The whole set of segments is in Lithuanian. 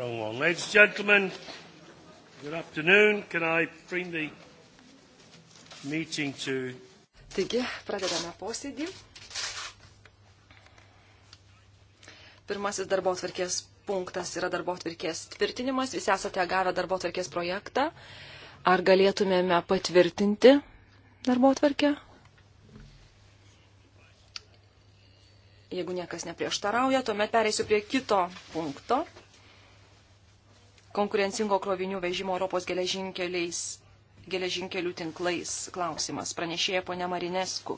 Wrong one. Ladies and gentlemen, good afternoon. Can I bring the meeting to... Taigi, pradedame posėdį. Pirmasis darbo atvarkės punktas yra darbo atvarkės tvirtinimas. Visi esate gavę darbo atvarkės projektą. Ar galėtumėme patvirtinti darbo atvarkę? Jeigu niekas neprieštarauja, tuomet pereisiu prie kito punkto konkurencingo krovinių vežimo Europos geležinkeliais, geležinkelių tinklais klausimas. Pranešėja ponia Marinesku.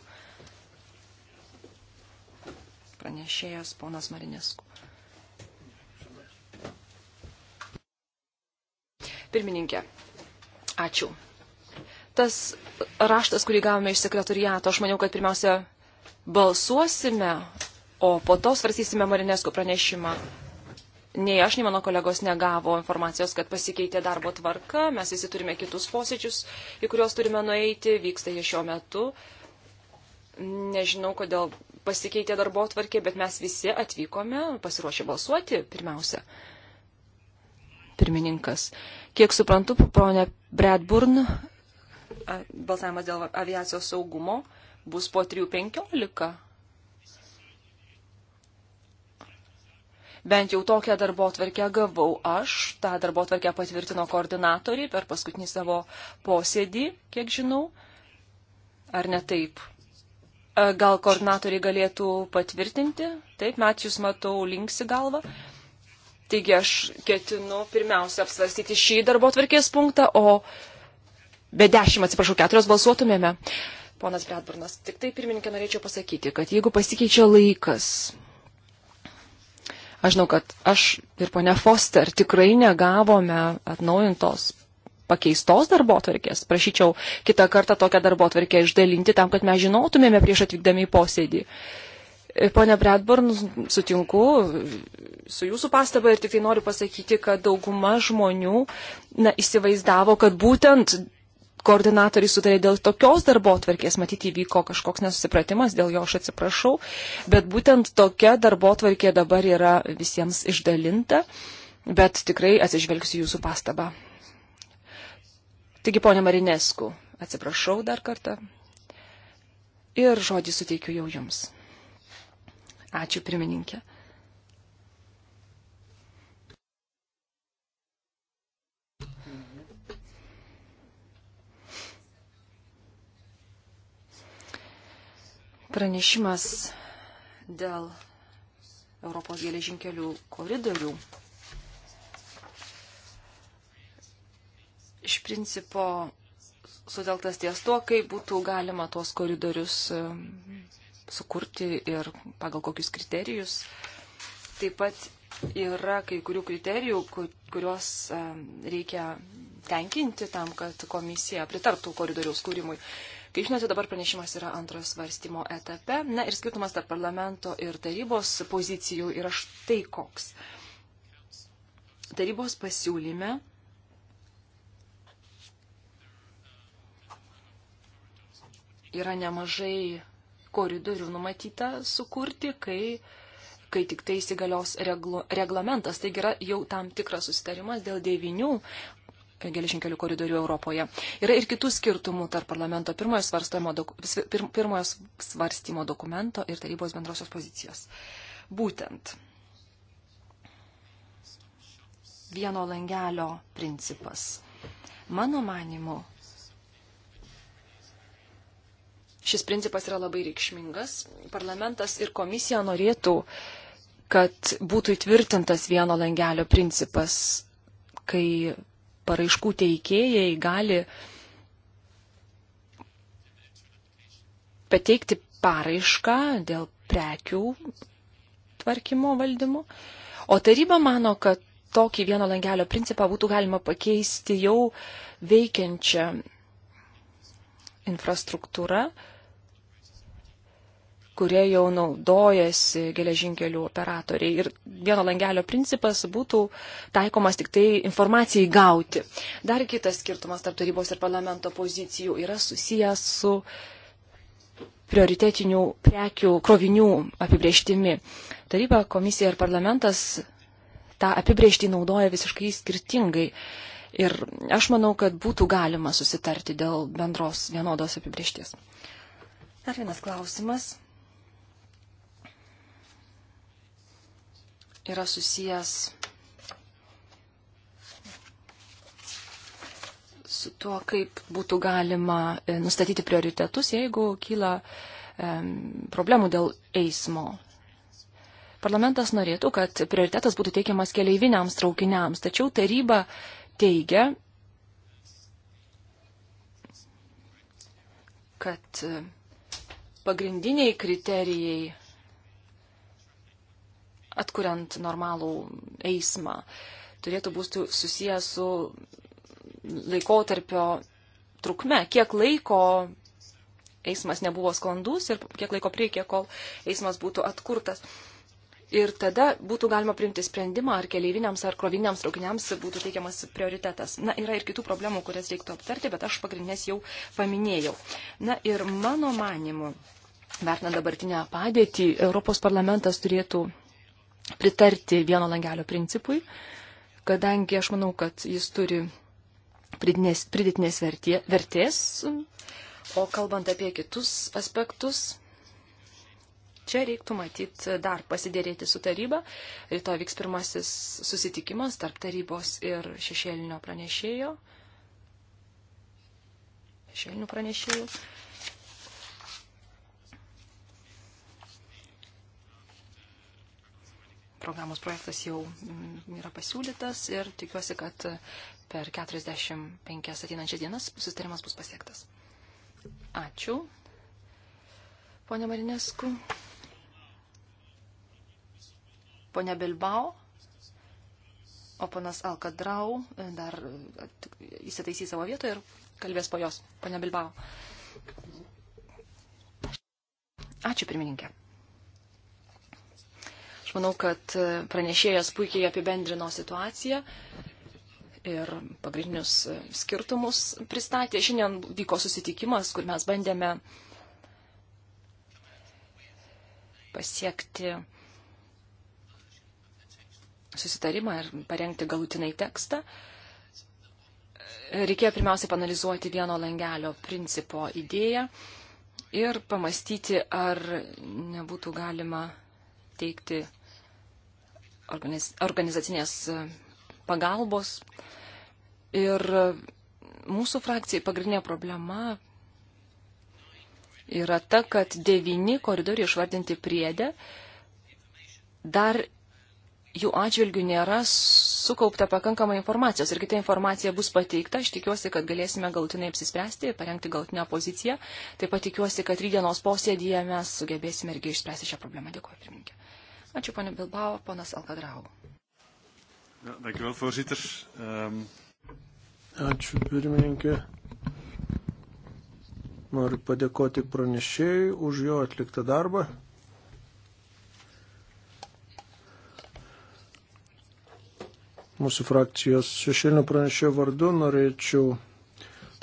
Pranešėjas ponas Marinesku. Pirmininkė, ačiū. Tas raštas, kurį gavome iš sekretoriato, aš maniau, kad pirmiausia balsuosime, o po to svarstysime Marinesko pranešimą nei aš, nei mano kolegos negavo informacijos, kad pasikeitė darbo tvarka, mes visi turime kitus posėdžius, į kuriuos turime nueiti, vyksta jie šiuo metu. Nežinau, kodėl pasikeitė darbo tvarkė, bet mes visi atvykome pasiruošę balsuoti pirmiausia. Pirmininkas. Kiek suprantu, ponė Bradburn, balsavimas dėl aviacijos saugumo bus po 3.15. Bent jau tokią darbo tvarkę gavau aš, tą darbo tvarkę patvirtino koordinatoriai per paskutinį savo posėdį, kiek žinau. Ar ne taip? E, gal koordinatoriai galėtų patvirtinti? Taip, Matijus, matau, linksi galvą. Taigi aš ketinu pirmiausia apsvarstyti šį darbo tvarkės punktą, o be dešimt, atsiprašau, keturios balsuotumėme. Ponas Bredburnas, tik tai pirmininkė norėčiau pasakyti, kad jeigu pasikeičia laikas, Aš žinau, kad aš ir ponia Foster tikrai negavome atnaujintos pakeistos darbo atvarkės. Prašyčiau kitą kartą tokią darbo atvarkę išdalinti tam, kad mes žinotumėme prieš atvykdami į posėdį. E, Pone Bradburn, sutinku su jūsų pastaba ir tik tai noriu pasakyti, kad dauguma žmonių na, įsivaizdavo, kad būtent koordinatoriai sutarė dėl tokios darbo atvarkės, matyti įvyko kažkoks nesusipratimas, dėl jo aš atsiprašau, bet būtent tokia darbo atvarkė dabar yra visiems išdalinta, bet tikrai atsižvelgsiu jūsų pastabą. Taigi, ponė Marinesku, atsiprašau dar kartą ir žodį suteikiu jau jums. Ačiū, pirmininkė. Pranešimas dėl Europos geležinkelių koridorių iš principo sutelktas ties to, kaip būtų galima tuos koridorius um, sukurti ir pagal kokius kriterijus. Taip pat yra kai kurių kriterijų, kuriuos um, reikia tenkinti tam, kad komisija pritartų koridoriaus kūrimui. Kaip žinote, dabar pranešimas yra antros svarstymo etape. Na ir skirtumas tarp parlamento ir tarybos pozicijų yra štai koks. Tarybos pasiūlyme yra nemažai koridorių numatyta sukurti, kai, kai tik tai įsigalios reglu, reglamentas. Taigi yra jau tam tikras susitarimas dėl devinių geležinkelių koridorių Europoje. Yra ir kitų skirtumų tarp parlamento pirmojo, doku, pirmojo svarstymo dokumento ir tarybos bendrosios pozicijos. Būtent vieno langelio principas. Mano manimu, šis principas yra labai reikšmingas. Parlamentas ir komisija norėtų, kad būtų įtvirtintas vieno langelio principas, kai paraiškų teikėjai gali pateikti paraišką dėl prekių tvarkymo valdymo. O taryba mano, kad tokį vieno langelio principą būtų galima pakeisti jau veikiančią infrastruktūrą, kurie jau naudojasi geležinkelių operatoriai. Ir vieno langelio principas būtų taikomas tik tai informacijai gauti. Dar kitas skirtumas tarp tarybos ir parlamento pozicijų yra susijęs su prioritetinių prekių krovinių apibrieštimi. Taryba, komisija ir parlamentas tą apibriežtį naudoja visiškai skirtingai. Ir aš manau, kad būtų galima susitarti dėl bendros vienodos apibriešties. Dar vienas klausimas. yra susijęs su tuo, kaip būtų galima e, nustatyti prioritetus, jeigu kyla problemų dėl eismo. Parlamentas norėtų, kad prioritetas būtų teikiamas keleiviniams traukiniams, tačiau taryba teigia, kad e, pagrindiniai kriterijai atkuriant normalų eismą, turėtų būti susijęs su laikotarpio trukme, kiek laiko eismas nebuvo sklandus ir kiek laiko priekė, kol eismas būtų atkurtas. Ir tada būtų galima priimti sprendimą, ar keleiviniams, ar kroviniams traukiniams būtų teikiamas prioritetas. Na, yra ir kitų problemų, kurias reiktų aptarti, bet aš pagrindinės jau paminėjau. Na ir mano manimu, vertinant dabartinę padėtį, Europos parlamentas turėtų pritarti vieno langelio principui, kadangi aš manau, kad jis turi pridinės, pridėtinės vertė, vertės. O kalbant apie kitus aspektus, čia reiktų matyti dar pasidėrėti su taryba. Rytoj vyks pirmasis susitikimas tarp tarybos ir šešėlinio pranešėjo. Šešėlinių pranešėjų. programos projektas jau mm, yra pasiūlytas ir tikiuosi, kad per 45 ateinančias dienas susitarimas bus pasiektas. Ačiū. Pone Marinesku. Pone Bilbao. O panas Alkadrau dar e, įsitaisys savo vietoje ir kalbės po jos. Pone Bilbao. Ačiū pirmininkė. Aš manau, kad pranešėjas puikiai apibendrino situaciją ir pagrindinius skirtumus pristatė. Šiandien vyko susitikimas, kur mes bandėme pasiekti susitarimą ir parengti galutinai tekstą. Reikėjo pirmiausia panalizuoti vieno langelio principo idėją ir pamastyti, ar nebūtų galima teikti organiz, organizacinės e, pagalbos. Ir e, mūsų frakcijai pagrindinė problema yra ta, kad devyni koridoriai išvardinti priedę dar jų atžvilgių nėra sukaupta pakankama informacijos ir kita informacija bus pateikta. Aš tikiuosi, kad galėsime galtinai apsispręsti ir parengti galtinę poziciją. Taip pat tikiuosi, kad rydienos posėdėje mes sugebėsime irgi išspręsti šią problemą. Dėkuoju, pirmininkė. Ačiū, ponė Bilbao, ponas Alkadrau. Dankjewel, voorzitter. Um... Ačiū, pirmininkė. Noriu padėkoti pranešėjui už jo atliktą darbą. Mūsų frakcijos šešėlinio pranešėjo vardu norėčiau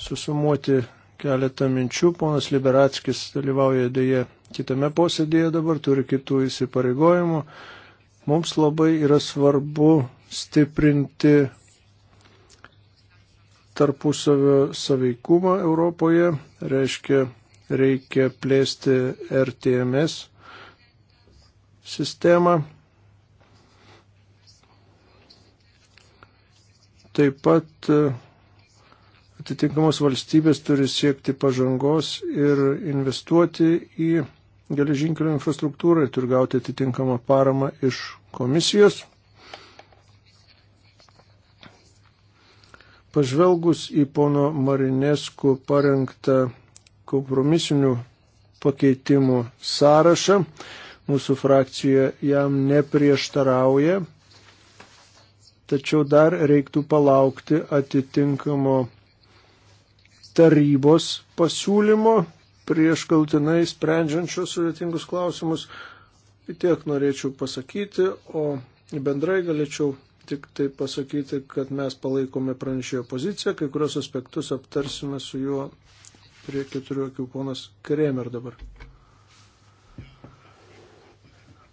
susumuoti keletą minčių. Ponas Liberatskis dalyvauja dėje kitame posėdėje dabar, turi kitų įsipareigojimų. Mums labai yra svarbu stiprinti tarpusavio saveikumą Europoje, reiškia, reikia plėsti RTMS sistemą. Taip pat e, atitinkamos valstybės turi siekti pažangos ir investuoti į geležinkelio infrastruktūrai turi gauti atitinkamą paramą iš komisijos. Pažvelgus į pono Marinesku parengtą kompromisinių pakeitimų sąrašą, mūsų frakcija jam neprieštarauja, tačiau dar reiktų palaukti atitinkamo tarybos pasiūlymo prieš galtinai sprendžiančios sudėtingus klausimus. Tiek norėčiau pasakyti, o bendrai galėčiau tik tai pasakyti, kad mes palaikome pranešėjo poziciją, kai kurios aspektus aptarsime su juo prie keturių akių ponas Kremer dabar.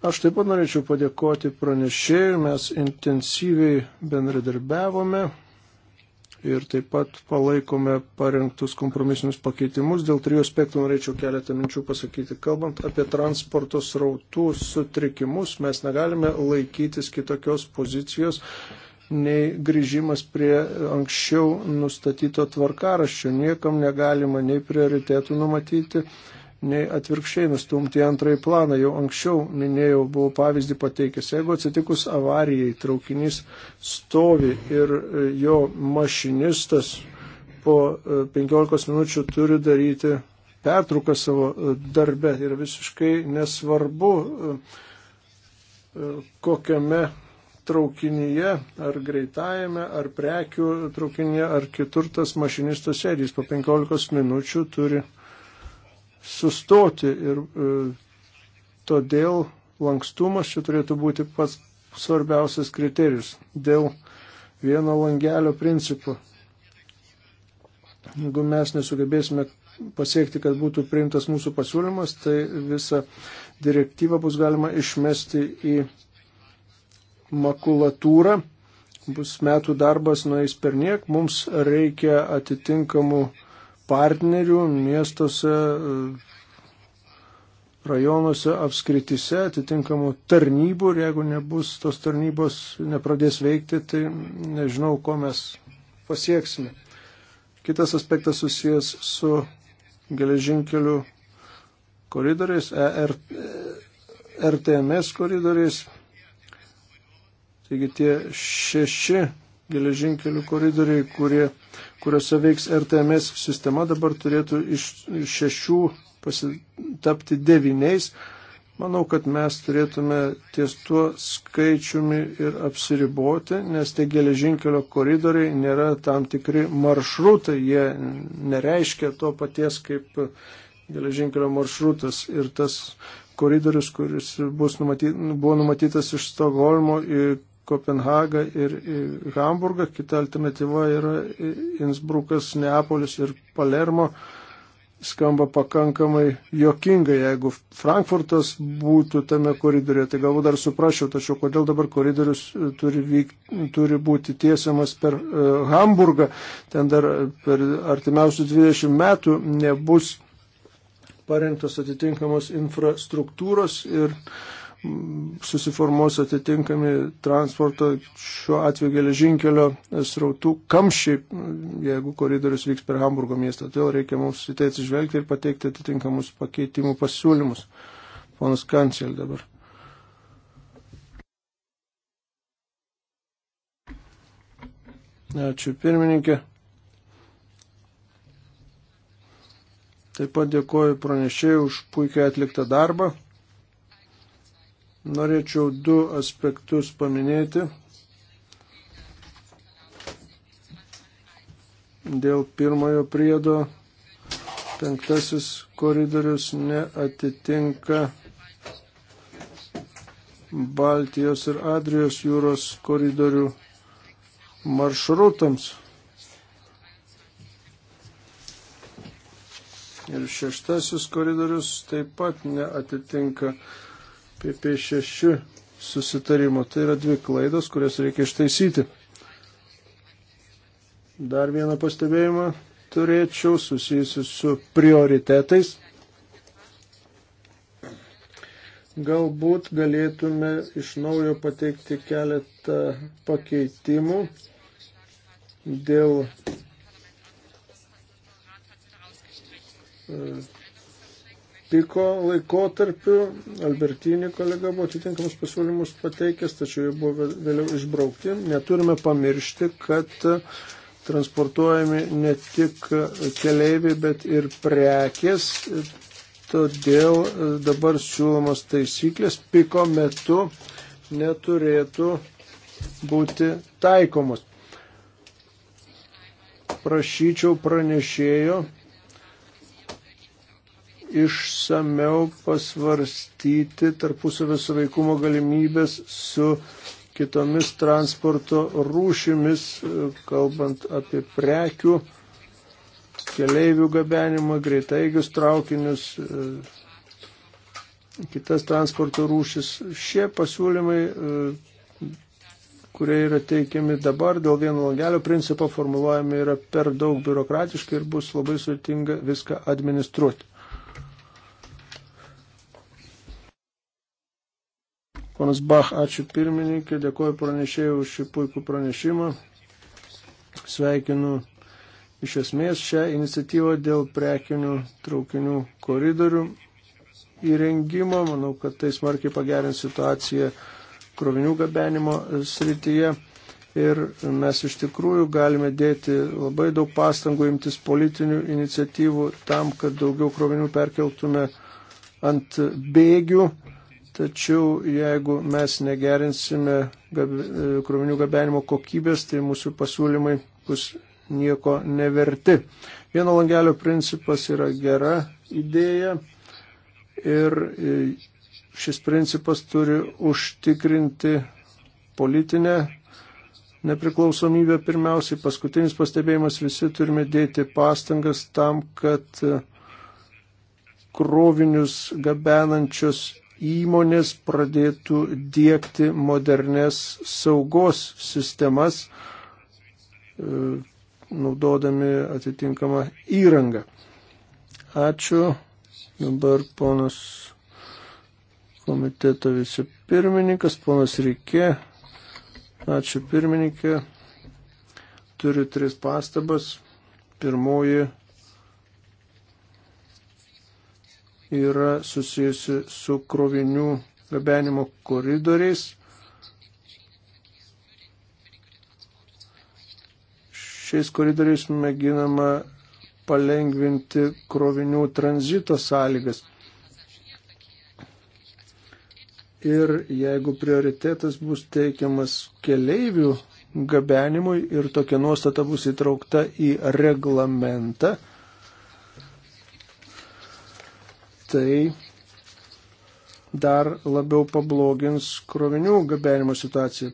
Aš taip pat norėčiau padėkoti pranešėjui, mes intensyviai bendradarbiavome ir taip pat palaikome parengtus kompromisinius pakeitimus. Dėl trijų aspektų norėčiau keletą minčių pasakyti. Kalbant apie transporto srautų sutrikimus, mes negalime laikytis kitokios pozicijos nei grįžimas prie anksčiau nustatyto tvarkaraščio. Niekam negalima nei prioritėtų numatyti, nei atvirkščiai nustumti į antrąjį planą. Jau anksčiau minėjau, buvau pavyzdį pateikęs, jeigu atsitikus avarijai traukinys stovi ir e, jo mašinistas po 15 e, minučių turi daryti pertrauką savo e, darbę ir visiškai nesvarbu, kokiame traukinyje, ar greitajame, ar prekių traukinyje, ar kitur tas mašinistas sėdys po 15 minučių turi sustoti ir e, todėl lankstumas čia turėtų būti pats svarbiausias kriterijus dėl vieno langelio principo. Jeigu mes nesugebėsime pasiekti, kad būtų priimtas mūsų pasiūlymas, tai visą direktyvą bus galima išmesti į makulatūrą, bus metų darbas nueis per niek, mums reikia atitinkamų partnerių miestuose, rajonuose, apskritise, atitinkamų tarnybų ir jeigu nebus tos tarnybos, nepradės veikti, tai nežinau, ko mes pasieksime. Kitas aspektas susijęs su geležinkelių koridoriais, ER, RTMS koridoriais. Taigi tie šeši geležinkelių koridoriai, kurie, kuriuose veiks RTMS sistema, dabar turėtų iš šešių pasitapti deviniais. Manau, kad mes turėtume ties tuo skaičiumi ir apsiriboti, nes tie geležinkelio koridoriai nėra tam tikri maršrutai, jie nereiškia to paties kaip geležinkelio maršrutas ir tas koridorius, kuris numaty, buvo numatytas iš Stokholmo į Kopenhaga ir Hamburgą, kita alternatyva yra Innsbrukas, Neapolis ir Palermo. Skamba pakankamai jokingai, jeigu Frankfurtas būtų tame koridoriuje, tai galbūt dar suprasčiau, tačiau kodėl dabar koridorius e, turi, vyk, turi būti tiesiamas per uh, Hamburgą, ten dar per artimiausius 20 metų nebus parengtos atitinkamos infrastruktūros ir uh, susiformuos atitinkami transporto, šiuo atveju geležinkelio srautų kamščiai, jeigu koridorius vyks per Hamburgo miestą. Todėl reikia mums į tai atsižvelgti ir pateikti atitinkamus pakeitimų pasiūlymus. Ponas Kancel dabar. Ačiū pirmininkė. Taip pat dėkoju pranešėjai už puikiai atliktą darbą. Norėčiau du aspektus paminėti. Dėl pirmojo priedo penktasis koridorius neatitinka Baltijos ir Adrijos jūros koridorių maršrutams. Ir šeštasis koridorius taip pat neatitinka PP6 susitarimo. Tai yra dvi klaidos, kurias reikia ištaisyti. Dar vieną pastebėjimą turėčiau susijusi su prioritetais. Galbūt galėtume iš naujo pateikti keletą pakeitimų dėl piko laikotarpiu. Albertinį kolega buvo atitinkamus pasiūlymus pateikęs, tačiau jie buvo vėliau išbraukti. Neturime pamiršti, kad transportuojami ne tik keleiviai, bet ir prekės. Todėl dabar siūlomas taisyklės piko metu neturėtų būti taikomos. Prašyčiau pranešėjo išsameu pasvarstyti tarpusavio suveikumo galimybės su kitomis transporto rūšimis, kalbant apie prekių, keleivių gabenimą, greitaigius traukinius, e, kitas transporto rūšis. Šie pasiūlymai, e, kurie yra teikiami dabar dėl vieno langelio principo formuluojami, yra per daug biurokratiškai ir bus labai sudėtinga viską administruoti. Ponas Bach, ačiū pirmininkė, dėkoju pranešėjai už šį puikų pranešimą. Sveikinu iš esmės šią iniciatyvą dėl prekinių traukinių koridorių įrengimo. Manau, kad tai smarkiai pagerins situaciją krovinių gabenimo srityje. Ir mes iš tikrųjų galime dėti labai daug pastangų imtis politinių iniciatyvų tam, kad daugiau krovinių perkeltume ant bėgių Tačiau jeigu mes negerinsime e, krovinių gabenimo kokybės, tai mūsų pasiūlymai bus nieko neverti. Vieno langelio principas yra gera idėja ir e, šis principas turi užtikrinti politinę nepriklausomybę pirmiausiai. Paskutinis pastebėjimas, visi turime dėti pastangas tam, kad e, krovinius gabenančios įmonės pradėtų dėkti modernes saugos sistemas, e, naudodami atitinkamą įrangą. Ačiū. Dabar ponas komiteto vicepirmininkas, ponas Rikė. Ačiū pirmininkė. Turiu tris pastabas. Pirmoji yra susijusi su krovinių gabenimo koridoriais. Šiais koridoriais mėginama palengvinti krovinių tranzito sąlygas. Ir jeigu prioritetas bus teikiamas keleivių gabenimui ir tokia nuostata bus įtraukta į reglamentą, tai dar labiau pablogins krovinių gabenimo situaciją.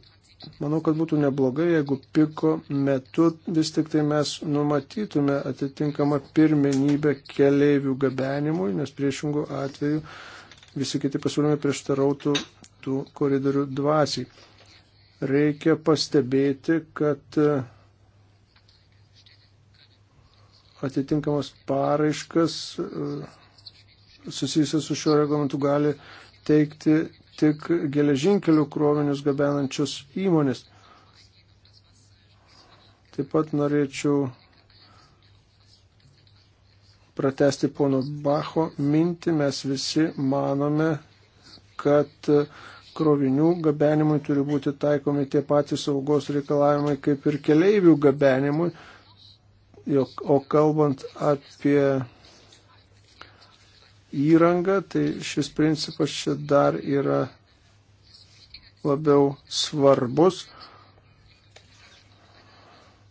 Manau, kad būtų neblogai, jeigu piko metu vis tik tai mes numatytume atitinkamą pirmenybę keleivių gabenimui, nes priešingų atveju visi kiti pasiūlymai prieštarautų tų koridorių dvasiai. Reikia pastebėti, kad e, atitinkamas paraiškas uh, susijusias su šiuo reglamentu gali teikti tik geležinkelių krovinius gabenančios įmonės. Taip pat norėčiau pratesti pono Bacho mintį. Mes visi manome, kad krovinių gabenimui turi būti taikomi tie patys saugos reikalavimai kaip ir keleivių gabenimui. O kalbant apie įrangą, tai šis principas čia dar yra labiau svarbus,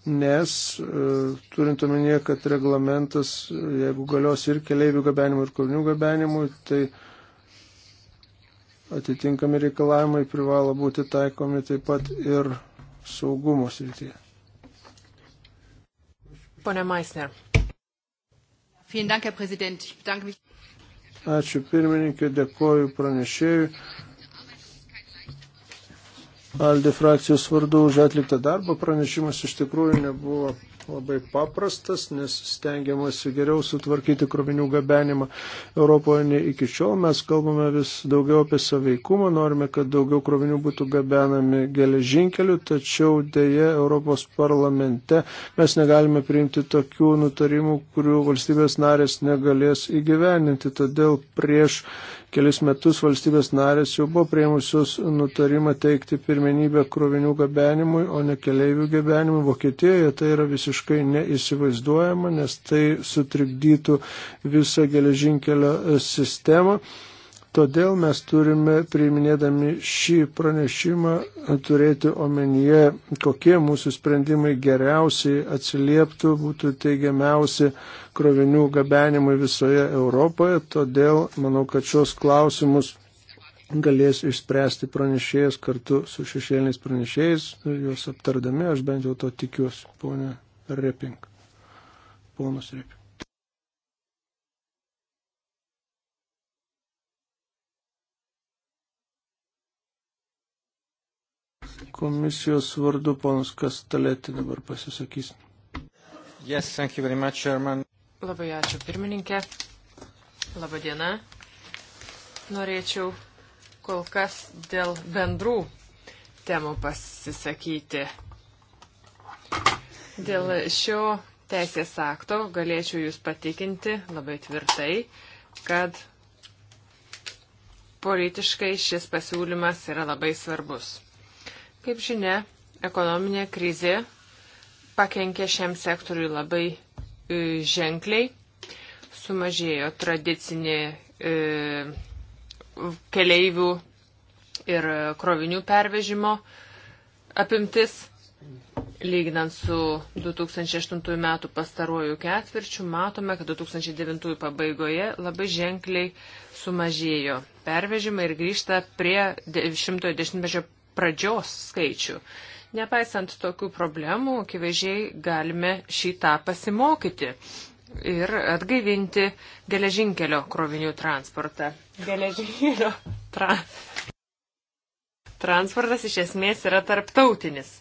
nes e, turint omenyje, kad reglamentas, jeigu galios ir keliaivių gabenimui, ir kūrinių gabenimui, tai atitinkami reikalavimai privalo būti taikomi taip pat ir saugumo srityje. Pone Meisner. Vielen Dank, Herr Präsident. Ich bedanke mich. Ačiū pirmininkai, dėkoju pranešėjui. Aldi frakcijos vardu už atliktą darbą pranešimas iš tikrųjų nebuvo labai paprastas, nes stengiamasi geriau sutvarkyti krovinių gabenimą Europoje nei iki šiol. Mes kalbame vis daugiau apie saveikumą, norime, kad daugiau krovinių būtų gabenami geležinkeliu, tačiau dėje Europos parlamente mes negalime priimti tokių nutarimų, kurių valstybės narės negalės įgyveninti. Todėl prieš kelis metus valstybės narės jau buvo prieimusios nutarimą teikti pirmenybę krovinių gabenimui, o ne keleivių gabenimui. Vokietijoje tai yra visiškai neįsivaizduojama, nes tai sutrikdytų visą geležinkelio sistemą. Todėl mes turime, priiminėdami šį pranešimą, turėti omenyje, kokie mūsų sprendimai geriausiai atsilieptų, būtų teigiamiausi krovinių gabenimui visoje Europoje. Todėl manau, kad šios klausimus galės išspręsti pranešėjas kartu su šešėliniais pranešėjais, juos aptardami, aš bent jau to tikiuosi, ponė Repink. Ponas Repink. Komisijos vardu ponas Kastalėti dabar pasisakys. Yes, thank you very much, Chairman. Labai ačiū pirmininkė. Labadiena. Norėčiau kol kas dėl bendrų temų pasisakyti. Dėl šio teisės akto galėčiau Jūs patikinti labai tvirtai, kad politiškai šis pasiūlymas yra labai svarbus. Kaip žinia, ekonominė krizė pakenkė šiam sektoriui labai e, ženkliai. Sumažėjo tradicinė e, keleivių ir krovinių pervežimo apimtis. Lyginant su 2008 metų pastaruoju ketvirčiu, matome, kad 2009 pabaigoje labai ženkliai sumažėjo pervežimai ir grįžta prie 110 mežio pradžios skaičių. Nepaisant tokių problemų, akivaizdžiai galime šitą pasimokyti ir atgaivinti geležinkelio krovinių transportą. Geležinkelio tra... transportas iš esmės yra tarptautinis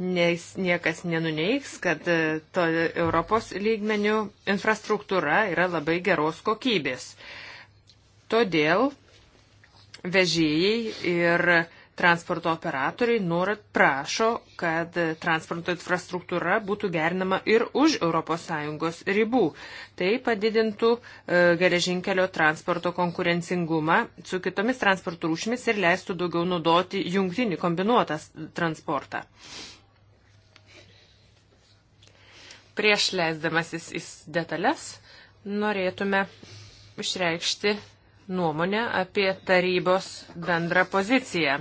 nes niekas nenuneiks, kad e, to Europos lygmenių infrastruktūra yra labai geros kokybės. Todėl vežėjai ir Transporto operatoriai nuorat prašo, kad transporto infrastruktūra būtų gerinama ir už ES ribų. Tai padidintų e, geležinkelio transporto konkurencingumą su kitomis transporto rūšimis ir leistų daugiau naudoti jungtinį kombinuotas transportą. Prieš leisdamasis į detalės norėtume išreikšti nuomonę apie tarybos bendrą poziciją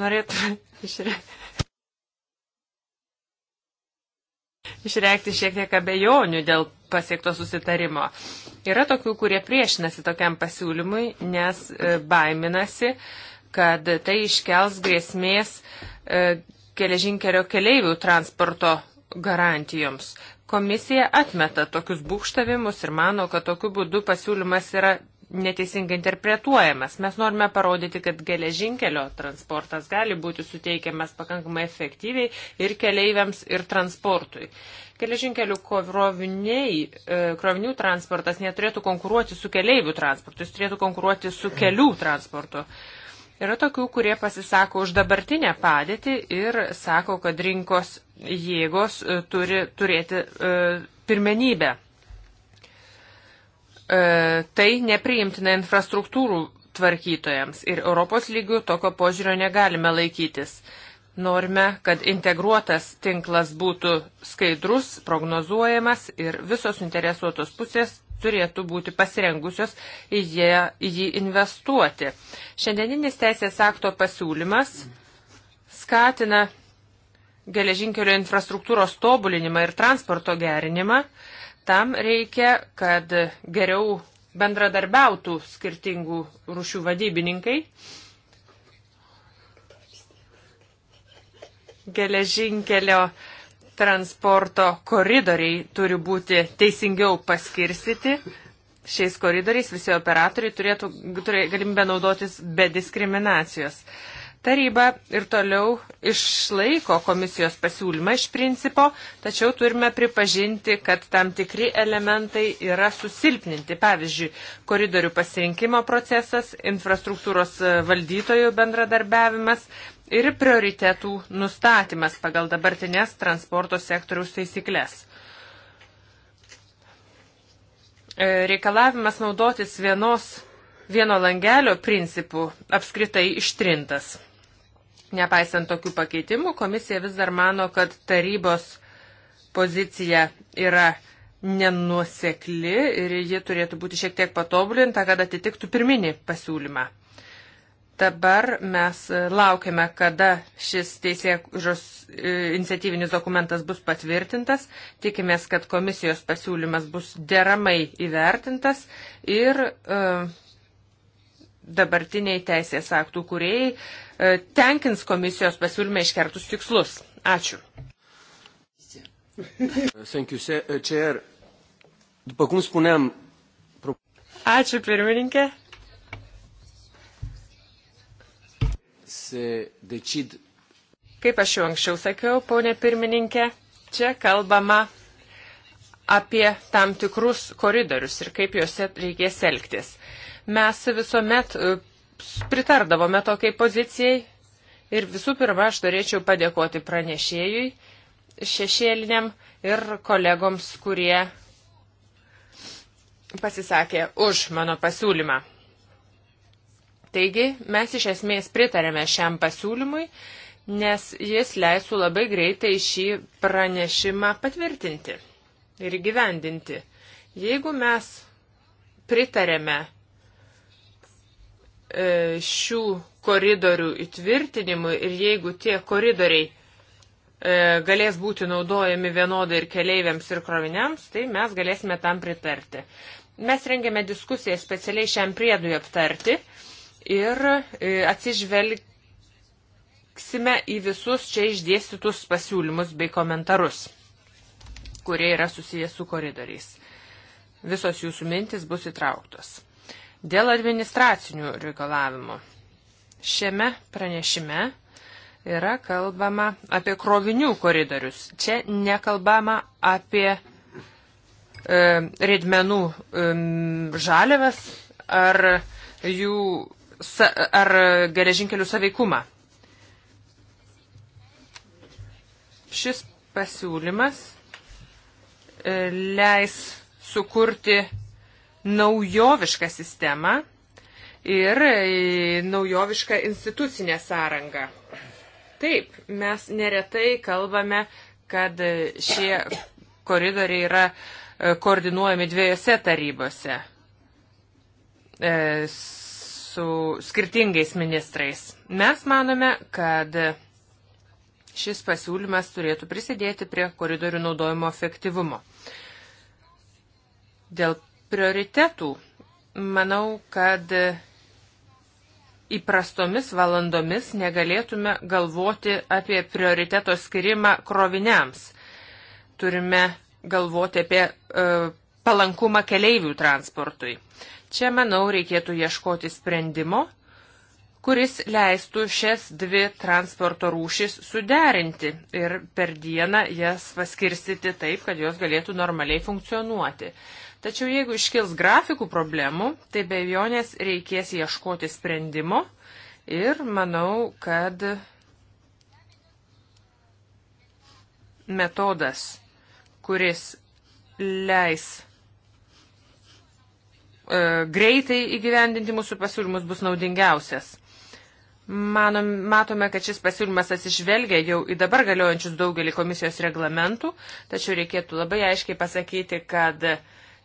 norėtume išreikšti. Išreikti šiek tiek abejonių dėl pasiekto susitarimo. Yra tokių, kurie priešinasi tokiam pasiūlymui, nes e, baiminasi, kad tai iškels grėsmės e, geležinkelio keleivių transporto garantijoms. Komisija atmeta tokius būkštavimus ir mano, kad tokiu būdu pasiūlymas yra neteisingai interpretuojamas. Mes norime parodyti, kad geležinkelio transportas gali būti suteikiamas pakankamai efektyviai ir keleiviams, ir transportui. Geležinkelių e, krovinių transportas neturėtų konkuruoti su keleivių transportu, jis turėtų konkuruoti su kelių transportu. Yra tokių, kurie pasisako už dabartinę padėtį ir sako, kad rinkos jėgos e, turi turėti e, pirmenybę E, tai nepriimtina infrastruktūrų tvarkytojams ir Europos lygių tokio požiūrio negalime laikytis. Norime, kad integruotas tinklas būtų skaidrus, prognozuojamas ir visos interesuotos pusės turėtų būti pasirengusios į, jie, į jį investuoti. Šiandieninis teisės akto pasiūlymas skatina geležinkelio infrastruktūros tobulinimą ir transporto gerinimą, Tam reikia, kad geriau bendradarbiautų skirtingų rušių vadybininkai. Geležinkelio transporto koridoriai turi būti teisingiau paskirstyti. Šiais koridoriais visi operatoriai turėtų, turėtų galimybę naudotis be diskriminacijos. Uh, Taryba ir toliau išlaiko komisijos pasiūlymą iš principo, tačiau turime pripažinti, kad tam tikri elementai yra susilpninti. Pavyzdžiui, koridorių pasirinkimo procesas, infrastruktūros e, valdytojų bendradarbiavimas ir prioritetų nustatymas pagal dabartinės transporto sektoriaus taisyklės. E, reikalavimas naudotis vienos vieno langelio principų apskritai ištrintas. Nepaisant tokių pakeitimų, komisija vis dar mano, kad tarybos pozicija yra nenusekli ir ji turėtų būti šiek tiek patobulinta, kad atitiktų pirminį pasiūlymą. Dabar mes e, laukiame, kada šis teisėkužos e, iniciatyvinis dokumentas bus patvirtintas. Tikimės, kad komisijos pasiūlymas bus deramai įvertintas ir uh, dabartiniai teisės aktų kuriejai E, tenkins komisijos pasiūlymę iškertus tikslus. Ačiū. E, Ačiū pirmininkė. Kaip aš jau anksčiau sakiau, ponė pirmininkė, čia kalbama apie tam tikrus koridorius ir kaip juose reikės elgtis. Mes visuomet e, pritardavome tokiai pozicijai. Ir visų pirma, aš norėčiau padėkoti pranešėjui, šešėliniam ir kolegoms, kurie pasisakė už mano pasiūlymą. Taigi, mes iš esmės pritarėme šiam pasiūlymui, nes jis leisų labai greitai šį pranešimą patvirtinti ir gyvendinti. Jeigu mes pritarėme E, šių koridorių įtvirtinimui ir jeigu tie koridoriai e, galės būti naudojami vienodai ir keleiviams ir kroviniams, tai mes galėsime tam pritarti. Mes rengėme diskusiją specialiai šiam priedui aptarti ir e, atsižvelgsime į visus čia išdėstytus pasiūlymus bei komentarus, kurie yra susijęs su koridoriais. Visos jūsų mintis bus įtrauktos. Dėl administracinių reikalavimų. Šiame pranešime yra kalbama apie krovinių koridorius. Čia nekalbama apie e, reidmenų e, žaliavas ar, jų, sa, ar geležinkelių saveikumą. Šis pasiūlymas e, leis sukurti naujovišką sistemą ir e, naujovišką institucinę sąrangą. Taip, mes neretai kalbame, kad e, šie koridoriai yra e, koordinuojami dviejose tarybose su skirtingais ministrais. Mes manome, kad šis pasiūlymas turėtų prisidėti prie koridorių naudojimo efektyvumo. Dėl prioritetų. Manau, kad įprastomis valandomis negalėtume galvoti apie prioriteto skirimą kroviniams. Turime galvoti apie e, palankumą keleivių transportui. Čia, manau, reikėtų ieškoti sprendimo, kuris leistų šias dvi transporto rūšis suderinti ir per dieną jas paskirstyti taip, kad jos galėtų normaliai funkcionuoti. Tačiau jeigu iškils grafikų problemų, tai be jonės reikės ieškoti sprendimo ir manau, kad metodas, kuris leis e, greitai įgyvendinti mūsų pasiūlymus, bus naudingiausias. Manom, matome, kad šis pasiūlymas atsižvelgia jau į dabar galiojančius daugelį komisijos reglamentų, tačiau reikėtų labai aiškiai pasakyti, kad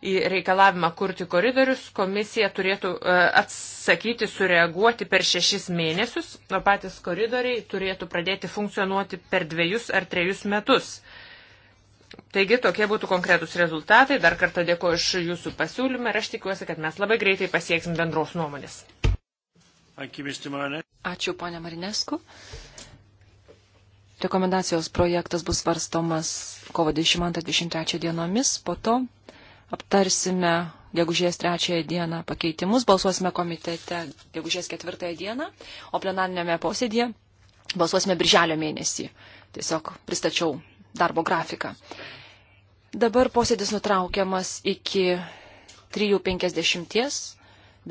į reikalavimą kurti koridorius, komisija turėtų e, atsakyti, sureaguoti per šešis mėnesius, o patys koridoriai turėtų pradėti funkcionuoti per dviejus ar trejus metus. Taigi tokie būtų konkretus rezultatai. Dar kartą dėkoju iš jūsų pasiūlymą ir aš tikiuosi, kad mes labai greitai pasieksim bendros nuomonės. Ačiū, ponė Marinesku. Rekomendacijos projektas bus svarstomas kovo 22-23 dienomis, po to aptarsime gegužės 3 dieną pakeitimus, balsuosime komitete gegužės 4 dieną, o plenarinėme posėdėje balsuosime birželio mėnesį. Tiesiog pristačiau darbo grafiką. Dabar posėdis nutraukiamas iki 3.50,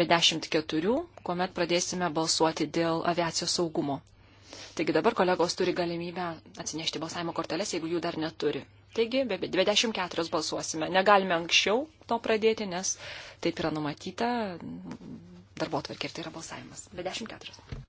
be 10.4, kuomet pradėsime balsuoti dėl aviacijos saugumo. Taigi dabar kolegos turi galimybę atsinešti balsavimo korteles, jeigu jų dar neturi. Taigi, be 24 balsuosime. Negalime anksčiau to pradėti, nes taip yra numatyta darbo tvarkė ir tai yra balsavimas. Be 24.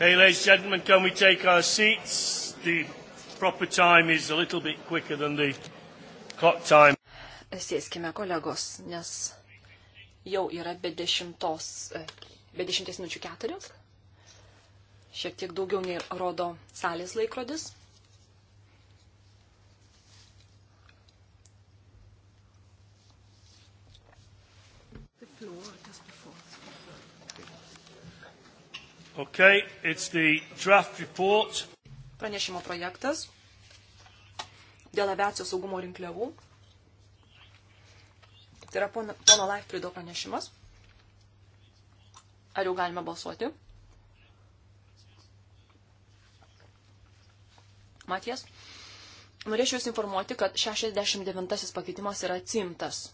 Hey, ladies and gentlemen, can we take our seats? The proper time is a little bit quicker than the clock time. Sėskime, kolegos, nes jau yra be dešimtos, e, be dešimties minučių keturios. Šiek tiek daugiau nei rodo salės laikrodis. Okay, it's the draft report. Pranešimo projektas dėl aviacijos saugumo rinkliavų. Tai yra pono, pono Laifrido pranešimas. Ar jau galime balsuoti? Matijas, norėčiau Jūs informuoti, kad 69 pakeitimas yra atsimtas.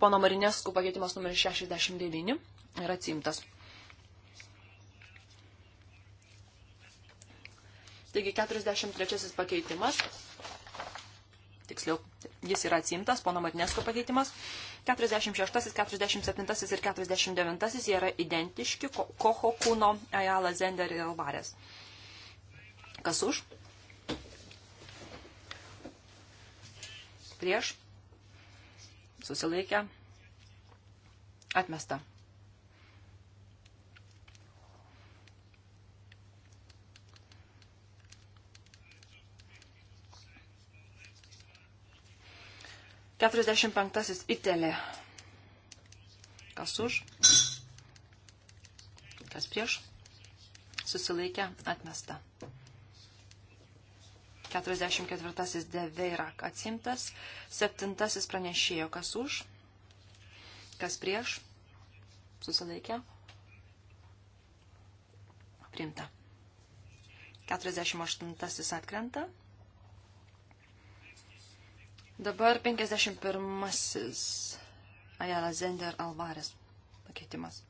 pono Marineskų pakeitimas numeris 69 yra atsimtas. Taigi 43 pakeitimas, tiksliau, jis yra atsimtas, pono Martinesko pakeitimas. 46, 47 ir 49 jie yra identiški, Koho kūno, Ajala, Zender ir Alvarės. Kas už? Prieš? susilaikę, atmesta. Keturiasdešimt penktasis itelė. Kas už? Kas prieš? Susilaikę, atmesta. 44 Deveirak atsimtas, 7 pranešėjo kas už, kas prieš, susilaikė, priimta. 48 atkrenta. Dabar 51 Ajala Zender Alvarės pakeitimas.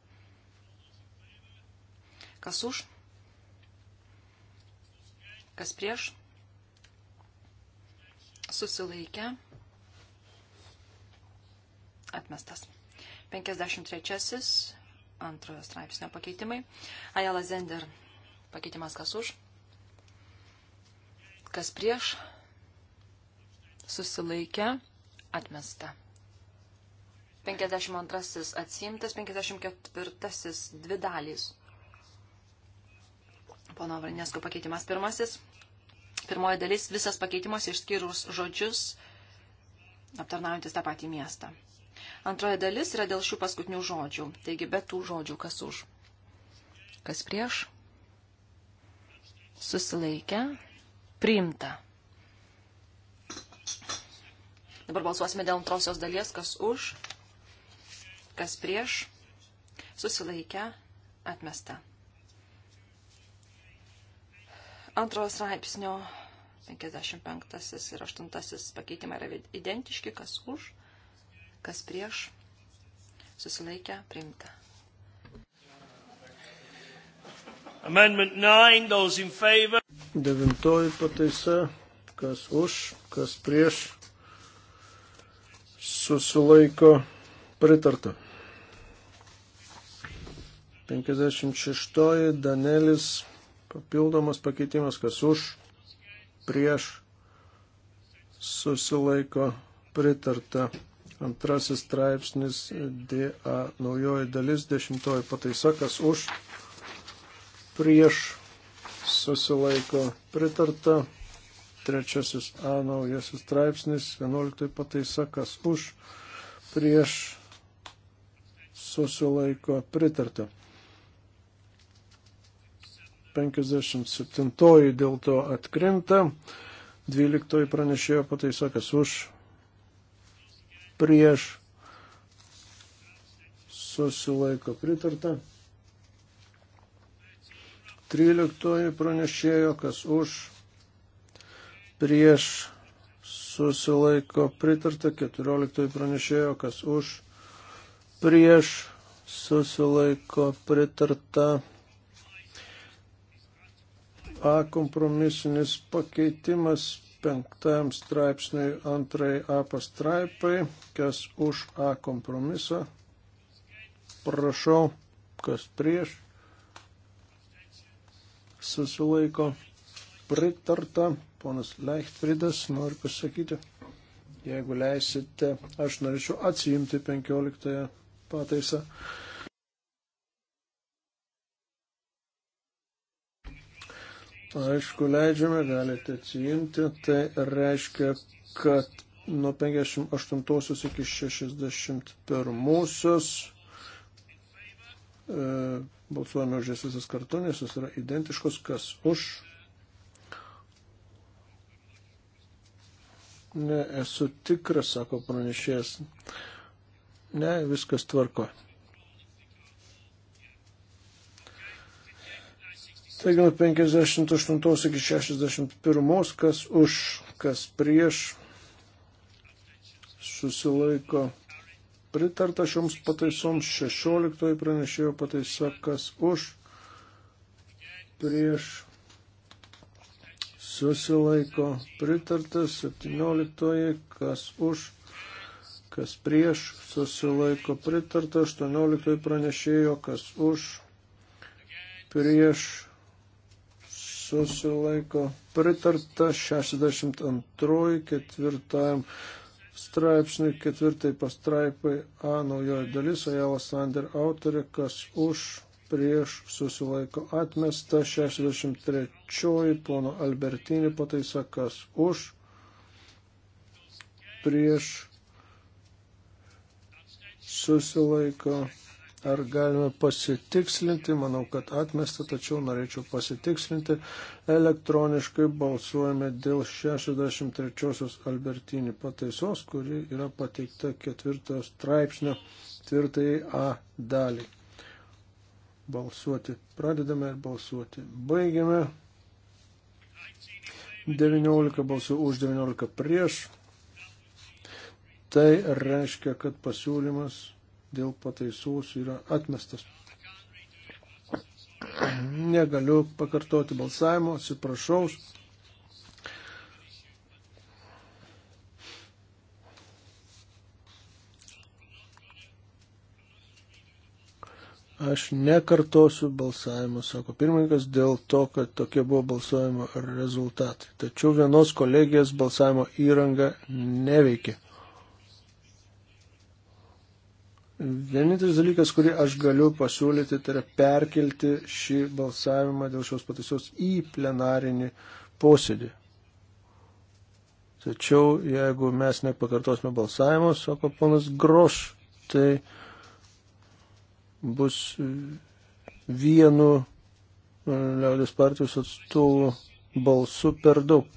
Kas už? Kas prieš? susilaikę, atmestas. 53 antrojo straipsnio pakeitimai. Ajala Zender pakeitimas kas už, kas prieš, susilaikę, atmesta. 52 atsiimtas, 54 dvi dalys. Pono Varinesko pakeitimas pirmasis, Pirmoji dalis - visas pakeitimas išskyrus žodžius aptarnaujantis tą patį miestą. Antroji dalis yra dėl šių paskutinių žodžių. Taigi, be tų žodžių, kas už. Kas prieš? Susilaikę. Priimta. Dabar balsuosime dėl antrosios dalies, kas už, kas prieš, susilaikę, atmesta. Antrojo straipsnio 55 ir 8 pakeitimai yra identiški, kas už, kas prieš, susilaikę, priimta. Amendment 9, those in favor. Devintoji pataisa, kas už, kas prieš, susilaiko pritarta. 56. Danelis Papildomas pakeitimas, kas už, prieš, susilaiko pritarta. Antrasis straipsnis DA naujoji dalis, dešimtoji pataisa, kas už, prieš, susilaiko pritarta. Trečiasis A naujasis straipsnis, vienuoliktoji pataisa, kas už, prieš, susilaiko pritarta. 57 dėl to atkrinta, 12 pranešėjo pataisokas už, prieš, susilaiko pritarta, 13 pranešėjo kas už, prieš, susilaiko pritarta, 14 pranešėjo kas už, prieš, susilaiko pritarta. A kompromisinis pakeitimas penktajam straipsniui antrai A pastraipai, kas už A kompromisą. Prašau, kas prieš. Susilaiko pritarta. Ponas Leichtfriedas nori pasakyti. Jeigu leisite, aš norėčiau atsijimti penkioliktąją pataisą. Aišku, leidžiame, galite atsijimti. Tai reiškia, kad nuo 58 iki 61 e, balsuojame už jas visas kartu, nes jis yra identiškus, kas už. Ne, esu tikras, sako pranešėjas. Ne, viskas tvarkoja. Taigi nuo 58 iki 61, kas už, kas prieš, susilaiko pritarta šioms pataisoms 16 pranešėjo pataisa, kas už, prieš, susilaiko pritarta 17, kas už, kas prieš, susilaiko pritarta 18 pranešėjo, kas už, prieš, susilaiko pritarta 62 ketvirtajam straipsniui, ketvirtai pastraipai A naujoji dalis, Ajala Sander autorė, kas už prieš susilaiko atmesta, 63 pono Albertinį pataisa, kas už prieš susilaiko atmesta Ar galime pasitikslinti, manau, kad atmesta, tačiau norėčiau pasitikslinti. Elektroniškai balsuojame dėl 63 Albertinį pataisos, kuri yra pateikta ketvirtojo straipsnio tvirtai A dalį. Balsuoti pradedame ir balsuoti baigiame. 19 balsų už 19 prieš. Tai reiškia, kad pasiūlymas dėl pataisos yra atmestas. Negaliu pakartoti balsavimo, atsiprašau. Aš nekartosiu balsavimo, sako pirmininkas, dėl to, kad tokie buvo balsavimo rezultatai. Tačiau vienos kolegijos balsavimo įranga neveikia. Vienintelis dalykas, kurį aš galiu pasiūlyti, tai yra perkelti šį balsavimą dėl šios pataisos į plenarinį posėdį. Tačiau jeigu mes nepakartosime balsavimo, sako ponas Groš, tai bus vienu liaudės partijos atstovų balsu per daug.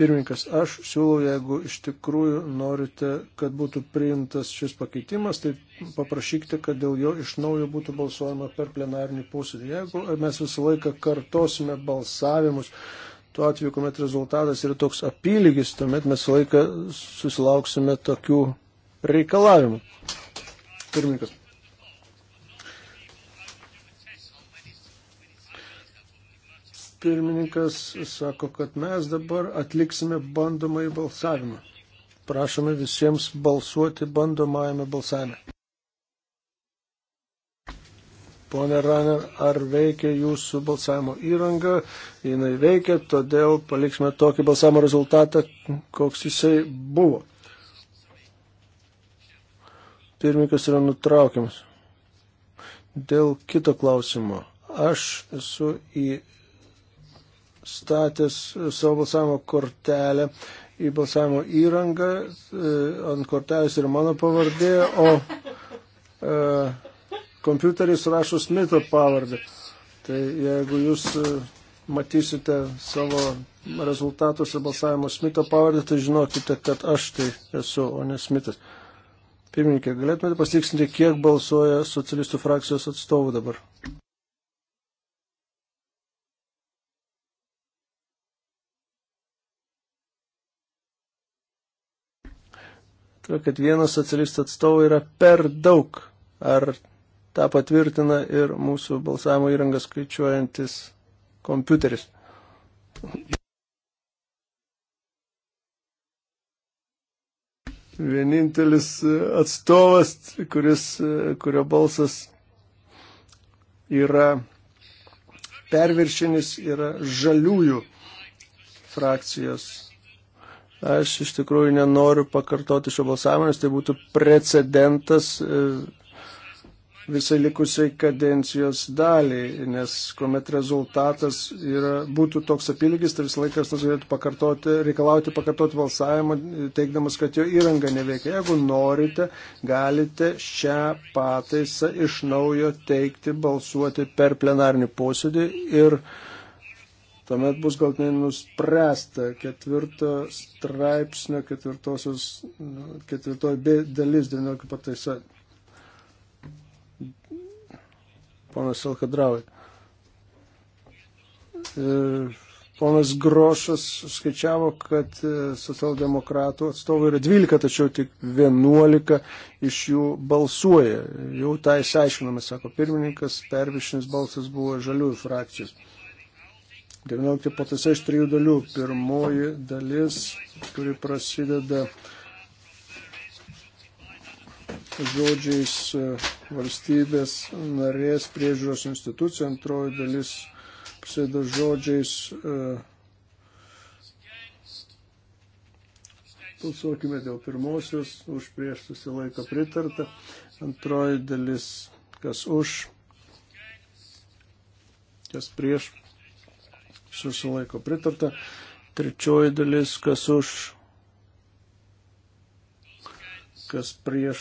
Pirmininkas, aš siūlau, jeigu iš tikrųjų norite, kad būtų priimtas šis pakeitimas, tai paprašykite, kad dėl jo iš naujo būtų balsuojama per plenarinį posėdį. Jeigu mes visą laiką kartosime balsavimus, tuo atveju, kuomet rezultatas yra toks apylygis, tuomet mes visą laiką susilauksime tokių reikalavimų. Pirmininkas. pirmininkas sako, kad mes dabar atliksime bandomąjį balsavimą. Prašome visiems balsuoti bandomajame balsavime. Pone Raner, ar veikia jūsų balsavimo įranga? Jinai veikia, todėl paliksime tokį balsavimo rezultatą, koks jisai buvo. Pirmininkas yra nutraukiamas. Dėl kito klausimo. Aš esu į statęs savo balsavimo kortelę į balsavimo įrangą, e, ant kortelės yra mano pavardė, o e, kompiuteris rašo Smito pavardę. Tai jeigu jūs e, matysite savo rezultatuose balsavimo Smito pavardę, tai žinokite, kad aš tai esu, o ne Smitas. Pirmininkė, galėtumėte pasitiksinti, kiek balsuoja socialistų frakcijos atstovų dabar? to, kad vienas socialistų atstovų yra per daug. Ar tą patvirtina ir mūsų balsavimo įrangą skaičiuojantis kompiuteris? Vienintelis atstovas, kuris, kurio balsas yra perviršinis, yra žaliųjų frakcijos Aš iš tikrųjų nenoriu pakartoti šio balsavimo, nes tai būtų precedentas e, visai likusiai kadencijos daliai, nes kuomet rezultatas yra, būtų toks apylgis, tai visą laiką tas galėtų pakartoti, reikalauti pakartoti balsavimą, teikdamas, kad jo įranga neveikia. Jeigu norite, galite šią pataisą iš naujo teikti, balsuoti per plenarnį posėdį ir uh, Tuomet bus galtinai nuspręsta ketvirto straipsnio ketvirtosios, nu, ketvirtoji B dalis, 19 pataisa. Ponas Elkadravai. Ponas Grošas skaičiavo, kad e, socialdemokratų atstovų yra 12, tačiau tik 11 iš jų balsuoja. Jau tą išsiaiškiname, sako pirmininkas, pervišinis balsas buvo žaliųjų frakcijos. 19 pataisa iš trijų dalių. Pirmoji dalis, kuri prasideda žodžiais e, valstybės narės priežiūros institucija, antroji dalis prasideda žodžiais, e, balsuokime dėl pirmosios, už prieš susilaiką pritarta, antroji dalis, kas už, kas prieš susilaiko pritarta. Trečioji dalis, kas už, kas prieš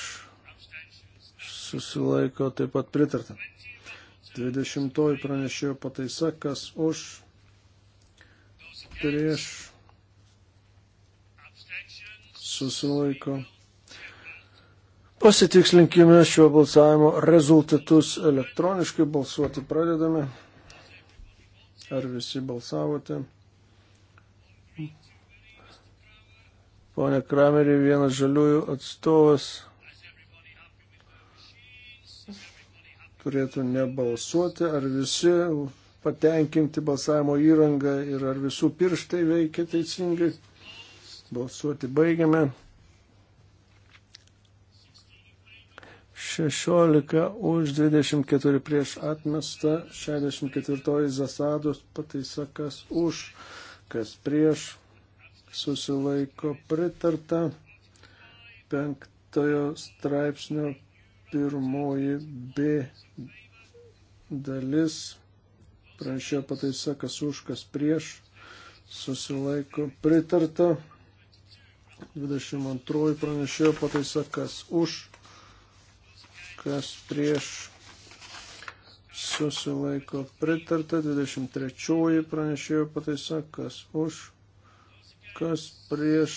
susilaiko taip pat pritarta. 20 pranešėjo pataisa, kas už, prieš susilaiko. Pasitikslinkime šio balsavimo rezultatus elektroniškai balsuoti pradedame. Ar visi balsavote? Pone Kramerį, vienas žaliųjų atstovas turėtų nebalsuoti. Ar visi patenkinti balsavimo įrangą ir ar visų pirštai veikia teisingai? Balsuoti baigiame. 16 už 24 prieš atmestą, 64 zasados pataisa, kas už, kas prieš, susilaiko pritarta, 5 straipsnio pirmoji B dalis, pranešė pataisa, kas už, kas prieš, susilaiko pritarta, 22 pranešėjo pataisa, kas už kas prieš susilaiko pritarta, 23 pranešėjo pataisa, kas už, kas prieš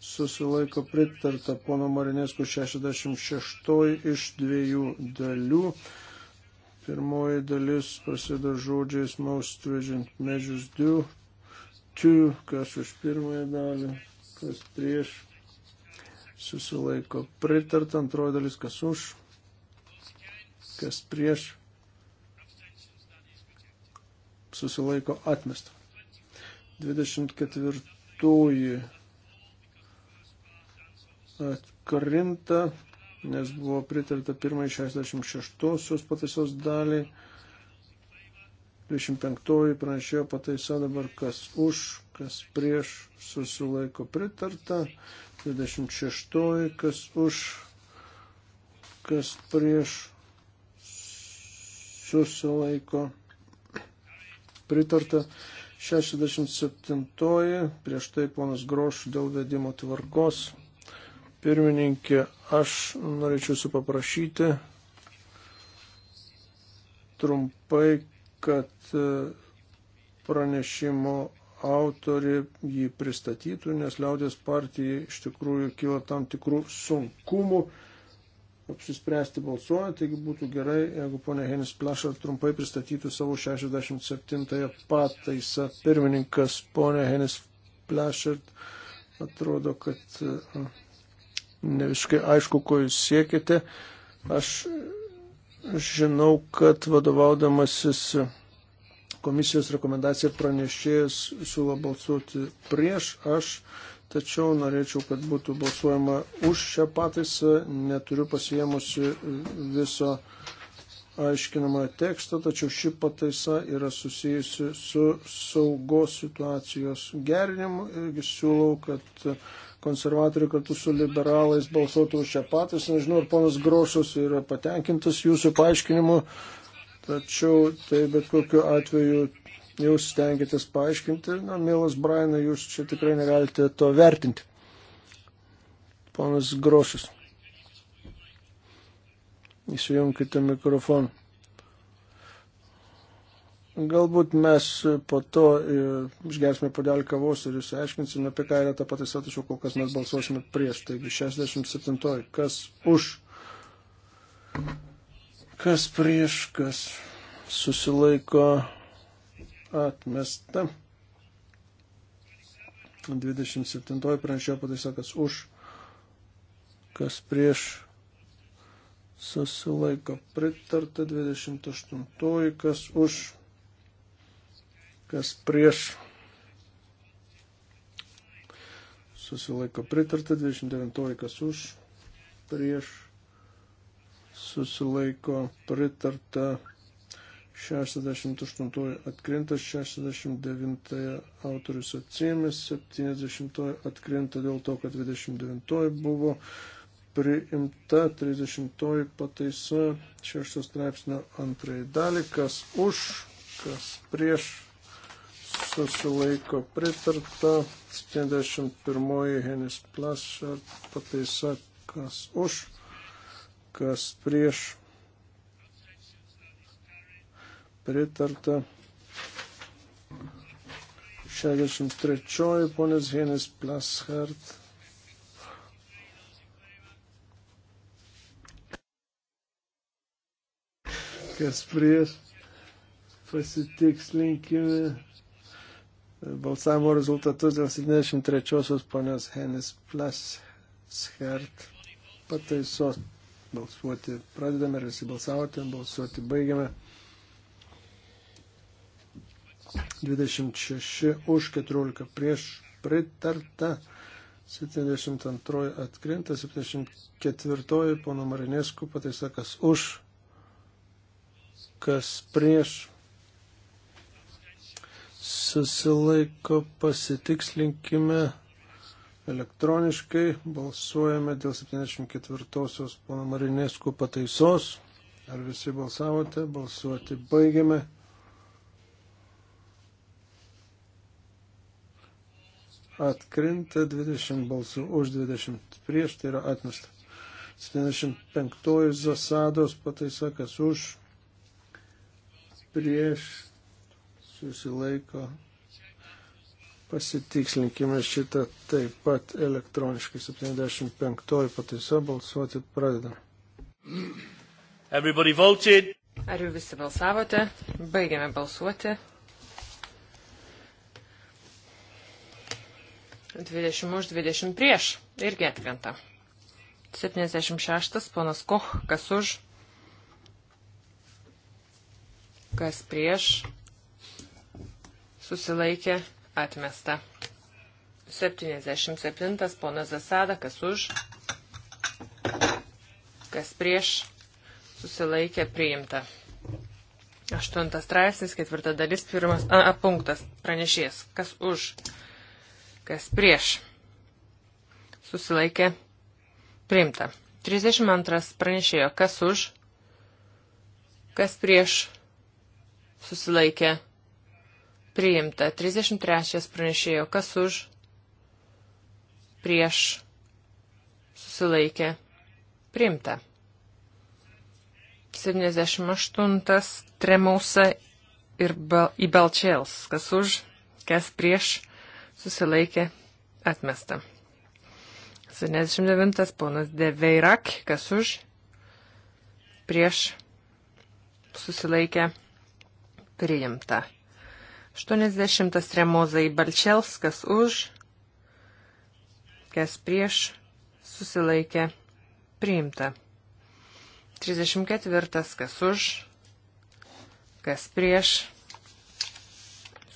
susilaiko pritarta, pono Marinėskų 66 iš dviejų dalių. Pirmoji dalis prasideda žodžiais most vežant measures due, two, kas už pirmąją dalį, kas prieš susilaiko pritart, antroji dalis kas už, kas prieš, susilaiko atmestą. 24 atkrinta, nes buvo pritarta pirmai 66 pataisos daliai. 25 pranešėjo pataisa dabar kas už, kas prieš, susilaiko pritarta. 26 kas už, kas prieš, susilaiko pritarta. 67 prieš tai ponas Groš dėl vedimo tvarkos. Pirmininkė, aš norėčiau jūsų paprašyti trumpai kad e, pranešimo autori jį pristatytų, nes liaudės partijai iš tikrųjų kyla tam tikrų sunkumų apsispręsti balsuojant, taigi būtų gerai, jeigu ponė Henis Plašar trumpai pristatytų savo 67-ąją pataisą. Pirmininkas ponė Henis Plašar atrodo, kad e, ne visiškai aišku, ko jūs siekite. Aš Žinau, kad vadovaudamasis komisijos rekomendacija pranešėjas siūlo balsuoti prieš, aš tačiau norėčiau, kad būtų balsuojama už šią pataisą, neturiu pasiemusi viso aiškinamojo teksto, tačiau ši pataisa yra susijusi su saugos situacijos gerinimu irgi siūlau, kad konservatoriai kartu su liberalais balsuotų už šią pataisą. Nežinau, ar ponas Grošas yra patenkintas jūsų paaiškinimu, tačiau tai bet kokiu atveju jūs stengiatės paaiškinti. Na, mielas Brainai, jūs čia tikrai negalite to vertinti. Ponas Grošas. Įsijunkite mikrofoną. Galbūt mes po to e, išgersime padelį kavos ir išsiaiškinsime, apie ką yra ta pataisa, tačiau kol kas mes balsuosime prieš. Taigi 67. Kas už? Kas prieš? Kas susilaiko atmesta? 27. Pranešėjo pataisa, kas už? Kas prieš? Susilaiko pritarta 28. Kas už? kas prieš susilaiko pritarta, 29 kas už, prieš susilaiko pritarta, 68 atkrinta, 69 autorius atsėmė, 70 atkrinta dėl to, kad 29 buvo priimta 30 pataisa 6 straipsnio antrai dalį, kas už, kas prieš susilaiko pritarta. 71 Henis Plašart pataisa, kas už, kas prieš. Pritarta. 63 ponės Henis Plašart. Kas prieš pasitikslinkime balsavimo rezultatus dėl 73-osios ponios Henis Plas Schert pataisos. Balsuoti pradedame ir visi balsavote, balsuoti baigiame. 26 už 14 prieš pritarta. 72 atkrinta, 74 pono Marinėskų pataisa, kas už, kas prieš susilaiko, pasitikslinkime elektroniškai, balsuojame dėl 74-osios pono Marinėskų pataisos. Ar visi balsavote? Balsuoti baigiame. Atkrinta 20 balsų už 20 prieš, tai yra atmesta. 75 zasados pataisa, kas už prieš susilaiko. Pasitikslinkime šitą taip pat elektroniškai. 75 pataisa balsuoti pradedam. Everybody voted. Ar jau visi balsavote? Baigiame balsuoti. 20 už 20 prieš. Irgi atkrenta. 76. Ponas Koch. Kas už? Kas prieš? susilaikė atmesta. 77 ponas Zasada, kas už, kas prieš, susilaikė priimta. Aštuntas straipsnis, ketvirta dalis, pirmas a, a, punktas, pranešės, kas už, kas prieš, susilaikė priimta. 32 pranešėjo, kas už, kas prieš, susilaikė priimta Priimta. 33 pranešėjo. Kas už? Prieš. Susilaikė. Priimta. 78 Tremausa ir bel, į Belčėls. Kas už? Kas prieš? Susilaikė. Atmesta. 79 ponas Deveirak. Kas už? Prieš. Susilaikė. Priimta. 80 remozai Balčelskas už, kas prieš, susilaikė, priimta. 34 kas už, kas prieš,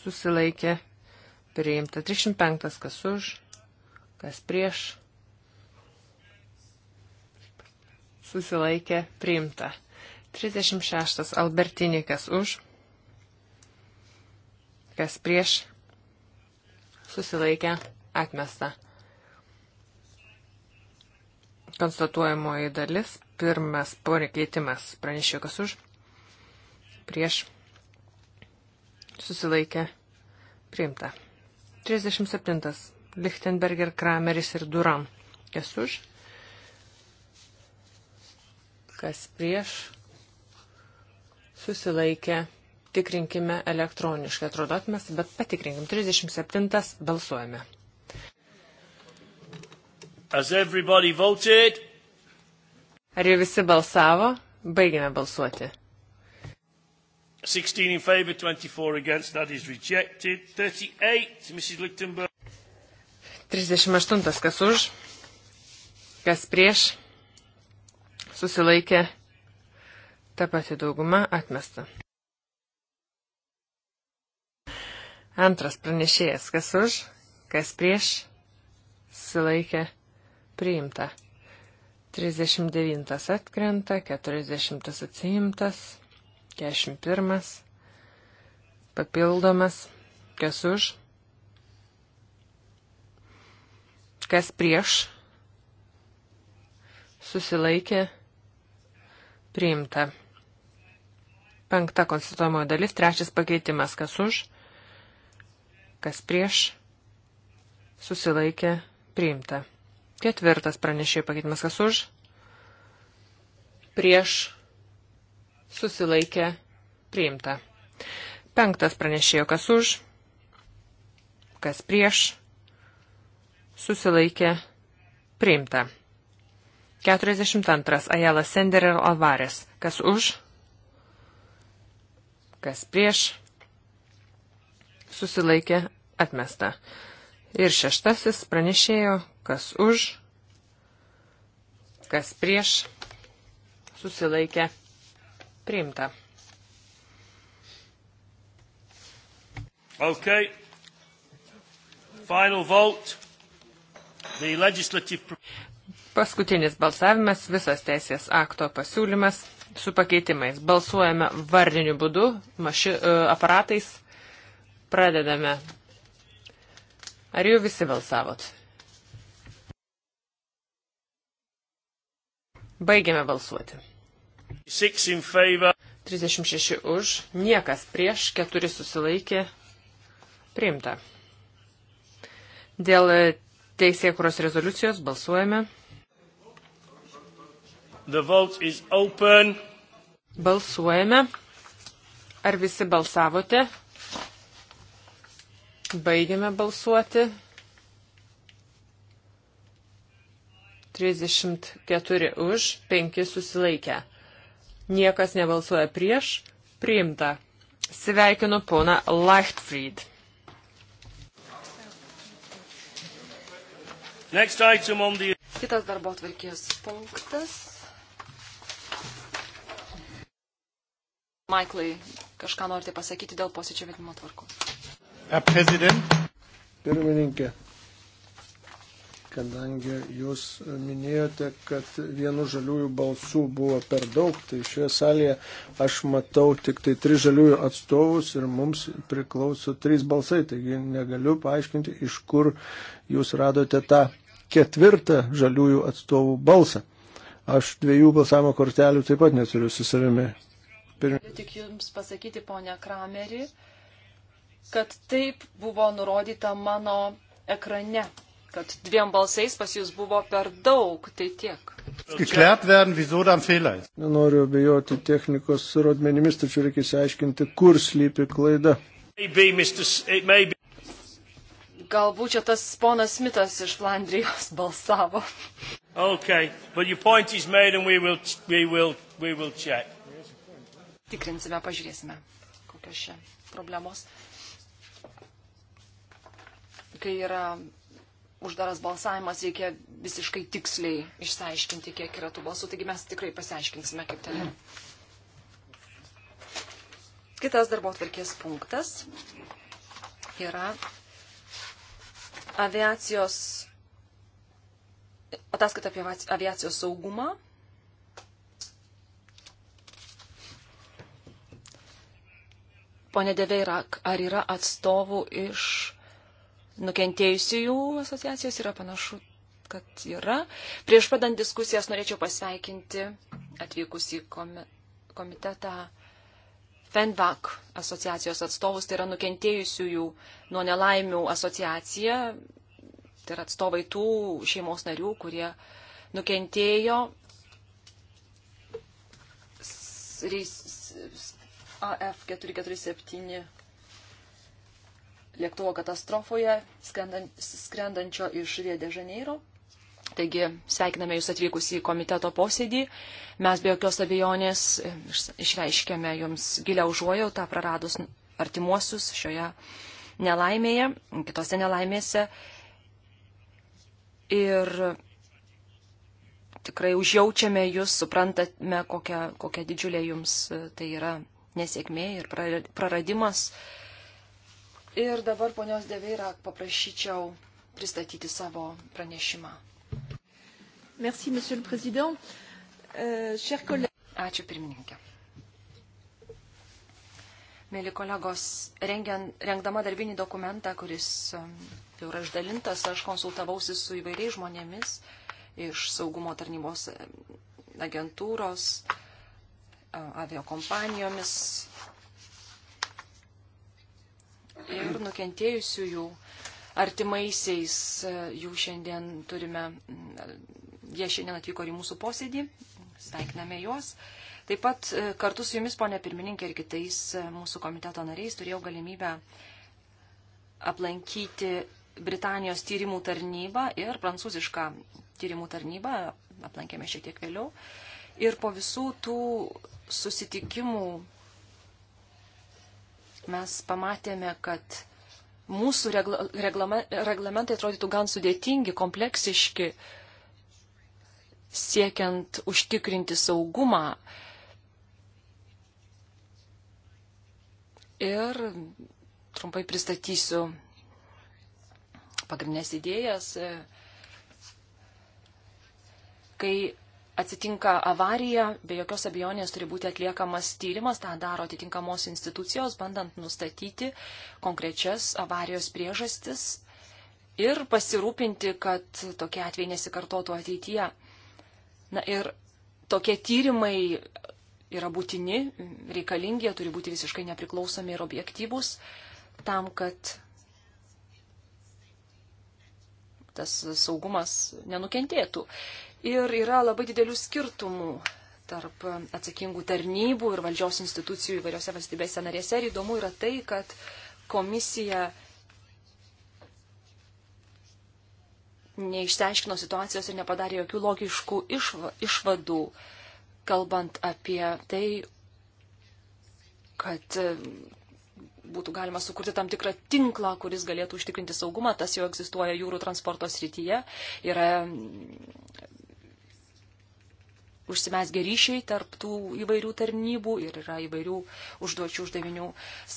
susilaikė, priimta. 35 kas už, kas prieš, susilaikė, priimta. 36 Albertinikas už kas prieš, susilaikę, atmesta. Konstatuojamoji dalis, pirmas poreikėtimas, pranešė kas už, prieš, susilaikę, priimta. 37. Lichtenberger, Krameris ir Duram. Kas už? Kas prieš? Susilaikė, priimta tikrinkime elektroniškai. Atrodo atmes, bet patikrinkim. 37 balsuojame. Ar jau visi balsavo? Baigime balsuoti. 16 in favour, 24 against, that is rejected. 38, Mrs Lichtenberg. 38, kas už, kas prieš, susilaikė ta pati dauguma atmesta. Antras pranešėjas, kas už, kas prieš, silaikė, priimta. 39 atkrenta, 40 atsiimtas, 41 papildomas, kas už, kas prieš, susilaikė, priimta. Penkta konstituojamoji dalis, trečias pakeitimas, kas už, kas prieš, susilaikė, priimta. Ketvirtas pranešėjų pakeitimas, kas už, prieš, susilaikė, priimta. Penktas pranešėjo, kas už, kas prieš, susilaikė, priimta. 42. Ajala Sender ir Alvarės, kas už, kas prieš, susilaikė atmesta. Ir šeštasis pranešėjo, kas už, kas prieš, susilaikė priimta. Okay. Final vote. The legislative... Paskutinis balsavimas, visas teisės akto pasiūlymas su pakeitimais. Balsuojame vardiniu būdu, maši, e, aparatais. Pradedame. Ar jau visi balsavot? Baigiame balsuoti. 36 už, niekas prieš, 4 susilaikė. Priimta. Dėl teisėkuros rezoliucijos balsuojame. Balsuojame. Ar visi balsavote? Baigiame balsuoti. 34 už, 5 susilaikę. Niekas nebalsuoja prieš. Priimta. Sveikinu pona Leichtfried. The... Kitas darbo atvarkės punktas. Maiklai, kažką norite pasakyti dėl posėdžio vedimo tvarkos? Pirmininkė, kadangi jūs minėjote, kad vienu žaliųjų balsų buvo per daug, tai šioje salėje aš matau tik tai tris žaliųjų atstovus ir mums priklauso trys balsai, taigi negaliu paaiškinti, iš kur jūs radote tą ketvirtą žaliųjų atstovų balsą. Aš dviejų balsavimo kortelių taip pat neturiu su savimi. Pirmin... Tik jums pasakyti, ponia Krameri, uh, kad taip buvo nurodyta mano ekrane, kad dviem balsais pas jūs buvo per daug, tai tiek. Nenoriu abejoti technikos rodmenimis, tačiau reikia įsiaiškinti, kur slypi klaida. Galbūt čia tas ponas Smithas iš Flandrijos balsavo. Okay, but your point is made and we will, we will, we will check. Tikrinsime, pažiūrėsime, kokios čia problemos kai yra uždaras balsavimas, reikia visiškai tiksliai išsiaiškinti, kiek yra tų balsų. Taigi mes tikrai pasiaiškinsime, kaip ten yra. Kitas darbo atvarkės punktas yra aviacijos, ataskaita apie aviacijos saugumą. Pone Deveirak, ar yra atstovų iš nukentėjusiųjų asociacijos yra panašu, kad yra. Prieš pradant diskusijas norėčiau pasveikinti atvykus į komitetą FENVAK asociacijos atstovus, tai yra nukentėjusiųjų nuo nelaimių asociacija, tai yra atstovai tų šeimos narių, kurie nukentėjo AF447 lėktuvo katastrofoje skrendančio iš Rio de Janeiro. Taigi sveikiname Jūs atvykus į komiteto posėdį. Mes be jokios abejonės e, išreiškėme Jums gilę užuojautą praradus artimuosius šioje nelaimėje, kitose nelaimėse. Ir tikrai užjaučiame Jūs, suprantame, kokia, kokia didžiulė Jums e, tai yra nesėkmė ir praradimas. Pra Ir dabar ponios Deveira paprašyčiau pristatyti savo pranešimą. Merci, monsieur le président. Uh, cher collègue. Ačiū pirmininkė. Mėly kolegos, rengiant, rengdama darbinį dokumentą, kuris um, jau yra išdalintas, aš konsultavausi su įvairiais žmonėmis iš saugumo tarnybos um, agentūros, uh, aviokompanijomis, ir nukentėjusiųjų artimaisiais. E, jų šiandien turime, mm, jie šiandien atvyko į mūsų posėdį, sveikiname juos. Taip pat e, kartu su jumis, ponė pirmininkė ir kitais e, mūsų komiteto nariais, turėjau galimybę aplankyti Britanijos tyrimų tarnybą ir prancūzišką tyrimų tarnybą, aplankėme šiek tiek vėliau. Ir po visų tų susitikimų mes pamatėme, kad mūsų regla, reglame, reglamentai atrodytų gan sudėtingi, kompleksiški, siekiant užtikrinti saugumą. Ir trumpai pristatysiu pagrindinės idėjas. Kai atsitinka avarija, be jokios abejonės turi būti atliekamas tyrimas, tą daro atitinkamos institucijos, bandant nustatyti konkrečias avarijos priežastis ir pasirūpinti, kad tokie atvejai nesikartotų ateityje. Na ir tokie tyrimai yra būtini, reikalingi, jie turi būti visiškai nepriklausomi ir objektyvūs tam, kad tas saugumas nenukentėtų. Ir yra labai didelių skirtumų tarp atsakingų tarnybų ir valdžios institucijų įvairiose valstybėse narėse. Ir įdomu yra tai, kad komisija neišsiaiškino situacijos ir nepadarė jokių logiškų išvadų, kalbant apie tai, kad būtų galima sukurti tam tikrą tinklą, kuris galėtų užtikrinti saugumą, tas jau egzistuoja jūrų transporto srityje, yra užsimesgė ryšiai tarp tų įvairių tarnybų ir yra įvairių užduočių uždavinių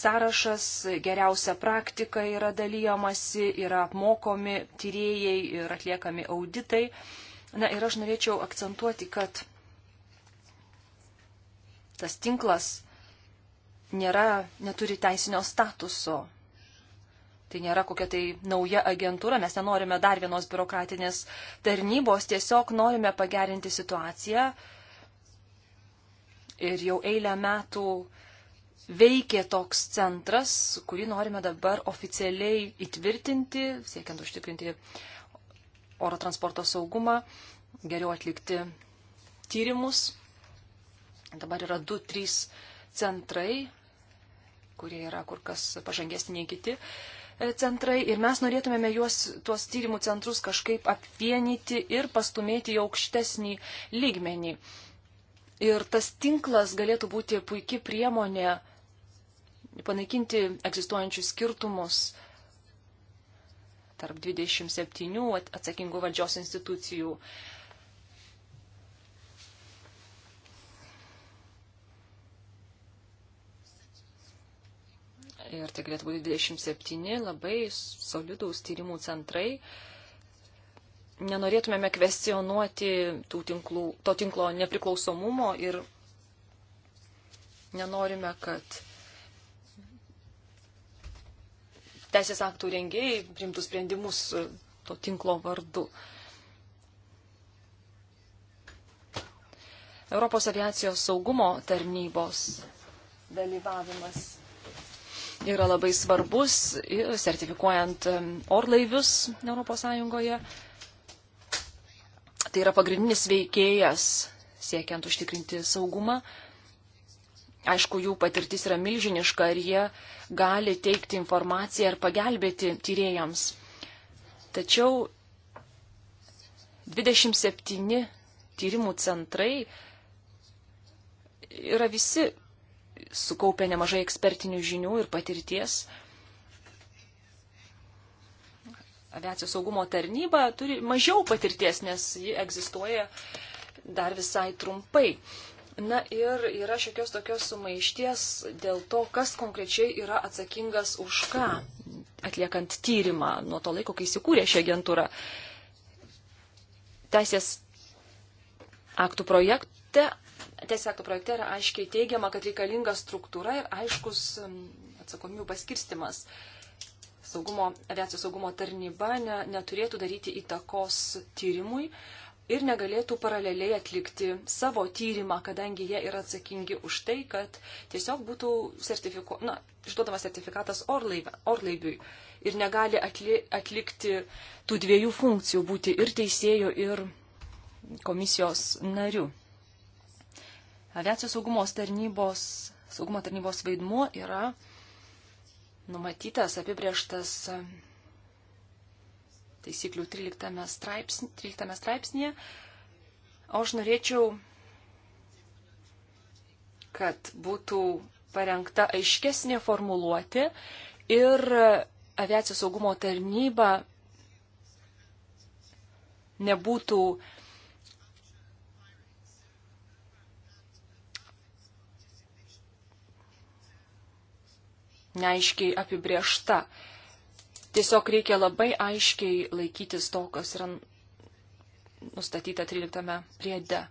sąrašas, geriausia praktika yra dalyjamasi, yra apmokomi tyrėjai ir atliekami auditai. Na ir aš norėčiau akcentuoti, kad tas tinklas nėra, neturi teisinio statuso. Tai nėra kokia tai nauja agentūra, mes nenorime dar vienos biurokratinės tarnybos, tiesiog norime pagerinti situaciją. Ir jau eilę metų veikė toks centras, kurį norime dabar oficialiai įtvirtinti, siekiant užtikrinti oro transporto saugumą, geriau atlikti tyrimus. Dabar yra 2-3 centrai kurie yra kur kas pažangesni nei kiti e, centrai ir mes norėtumėme juos, tuos tyrimų centrus kažkaip apvienyti ir pastumėti į aukštesnį lygmenį. Ir tas tinklas galėtų būti puikia priemonė panaikinti egzistuojančius skirtumus tarp 27 atsakingų valdžios institucijų. ir tai galėtų būti 27 labai solidūs tyrimų centrai. Nenorėtumėme kvestionuoti tinklų, to tinklo nepriklausomumo ir nenorime, kad teisės aktų rengėjai primtų sprendimus to tinklo vardu. Europos aviacijos saugumo tarnybos dalyvavimas yra labai svarbus, sertifikuojant orlaivius ES. Tai yra pagrindinis veikėjas siekiant užtikrinti saugumą. Aišku, jų patirtis yra milžiniška ir jie gali teikti informaciją ir pagelbėti tyrėjams. Tačiau 27 tyrimų centrai yra visi sukaupė nemažai ekspertinių žinių ir patirties. Aviacijos saugumo tarnyba turi mažiau patirties, nes ji egzistuoja dar visai trumpai. Na ir yra šiokios tokios sumaišties dėl to, kas konkrečiai yra atsakingas už ką, atliekant tyrimą nuo to laiko, kai įsikūrė ši agentūra. Teisės aktų projekte Tiesiog projekte yra aiškiai teigiama, kad reikalinga struktūra ir aiškus atsakomybių paskirstimas. Saugumo, aviacijos saugumo tarnyba ne, neturėtų daryti įtakos tyrimui ir negalėtų paraleliai atlikti savo tyrimą, kadangi jie yra atsakingi už tai, kad tiesiog būtų sertifiko, na, išduodamas sertifikatas orlaivė, orlaiviui ir negali atli, atlikti tų dviejų funkcijų būti ir teisėjų, ir komisijos nariu. Aviacijos saugumos tarnybos, saugumo tarnybos vaidmuo yra numatytas, apibrieštas taisyklių 13 straipsnė, 13 straipsnėje. O aš norėčiau, kad būtų parengta aiškesnė formuluoti ir aviacijos saugumo tarnyba nebūtų uh, neaiškiai apibriešta. Tiesiog reikia labai aiškiai laikytis to, kas yra nustatyta 13 priede.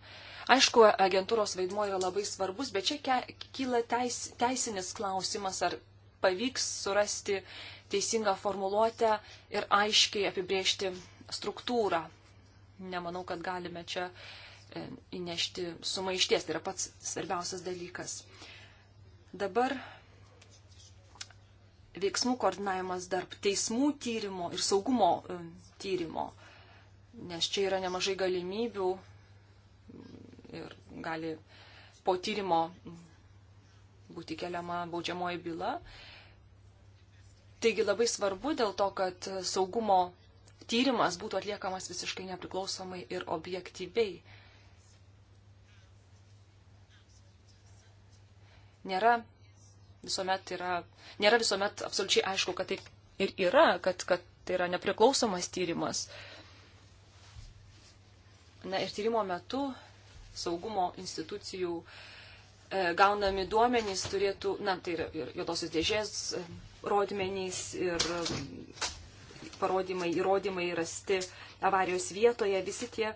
Aišku, agentūros vaidmuo yra labai svarbus, bet čia kyla teis, teisinis klausimas, ar pavyks surasti teisingą formuluotę ir aiškiai apibriežti struktūrą. Nemanau, kad galime čia e, įnešti sumaišties, tai yra pats svarbiausias dalykas. Dabar veiksmų koordinavimas tarp teismų tyrimo ir saugumo e, tyrimo, nes čia yra nemažai galimybių ir gali po tyrimo būti keliama baudžiamoji byla. Taigi labai svarbu dėl to, kad saugumo tyrimas būtų atliekamas visiškai nepriklausomai ir objektyviai. Nėra visuomet yra, nėra visuomet absoliučiai aišku, kad taip ir yra, kad, kad tai yra nepriklausomas tyrimas. Na ir tyrimo metu saugumo institucijų e, gaunami duomenys turėtų, na tai yra ir juodosios dėžės e, rodmenys ir e, parodymai, įrodymai rasti avarijos vietoje, visi tie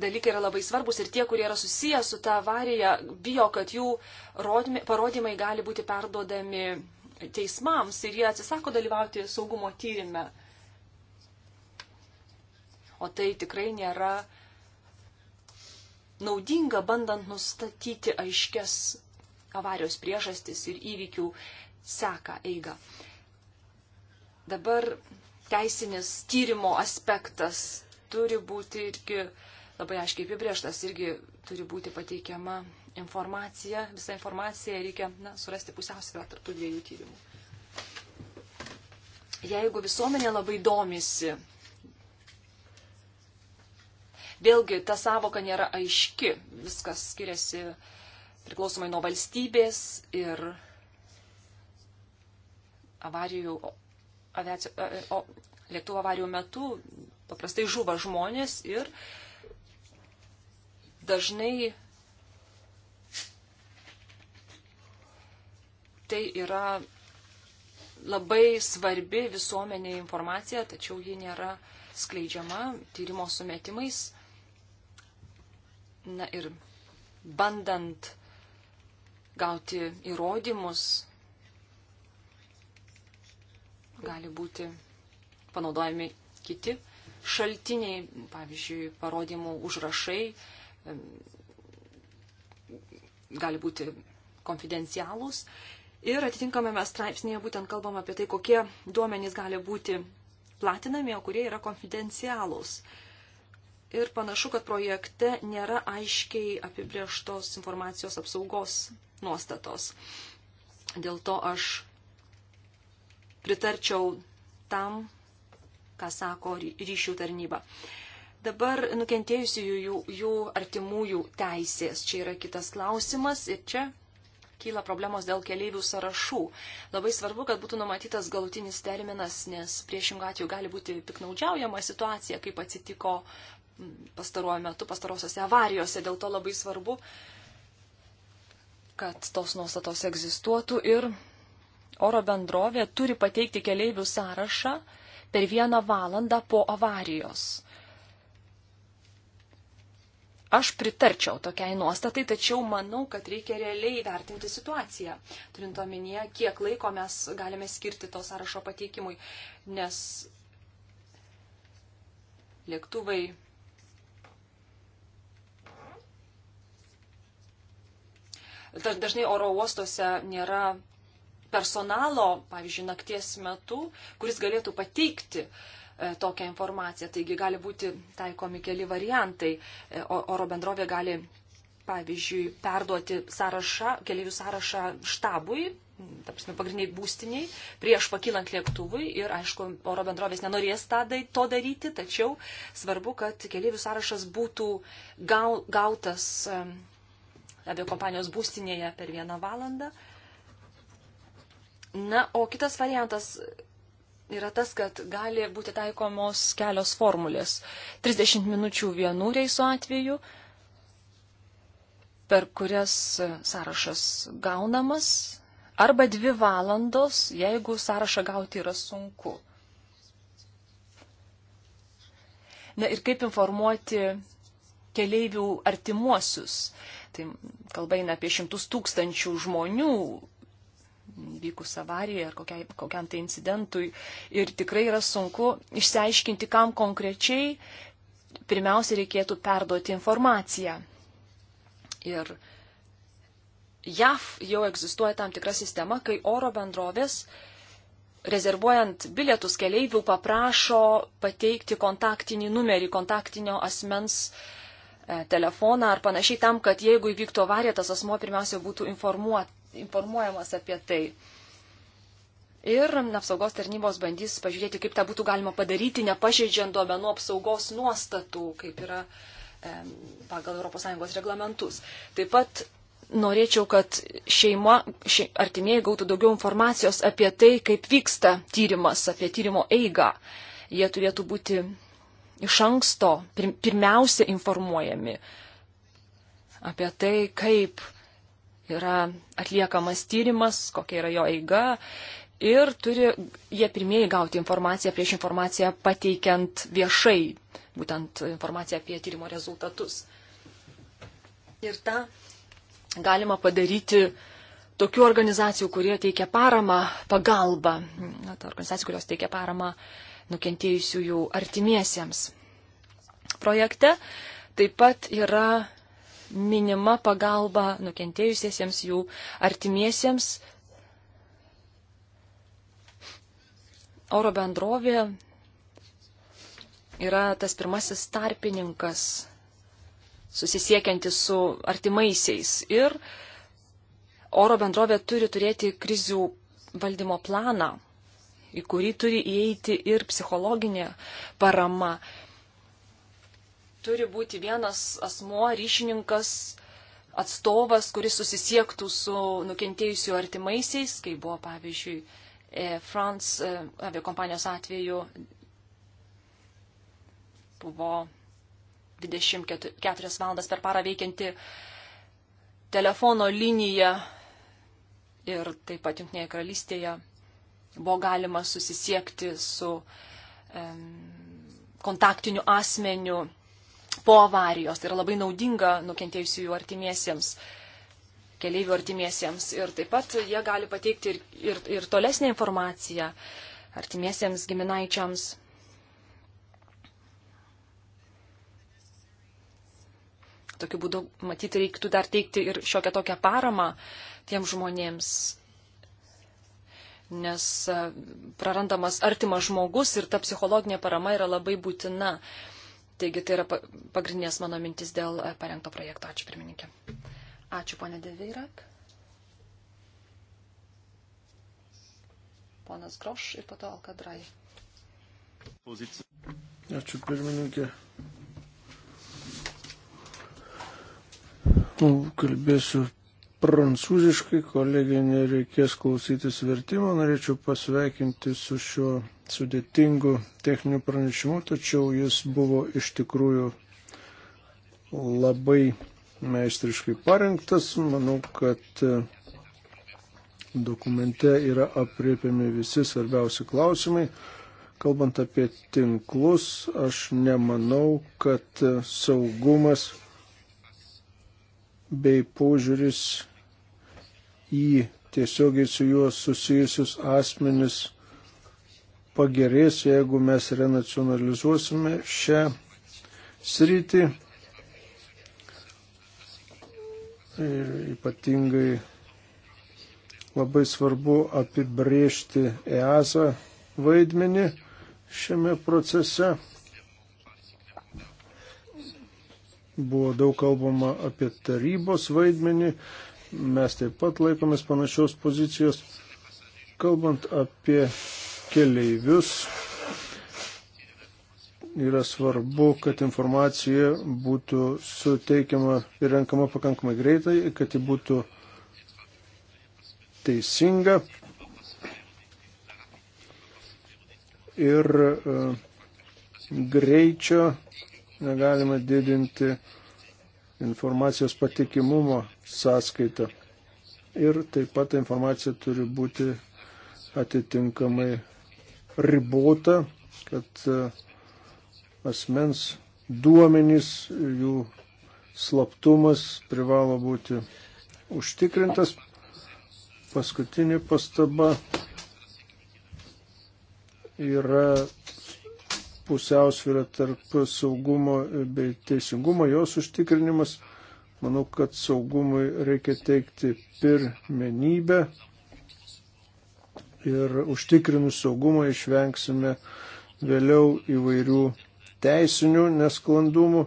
dalykai yra labai svarbus ir tie, kurie yra susiję su ta avarija, bijo, kad jų rodymai, parodymai gali būti perduodami teismams ir jie atsisako dalyvauti saugumo tyrimę. O tai tikrai nėra naudinga, bandant nustatyti aiškias avarijos priežastis ir įvykių seka eiga. Dabar teisinis tyrimo aspektas turi būti irgi labai aiškiai apibrieštas, irgi turi būti pateikiama informacija, visa informacija reikia na, surasti pusiausvyrą tarptų dviejų tyrimų. Jeigu visuomenė labai domisi, vėlgi ta savoka nėra aiški, viskas skiriasi priklausomai nuo valstybės ir avarijų, aviacijų, o, lėktuvo avarijų metu paprastai žuva žmonės ir uh, Dažnai tai yra labai svarbi visuomenė informacija, tačiau ji nėra skleidžiama tyrimo sumetimais. Na ir bandant gauti įrodymus, gali būti panaudojami kiti šaltiniai, pavyzdžiui, parodymų užrašai, gali būti konfidencialūs. Ir atitinkamame straipsnėje būtent kalbam apie tai, kokie duomenys gali būti platinami, o kurie yra konfidencialūs. Ir panašu, kad projekte nėra aiškiai apibrieštos informacijos apsaugos nuostatos. Dėl to aš pritarčiau tam, ką sako ryšių tarnyba. Uh, Dabar nukentėjusiųjų jų, jų artimųjų teisės. Čia yra kitas klausimas ir čia kyla problemos dėl keleivių sąrašų. Labai svarbu, kad būtų numatytas galutinis terminas, nes priešingų atveju gali būti piknaudžiaujama situacija, kaip atsitiko pastaruoju metu pastarosiose avarijose. Dėl to labai svarbu, kad tos nuostatos egzistuotų ir oro bendrovė turi pateikti keleivių sąrašą per vieną valandą po avarijos. Aš pritarčiau tokiai nuostatai, tačiau manau, kad reikia realiai vertinti situaciją, turint omenyje, kiek laiko mes galime skirti to sąrašo pateikimui, nes lėktuvai dažnai oro uostuose nėra personalo, pavyzdžiui, nakties metu, kuris galėtų pateikti uh, E, tokią informaciją. Taigi gali būti taikomi keli variantai. E, oro bendrovė gali, pavyzdžiui, perduoti sąrašą, keliaivių sąrašą štabui, prasme, pagrindiniai būstiniai, prieš pakilant lėktuvui ir, aišku, oro bendrovės nenorės tadai, to daryti, tačiau svarbu, kad keliaivių sąrašas būtų gau, gautas e, avio kompanijos būstinėje per vieną valandą. Na, o kitas variantas yra tas, kad gali būti taikomos kelios formulės. 30 minučių vienų reisų atveju, per kurias sąrašas gaunamas, arba dvi valandos, jeigu sąrašą gauti yra sunku. Na ir kaip informuoti keleivių artimuosius. Tai kalba eina apie šimtus tūkstančių žmonių, vykus avarijai ar kokiai, kokiam tai incidentui. Ir tikrai yra sunku išsiaiškinti, kam konkrečiai pirmiausia reikėtų perduoti informaciją. Ir JAV jau egzistuoja tam tikra sistema, kai oro bendrovės rezervuojant bilietus keleivių paprašo pateikti kontaktinį numerį, kontaktinio asmens e, telefoną ar panašiai tam, kad jeigu įvyktų avarija, tas asmo pirmiausia būtų informuotas informuojamas apie tai. Ir apsaugos tarnybos bandys pažiūrėti, kaip tą būtų galima padaryti, nepažeidžiant duomenų apsaugos nuostatų, kaip yra e, pagal ES reglamentus. Taip pat norėčiau, kad šeima, še, artimieji gautų daugiau informacijos apie tai, kaip vyksta tyrimas, apie tyrimo eigą. Jie turėtų būti iš anksto pirmiausia informuojami apie tai, kaip yra atliekamas tyrimas, kokia yra jo eiga. Ir turi jie pirmieji gauti informaciją prieš informaciją pateikiant viešai, būtent informaciją apie tyrimo rezultatus. Ir tą galima padaryti tokių organizacijų, kurie teikia paramą, pagalbą, na, ta organizacija, kurios teikia paramą nukentėjusiųjų artimiesiems. Projekte taip pat yra minima pagalba nukentėjusiesiems jų artimiesiems. Oro bendrovė yra tas pirmasis tarpininkas susisiekiantis su artimaisiais ir oro bendrovė turi turėti krizių valdymo planą, į kurį turi įeiti ir psichologinė parama turi būti vienas asmuo, ryšininkas, atstovas, kuris susisiektų su nukentėjusiu artimaisiais, kaip buvo pavyzdžiui e, France aviokompanijos atveju buvo 24 valandas per parą veikianti telefono linija ir taip pat Junktinėje karalystėje buvo galima susisiekti su um, kontaktiniu asmeniu po avarijos. Tai yra labai naudinga nukentėjusiųjų artimiesiems, keliaivių artimiesiems. Ir taip pat jie gali pateikti ir, ir, ir tolesnę informaciją artimiesiems giminaičiams. Tokiu būdu, matyti, reiktų dar teikti ir šiokią tokią paramą tiem žmonėms, nes e, prarandamas artimas žmogus ir ta psichologinė parama yra labai būtina. Uh, Taigi tai yra pagrindinės mano mintis dėl e, parengto projekto. Ačiū pirmininkė. Ačiū ponė Deveirak. Ponas Groš ir pato Alkadrai. Ačiū pirmininkė. kalbėsiu prancūziškai, kolegė nereikės klausytis vertimo, norėčiau pasveikinti su šiuo sudėtingu techniniu pranešimu, tačiau jis buvo iš tikrųjų labai meistriškai parengtas. Manau, kad e, dokumente yra apriepiami visi svarbiausi klausimai. Kalbant apie tinklus, aš nemanau, kad e, saugumas bei požiūris į tiesiogiai su juo susijusius asmenis pagerės, jeigu mes renacionalizuosime šią sritį. Ir ypatingai labai svarbu apibrėžti EASA vaidmenį šiame procese. Buvo daug kalbama apie tarybos vaidmenį, Mes taip pat laikomės panašios pozicijos. Kalbant apie keleivius, yra svarbu, kad informacija būtų suteikiama ir renkama pakankamai greitai, kad ji būtų teisinga. Ir e, greičio negalima didinti informacijos patikimumo sąskaita. Ir taip pat ta informacija turi būti atitinkamai ribota, kad e, asmens duomenys, jų slaptumas privalo būti užtikrintas. Paskutinė pastaba yra pusiausvyrą tarp saugumo bei teisingumo, jos užtikrinimas. Manau, kad saugumui reikia teikti pirmenybę ir užtikrinus saugumą išvengsime vėliau įvairių teisinių nesklandumų.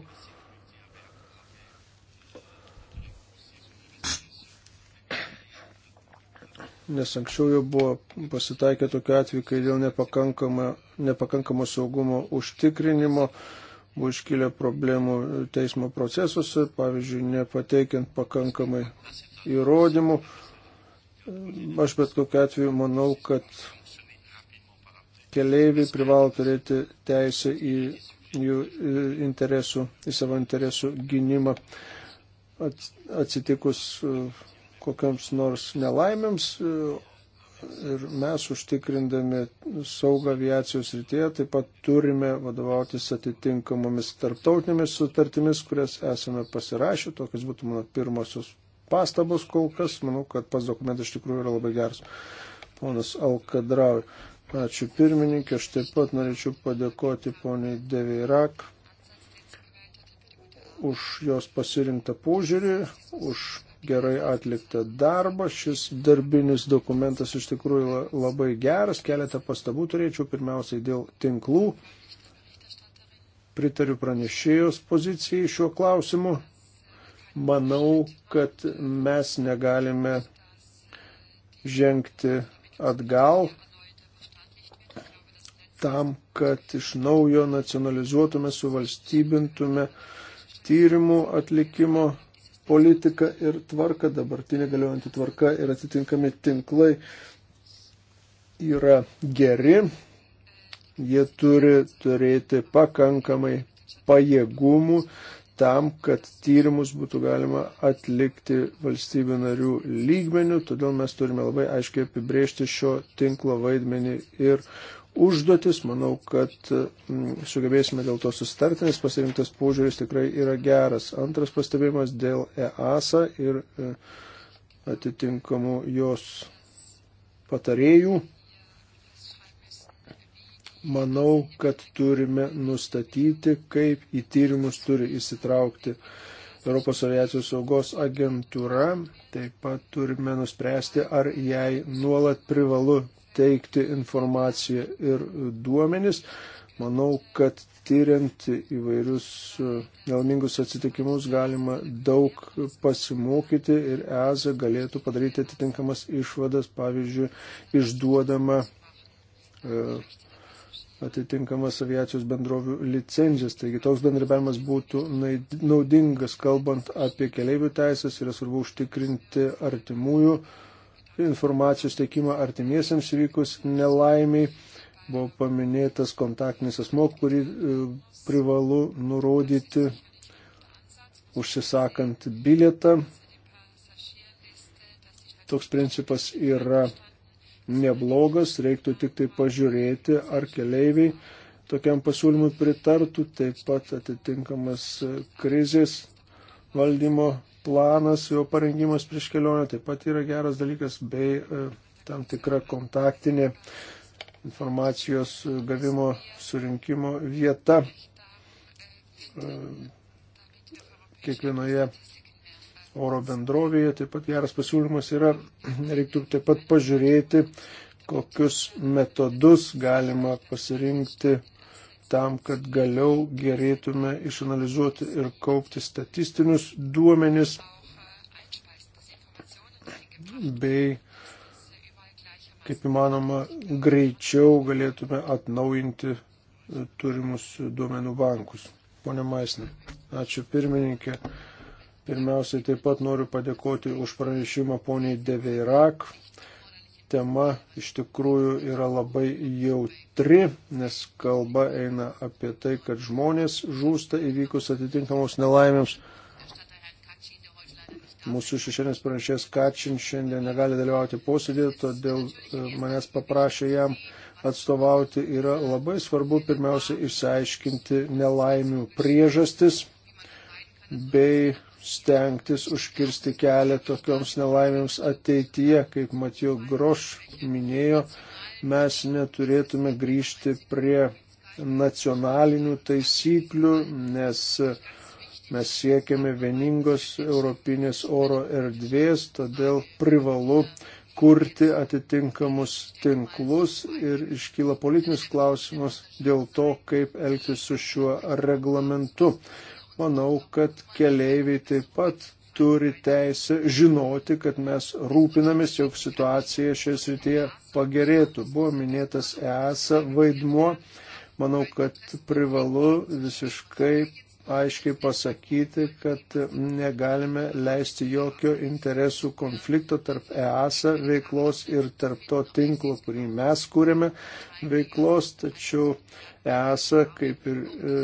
nes anksčiau jau buvo pasitaikę tokiu atveju, kai dėl nepakankamo, nepakankamo saugumo užtikrinimo buvo iškilę problemų teismo procesuose, pavyzdžiui, nepateikiant pakankamai įrodymų. Aš bet kokiu atveju manau, kad keleiviai privalo turėti teisę į jų interesų, į savo interesų gynimą atsitikus uh, kokiams nors nelaimėms e, ir mes užtikrindami saugą aviacijos rytėje taip pat turime vadovautis atitinkamomis tarptautinėmis sutartimis, kurias esame pasirašę. Tokios būtų mano pirmosios pastabos kol kas. Manau, kad pas dokumentas iš tikrųjų yra labai geras. Ponas Alkadrau. Ačiū pirmininkė, aš taip pat norėčiau padėkoti poniai Deveirak už jos pasirinktą požiūrį, už gerai atliktą darbą. Šis darbinis dokumentas iš tikrųjų labai geras. Keletą pastabų turėčiau pirmiausiai dėl tinklų. Pritariu pranešėjos pozicijai šiuo klausimu. Manau, kad mes negalime žengti atgal tam, kad iš naujo nacionalizuotume, suvalstybintume tyrimų atlikimo politiką ir tvarką, dabartinė galiojanti tvarka ir atitinkami tinklai yra geri, jie turi turėti pakankamai pajėgumų tam, kad tyrimus būtų galima atlikti valstybių narių lygmenių, todėl mes turime labai aiškiai apibrėžti šio tinklo vaidmenį ir užduotis. Manau, kad mm, sugebėsime dėl to sustarti, nes pasirinktas požiūris tikrai yra geras. Antras pastebėjimas dėl EASA ir e, atitinkamų jos patarėjų. Manau, kad turime nustatyti, kaip į tyrimus turi įsitraukti Europos aviacijos saugos agentūra. Taip pat turime nuspręsti, ar jai nuolat privalu teikti informaciją ir duomenis. Manau, kad tyriant įvairius e, nelmingus atsitikimus galima daug pasimokyti ir EZA galėtų padaryti atitinkamas išvadas, pavyzdžiui, išduodama e, atitinkamas aviacijos bendrovių licenzijas. Taigi toks bendradarbiavimas būtų naudingas, kalbant apie keliaivių teisės, yra svarbu užtikrinti artimųjų uh, informacijos teikimą artimiesiams vykus nelaimiai. Buvo paminėtas kontaktinis asmo, kurį e, privalu nurodyti užsisakant bilietą. Toks principas yra neblogas, reiktų tik tai pažiūrėti, ar keleiviai tokiam pasiūlymui pritartų, taip pat atitinkamas krizės valdymo planas, jo parengimas prieš kelionę taip pat yra geras dalykas, bei e, tam tikra kontaktinė informacijos e, gavimo surinkimo vieta e, kiekvienoje oro bendrovėje. Taip pat geras pasiūlymas yra, reiktų taip pat pažiūrėti, kokius metodus galima pasirinkti tam, kad galiau gerėtume išanalizuoti ir kaupti statistinius duomenis bei kaip įmanoma greičiau galėtume atnaujinti e, turimus duomenų bankus. Pone Maisne, ačiū pirmininkė. Pirmiausiai taip pat noriu padėkoti už pranešimą poniai Deveirak tema iš tikrųjų yra labai jautri, nes kalba eina apie tai, kad žmonės žūsta įvykus atitinkamos nelaimėms. Mūsų šešienės pranešės Kačin šiandien negali dalyvauti posėdėje, todėl e, manęs paprašė jam atstovauti. Yra labai svarbu pirmiausia išsiaiškinti nelaimių priežastis bei stengtis užkirsti kelią tokioms nelaimėms ateityje, kaip Matijo Groš minėjo, mes neturėtume grįžti prie nacionalinių taisyklių, nes mes siekiame vieningos europinės oro erdvės, todėl privalu kurti atitinkamus tinklus ir iškyla politinis klausimas dėl to, kaip elgtis su šiuo reglamentu manau, kad keleiviai taip pat turi teisę žinoti, kad mes rūpinamės, jog situacija šioje srityje pagerėtų. Buvo minėtas ESA vaidmuo. Manau, kad privalu visiškai aiškiai pasakyti, kad negalime leisti jokio interesų konflikto tarp EASA veiklos ir tarp to tinklo, kurį mes kūrėme veiklos, tačiau EASA kaip ir e,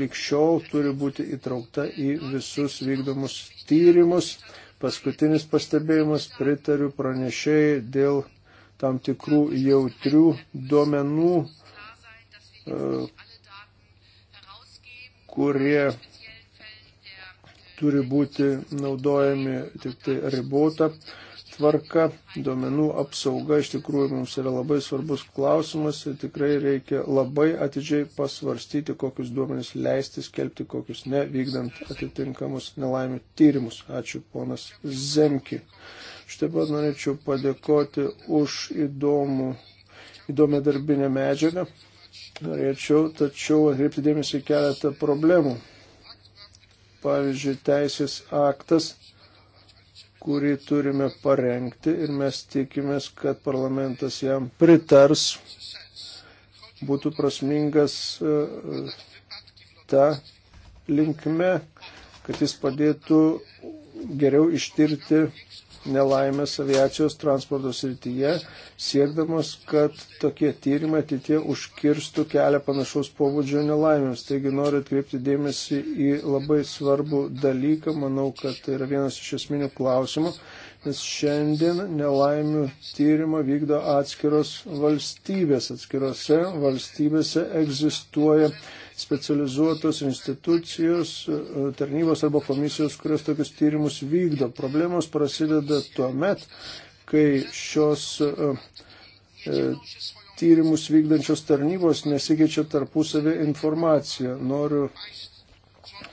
likščiau turi būti įtraukta į visus vykdomus tyrimus. Paskutinis pastebėjimas pritariu pranešėjai dėl tam tikrų jautrių duomenų e, kurie turi būti naudojami tik tai ribota tvarka, duomenų apsauga iš tikrųjų mums yra labai svarbus klausimas ir tikrai reikia labai atidžiai pasvarstyti, kokius duomenys leisti skelbti, kokius ne, vykdant atitinkamus nelaimių tyrimus. Ačiū ponas Zemki. Štai pat norėčiau padėkoti už įdomų, įdomią darbinę medžiagą. Norėčiau tačiau atkreipti dėmesį keletą problemų. Pavyzdžiui, teisės aktas, kurį turime parengti ir mes tikimės, kad parlamentas jam pritars, būtų prasmingas e, ta linkme, kad jis padėtų geriau ištirti nelaimės aviacijos transporto srityje, siekdamas, kad tokie tyrimai ateitie užkirstų kelią panašaus pobūdžio nelaimėms. Taigi noriu atkreipti dėmesį į labai svarbų dalyką, manau, kad tai yra vienas iš esminių klausimų, nes šiandien nelaimių tyrimą vykdo atskiros valstybės. Atskirose valstybėse egzistuoja specializuotos institucijos, e, tarnybos arba komisijos, kurios tokius tyrimus vykdo. Problemos prasideda tuo met, kai šios e, e, tyrimus vykdančios tarnybos nesikeičia tarpusavį informaciją. Noriu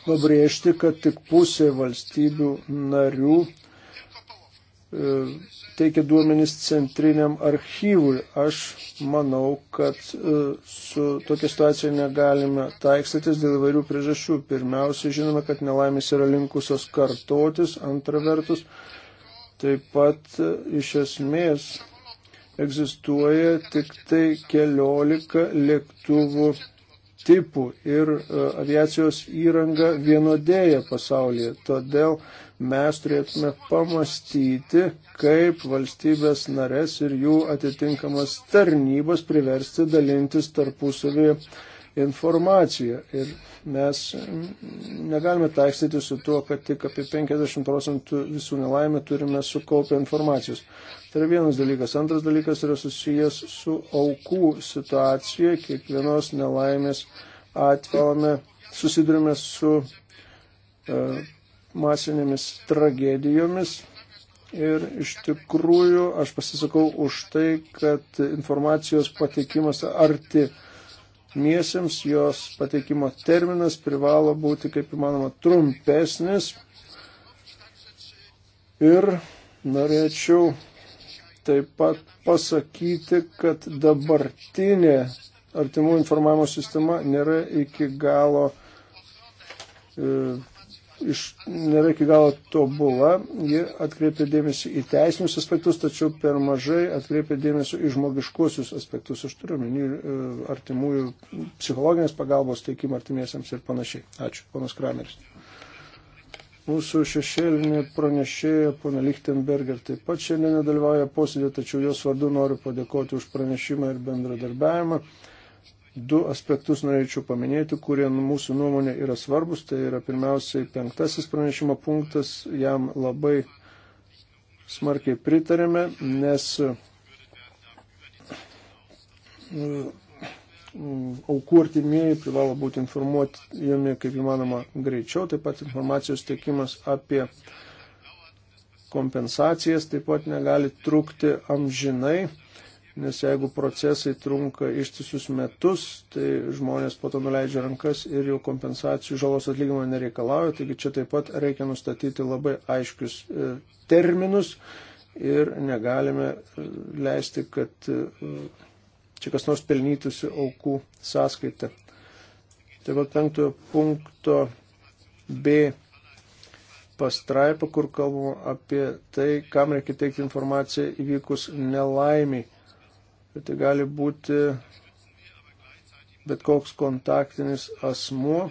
pabrėžti, kad tik pusė valstybių narių teikia duomenys centriniam archyvui. Aš manau, kad e, su tokia situacija negalime taikstytis dėl įvairių priežasčių. Pirmiausia, žinome, kad nelaimės yra linkusios kartotis, antra vertus, taip pat e, iš esmės egzistuoja tik tai keliolika lėktuvų tipų ir e, aviacijos įranga vienodėja pasaulyje. Todėl mes turėtume pamastyti, kaip valstybės narės ir jų atitinkamas tarnybos priversti dalintis tarpusavį informaciją. Ir mes negalime taikstyti su tuo, kad tik apie 50 procentų visų nelaimė turime sukaupę informacijos. Tai yra vienas dalykas. Antras dalykas yra susijęs su aukų situacija. Kiekvienos nelaimės atveju susidurime su uh, masinėmis tragedijomis. Ir iš tikrųjų aš pasisakau už tai, kad informacijos pateikimas arti miesiems, jos pateikimo terminas privalo būti kaip įmanoma trumpesnis. Ir norėčiau taip pat pasakyti, kad dabartinė artimų informavimo sistema nėra iki galo e, iš, nėra iki galo tobula, ji atkreipia dėmesį į teisinius aspektus, tačiau per mažai atkreipia dėmesį į žmogiškuosius aspektus. Aš turiu minį e, artimųjų psichologinės pagalbos teikimą artimiesiams ir panašiai. Ačiū, ponas Krameris. Mūsų šešėlinė pranešėja, pana Lichtenberger, taip pat šiandien nedalyvauja posėdė, tačiau jos vardu noriu padėkoti už pranešimą ir bendradarbiavimą du aspektus norėčiau paminėti, kurie nu- mūsų nuomonė yra svarbus. Tai yra pirmiausiai penktasis pranešimo punktas, jam labai smarkiai pritarėme, nes e, aukų artimieji privalo būti informuoti jame kaip įmanoma greičiau, taip pat informacijos tiekimas apie kompensacijas taip pat negali trukti amžinai nes jeigu procesai trunka ištisus metus, tai žmonės po to nuleidžia rankas ir jau kompensacijų žalos atlyginimo nereikalauja, taigi čia taip pat reikia nustatyti labai aiškius e, terminus ir negalime e, leisti, kad e, čia kas nors pelnytųsi aukų sąskaitą. Taip pat penktojo punkto B pastraipą, kur kalbama apie tai, kam reikia teikti informaciją įvykus nelaimiai ir tai gali būti bet koks kontaktinis asmuo.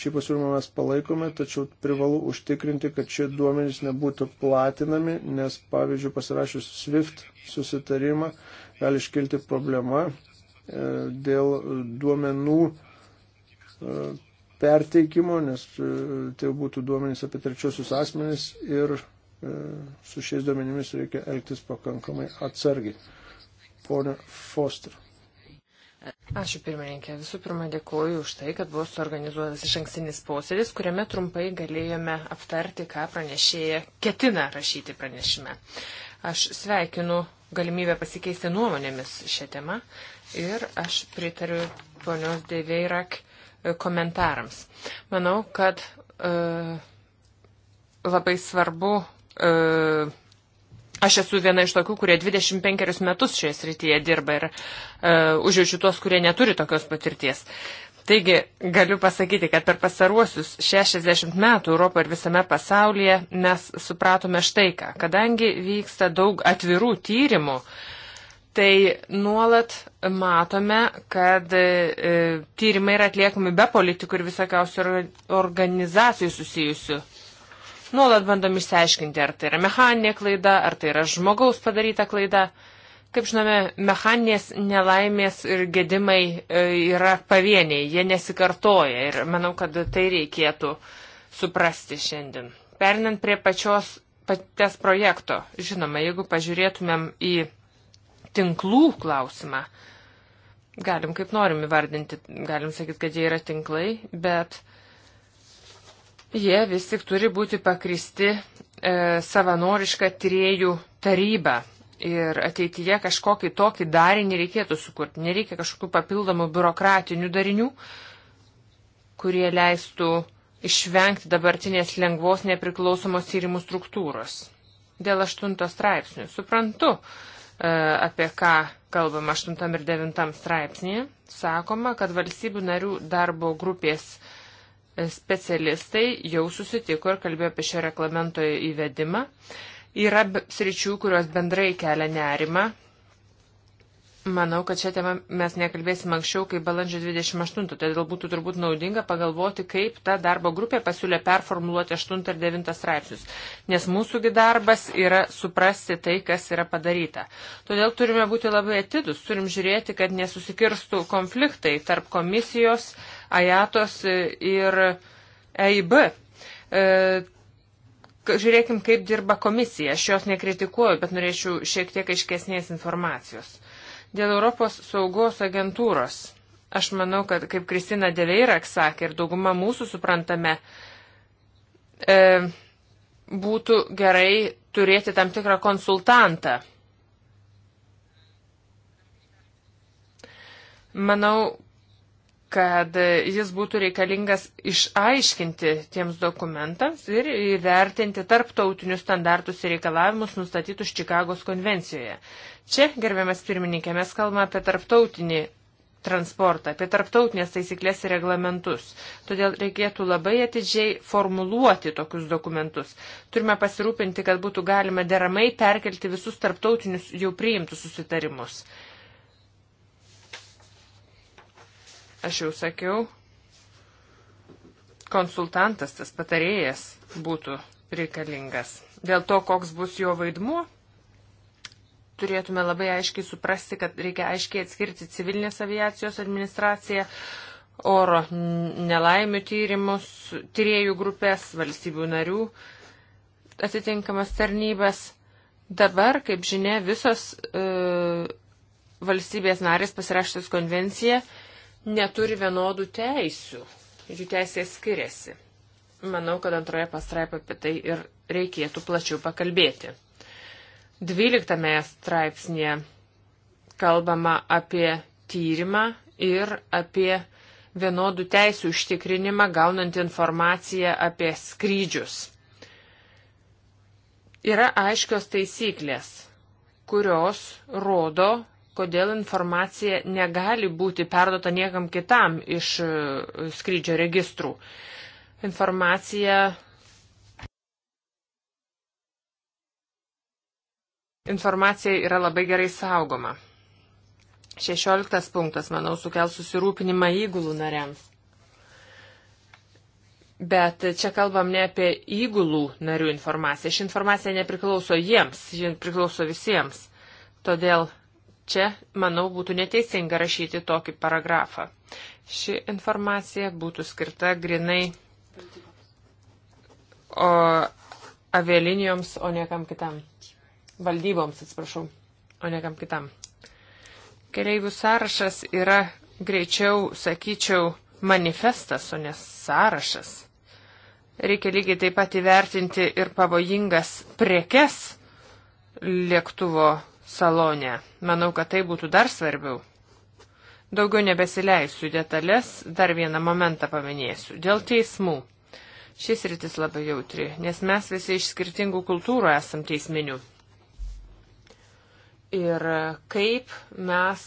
Šį pasiūlymą mes palaikome, tačiau privalu užtikrinti, kad šie duomenys nebūtų platinami, nes, pavyzdžiui, pasirašius SWIFT susitarimą gali iškilti problema e, dėl duomenų e, perteikimo, nes e, tai būtų duomenys apie trečiosius asmenys ir su šiais duomenimis reikia elgtis pakankamai atsargiai ponė Foster. Ačiū pirmininkė. Visų pirma, dėkuoju už tai, kad buvo suorganizuotas iš ankstinis posėdis, kuriame trumpai galėjome aptarti, ką pranešėja ketina rašyti pranešime. Aš sveikinu galimybę pasikeisti nuomonėmis šią temą ir aš pritariu ponios Deveirak e, komentarams. Manau, kad e, labai svarbu e, Aš esu viena iš tokių, kurie 25 metus šioje srityje dirba ir e, užjaučiu tuos, kurie neturi tokios patirties. Taigi, galiu pasakyti, kad per pasaruosius 60 metų Europoje ir visame pasaulyje mes supratome štai ką. Kadangi vyksta daug atvirų tyrimų, tai nuolat matome, kad e, tyrimai yra atliekami be politikų ir visokiausių organizacijų susijusių Nuolat bandom išsiaiškinti, ar tai yra mechaninė klaida, ar tai yra žmogaus padaryta klaida. Kaip žinome, mechaninės nelaimės ir gedimai e, yra pavieniai, jie nesikartoja ir manau, kad tai reikėtų suprasti šiandien. Perinant prie pačios paties projekto, žinoma, jeigu pažiūrėtumėm į tinklų klausimą, galim kaip norim įvardinti, galim sakyti, kad jie yra tinklai, bet jie vis tik turi būti pakristi e, savanorišką triejų tarybą. Ir ateityje kažkokį tokį darinį reikėtų sukurti. Nereikia kažkokių papildomų biurokratinių darinių, kurie leistų išvengti dabartinės lengvos nepriklausomos tyrimų struktūros. Dėl aštunto straipsnių. Suprantu, e, apie ką kalbam aštuntam ir devintam straipsnėje. Sakoma, kad valstybių narių darbo grupės e, specialistai jau susitiko ir kalbėjo apie šio reglamento įvedimą. Yra sričių, kurios bendrai kelia nerimą. Manau, kad šią temą mes nekalbėsim anksčiau, kaip balandžio 28, todėl būtų turbūt naudinga pagalvoti, kaip ta darbo grupė pasiūlė performuluoti 8 ir 9 straipsnius, nes mūsųgi darbas yra suprasti tai, kas yra padaryta. Todėl turime būti labai atidus, turim žiūrėti, kad nesusikirstų konfliktai tarp komisijos, uh, Ajatos ir EIB. E, žiūrėkim, kaip dirba komisija. Aš jos nekritikuoju, bet norėčiau šiek tiek aiškesnės informacijos. Dėl Europos saugos agentūros. Aš manau, kad kaip Kristina Deveirak sakė ir dauguma mūsų suprantame, e, būtų gerai turėti tam tikrą konsultantą. Manau, kad jis būtų reikalingas išaiškinti tiems dokumentams ir įvertinti tarptautinius standartus ir reikalavimus nustatytus Čikagos konvencijoje. Čia, gerbiamas pirmininkė, mes kalbame apie tarptautinį transportą, apie tarptautinės taisyklės ir reglamentus. Todėl reikėtų labai atidžiai formuluoti tokius dokumentus. Turime pasirūpinti, kad būtų galima deramai perkelti visus tarptautinius jau priimtus susitarimus. Aš jau sakiau, konsultantas, tas patarėjas būtų reikalingas. Dėl to, koks bus jo vaidmuo, turėtume labai aiškiai suprasti, kad reikia aiškiai atskirti civilinės aviacijos administraciją, oro nelaimių tyrimus, tyriejų grupės, valstybių narių atitinkamas tarnybas. Dabar, kaip žinia, visos e, valstybės narės pasirašytas konvenciją neturi vienodų teisių ir jų teisės skiriasi. Manau, kad antroje pastraipoje apie tai ir reikėtų plačiau pakalbėti. Dvyliktame straipsnėje kalbama apie tyrimą ir apie vienodų teisų užtikrinimą, gaunant informaciją apie skrydžius. Yra aiškios taisyklės, kurios rodo, kodėl informacija negali būti perdota niekam kitam iš e, skrydžio registrų. Informacija. Informacija yra labai gerai saugoma. Šešioliktas punktas, manau, sukel susirūpinimą įgulų nariams. Bet čia kalbam ne apie įgulų narių informaciją. Ši informacija nepriklauso jiems, ji priklauso visiems. Todėl Čia, manau, būtų neteisinga rašyti tokį paragrafą. Ši informacija būtų skirta grinai o, avialinijoms, o niekam kitam. Valdyboms, atsiprašau, o niekam kitam. Keleivių sąrašas yra greičiau, sakyčiau, manifestas, o ne sąrašas. Reikia lygiai taip pat įvertinti ir pavojingas prekes lėktuvo salone. Manau, kad tai būtų dar svarbiau. Daugiau nebesileisiu detalės, dar vieną momentą paminėsiu. Dėl teismų. Šis rytis labai jautri, nes mes visi iš skirtingų kultūrų esam teisminių. Ir kaip mes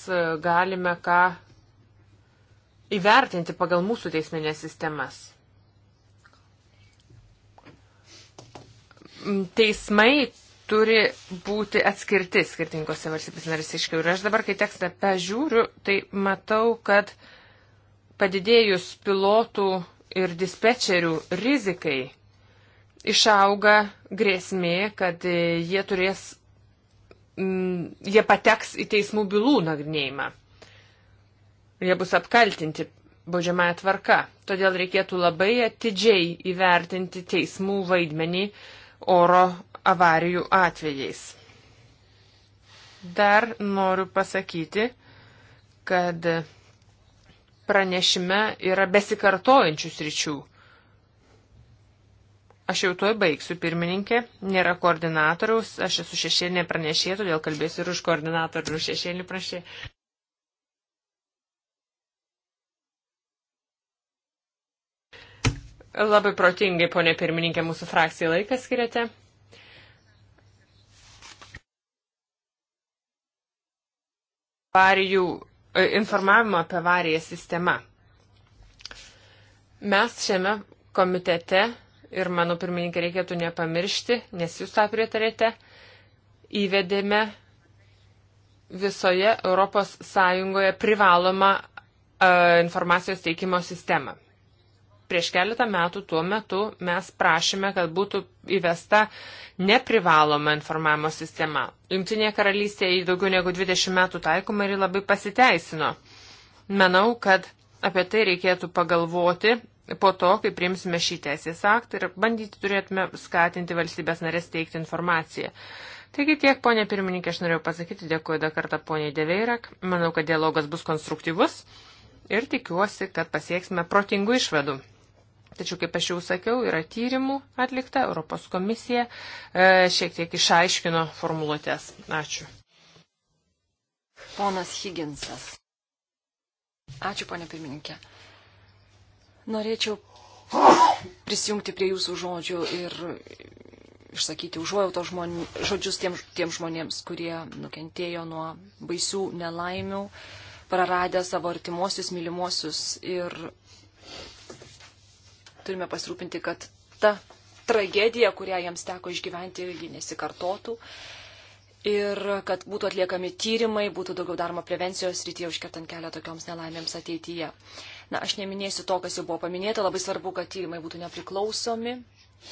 galime ką įvertinti pagal mūsų teisminės sistemas. Teismai turi būti atskirti skirtingose valstybės narėse iškiau. Ir aš dabar, kai tekstą pažiūriu, tai matau, kad padidėjus pilotų ir dispečerių rizikai išauga grėsmė, kad e, jie turės, m, mm, jie pateks į teismų bylų nagrinėjimą. Jie bus apkaltinti baudžiamąją tvarką. Todėl reikėtų labai atidžiai įvertinti teismų vaidmenį oro avarijų atvejais. Dar noriu pasakyti, kad pranešime yra besikartojančių sričių. Aš jau tuoj baigsiu, pirmininkė, nėra koordinatoriaus, aš esu šešėlinė pranešė, todėl kalbėsiu ir už koordinatorių šešėlinį prašė. Labai protingai, ponė pirmininkė, mūsų frakcijai laiką skiriate. avarijų, e, informavimo apie avariją sistema. Mes šiame komitete, ir mano pirmininkė reikėtų nepamiršti, nes jūs tą pritarėte, įvedėme visoje ES privalomą e, informacijos teikimo sistemą prieš keletą metų tuo metu mes prašėme, kad būtų įvesta neprivaloma informavimo sistema. Junktinėje karalystėje į daugiau negu 20 metų taikoma ir labai pasiteisino. Manau, kad apie tai reikėtų pagalvoti po to, kai priimsime šį teisės aktą ir bandyti turėtume skatinti valstybės narės teikti informaciją. Taigi tiek, ponė pirmininkė, aš norėjau pasakyti, dėkuoju dar kartą poniai Deveirak, manau, kad dialogas bus konstruktyvus ir tikiuosi, kad pasieksime protingų išvadų. Tačiau, kaip aš jau sakiau, yra tyrimų atlikta, Europos komisija e, šiek tiek išaiškino formuluotės. Ačiū. Ponas Higginsas. Ačiū, ponė pirmininkė. Norėčiau prisijungti prie jūsų žodžių ir išsakyti užuojauto žmonių, žodžius tiem, tiem žmonėms, kurie nukentėjo nuo baisių nelaimių, praradę savo artimuosius, mylimuosius ir turime pasirūpinti, kad ta tragedija, kurią jiems teko išgyventi, ji nesikartotų. Ir kad būtų atliekami tyrimai, būtų daugiau daroma prevencijos rytyje užkertant kelią tokioms nelaimėms ateityje. Na, aš neminėsiu to, kas jau buvo paminėta, labai svarbu, kad tyrimai būtų nepriklausomi,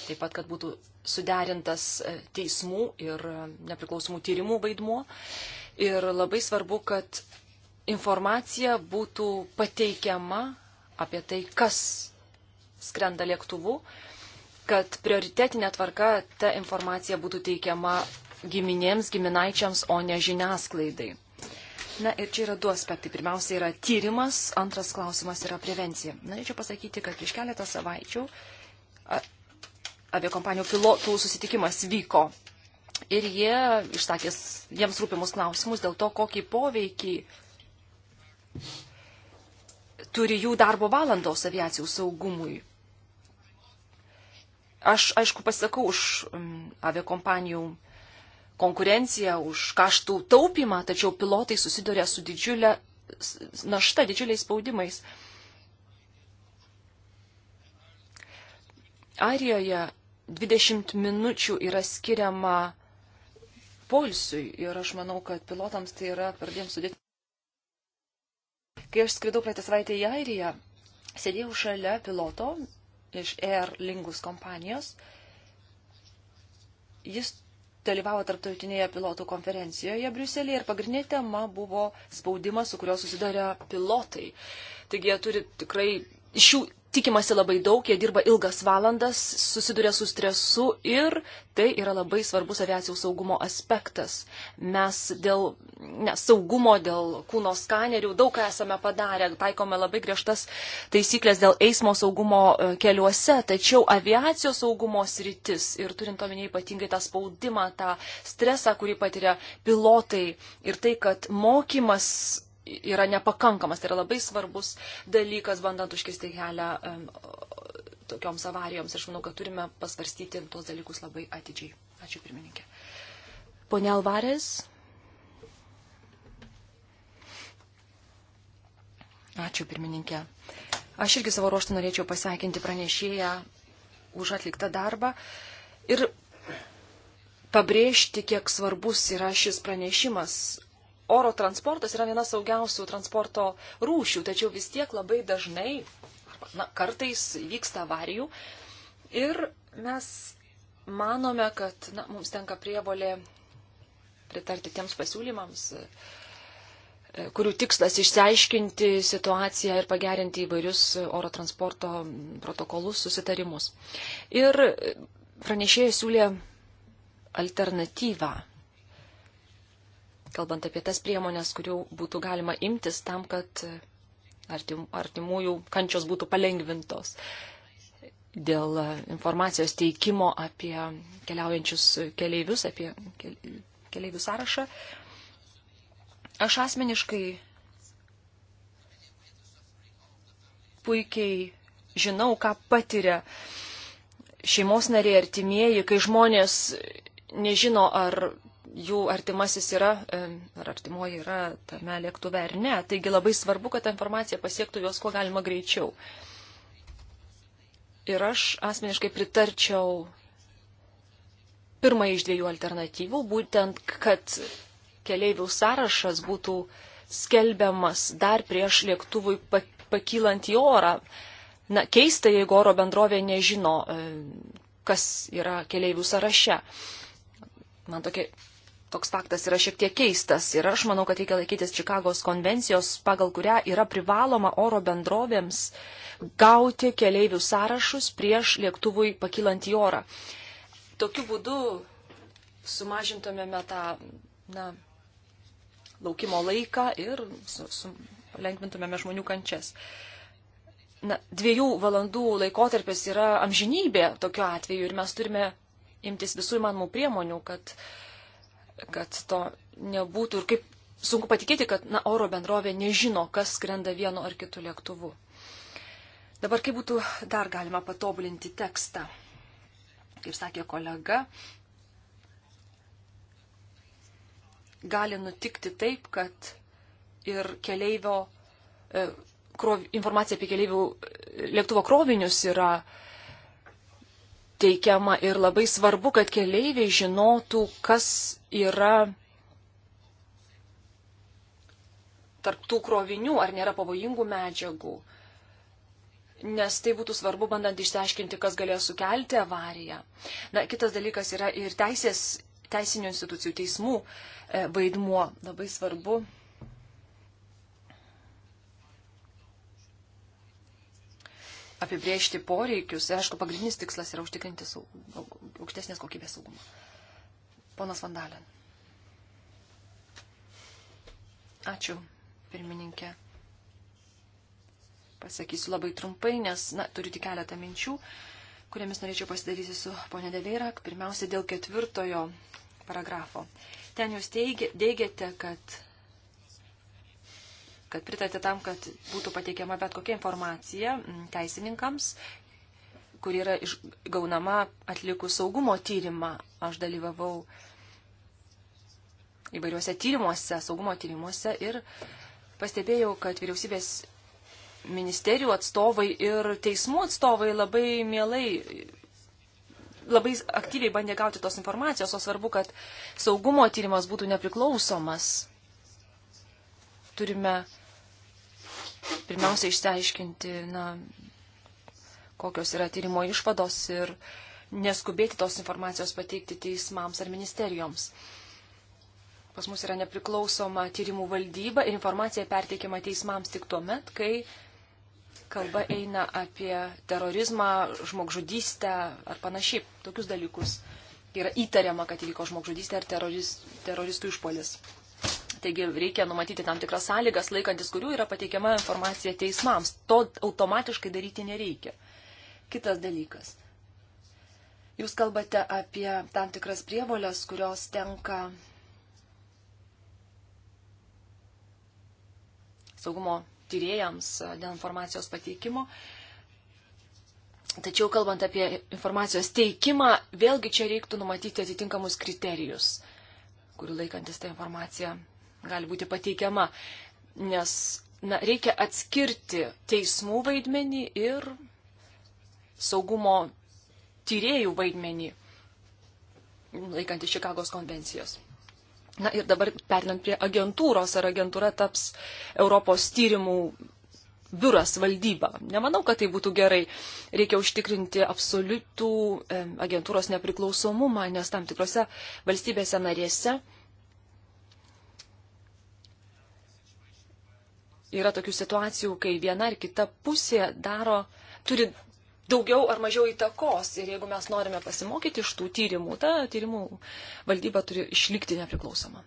taip pat, kad būtų suderintas e, teismų ir e, nepriklausomų tyrimų vaidmuo. Ir labai svarbu, kad informacija būtų pateikiama apie tai, kas skrenda lėktuvu, kad prioritetinė tvarka ta informacija būtų teikiama giminėms, giminaičiams, o ne žiniasklaidai. Na ir čia yra du aspektai. Pirmiausia yra tyrimas, antras klausimas yra prevencija. Norėčiau pasakyti, kad prieš keletą savaičių aviokompanijų pilotų susitikimas vyko ir jie išsakė jiems rūpimus klausimus dėl to, kokį poveikį turi jų darbo valandos aviacijų saugumui. Aš, aišku, pasakau už mm, aviokompanijų konkurenciją, už kaštų taupimą, tačiau pilotai susiduria su didžiulė našta, didžiuliais spaudimais. Arijoje 20 minučių yra skiriama polsiui ir aš manau, kad pilotams tai yra pradėm sudėti. Kai aš skridau praeitą savaitę į Airiją, sėdėjau šalia piloto, iš Air Lingus kompanijos. Jis dalyvavo tarptautinėje pilotų konferencijoje Briuselėje ir pagrindinė tema buvo spaudimas, su kuriuo susidarė pilotai. Taigi jie turi tikrai šių tikimasi labai daug, jie dirba ilgas valandas, susiduria su stresu ir tai yra labai svarbus aviacijos saugumo aspektas. Mes dėl ne, saugumo, dėl kūno skanerių daug ką esame padarę, taikome labai griežtas taisyklės dėl eismo saugumo e, keliuose, tačiau aviacijos saugumo sritis ir turint omenyje ypatingai tą spaudimą, tą stresą, kurį patiria pilotai ir tai, kad mokymas yra nepakankamas. Tai yra labai svarbus dalykas, bandant užkisti kelią um, tokioms avarijoms. Aš manau, kad turime pasvarstyti tuos dalykus labai atidžiai. Ačiū pirmininkė. Pone Alvarės. Ačiū pirmininkė. Aš irgi savo ruoštų norėčiau pasveikinti pranešėją už atliktą darbą ir pabrėžti, kiek svarbus yra šis pranešimas oro transportas yra viena saugiausių transporto rūšių, tačiau vis tiek labai dažnai, arba, na, kartais vyksta avarijų ir mes manome, kad na, mums tenka prievolė pritarti tiems pasiūlymams, e, kurių tikslas išsiaiškinti situaciją ir pagerinti įvairius oro transporto protokolus, susitarimus. Ir pranešėjai siūlė alternatyvą kalbant apie tas priemonės, kurių būtų galima imtis tam, kad e, artimųjų kančios būtų palengvintos dėl e, informacijos teikimo apie keliaujančius keleivius, apie keleivių sąrašą. Aš asmeniškai puikiai žinau, ką patiria šeimos nariai artimieji, kai žmonės nežino, ar jų artimasis yra, ar artimoji yra tame lėktuve ar ne. Taigi labai svarbu, kad ta informacija pasiektų juos kuo galima greičiau. Ir aš asmeniškai pritarčiau pirmai iš dviejų alternatyvų, būtent, kad keleivių sąrašas būtų skelbiamas dar prieš lėktuvui pakylant į orą. Na, keista, jeigu oro bendrovė nežino, kas yra keleivių sąraše man tokia toks faktas yra šiek tiek keistas ir aš manau, kad reikia laikytis Čikagos konvencijos, pagal kurią yra privaloma oro bendrovėms gauti keleivių sąrašus prieš lėktuvui pakilant į orą. Tokiu būdu sumažintumėme tą na, laukimo laiką ir palengvintumėme žmonių kančias. Na, dviejų valandų laikotarpis yra amžinybė tokiu atveju ir mes turime imtis visų įmanomų priemonių, kad uh, kad to nebūtų ir kaip sunku patikėti, kad na, oro bendrovė nežino, kas skrenda vienu ar kitu lėktuvu. Dabar kaip būtų dar galima patobulinti tekstą? Kaip sakė kolega, gali nutikti taip, kad ir keleivio, e, krov, informacija apie keleivių e, lėktuvo krovinius yra uh, teikiama ir labai svarbu, kad keleiviai žinotų, kas yra tarptų krovinių, ar nėra pavojingų medžiagų. Nes tai būtų svarbu, bandant išsiaiškinti, kas galėjo sukelti avariją. Na, kitas dalykas yra ir teisės, teisinių institucijų, teismų e, vaidmuo. Labai svarbu apibriežti poreikius. Ir, aišku, pagrindinis tikslas yra užtikrinti saug... aukštesnės kokybės saugumą. Ponas Vandalin. Ačiū, pirmininkė. Pasakysiu labai trumpai, nes na, turiu tik keletą minčių, kuriamis norėčiau pasidalysi su ponė Deleira. Pirmiausia, dėl ketvirtojo paragrafo. Ten jūs teigiate, kad kad pritarėte tam, kad būtų pateikiama bet kokia informacija mm, teisininkams, kuri yra gaunama atlikus saugumo tyrimą. Aš dalyvavau įvairiuose tyrimuose, saugumo tyrimuose ir pastebėjau, kad vyriausybės ministerijų atstovai ir teismų atstovai labai mielai, labai aktyviai bandė gauti tos informacijos, o svarbu, kad saugumo tyrimas būtų nepriklausomas. Turime pirmiausia išsiaiškinti, na, kokios yra tyrimo išvados ir neskubėti tos informacijos pateikti teismams ar ministerijoms. Pas mus yra nepriklausoma tyrimų valdyba ir informacija perteikiama teismams tik tuo met, kai kalba eina apie terorizmą, žmogžudystę ar panašiai, tokius dalykus. Yra įtariama, kad įvyko žmogžudystė ar teroriz, teroristų išpolis taigi reikia numatyti tam tikras sąlygas, laikantis kurių yra pateikiama informacija teismams. To automatiškai daryti nereikia. Kitas dalykas. Jūs kalbate apie tam tikras prievolės, kurios tenka saugumo tyrėjams dėl informacijos pateikimo. Tačiau kalbant apie informacijos teikimą, vėlgi čia reiktų numatyti atitinkamus kriterijus, kurių laikantis tą informaciją gali būti pateikiama, nes na, reikia atskirti teismų vaidmenį ir saugumo tyriejų vaidmenį, laikant iš Čikagos konvencijos. Na ir dabar perinant prie agentūros, ar agentūra taps Europos tyrimų biuras valdyba. Nemanau, kad tai būtų gerai. Reikia užtikrinti absoliutų agentūros nepriklausomumą, nes tam tikrose valstybėse narėse yra tokių situacijų, kai viena ar kita pusė daro, turi daugiau ar mažiau įtakos. Ir jeigu mes norime pasimokyti iš tų tyrimų, ta tyrimų valdyba turi išlikti nepriklausoma.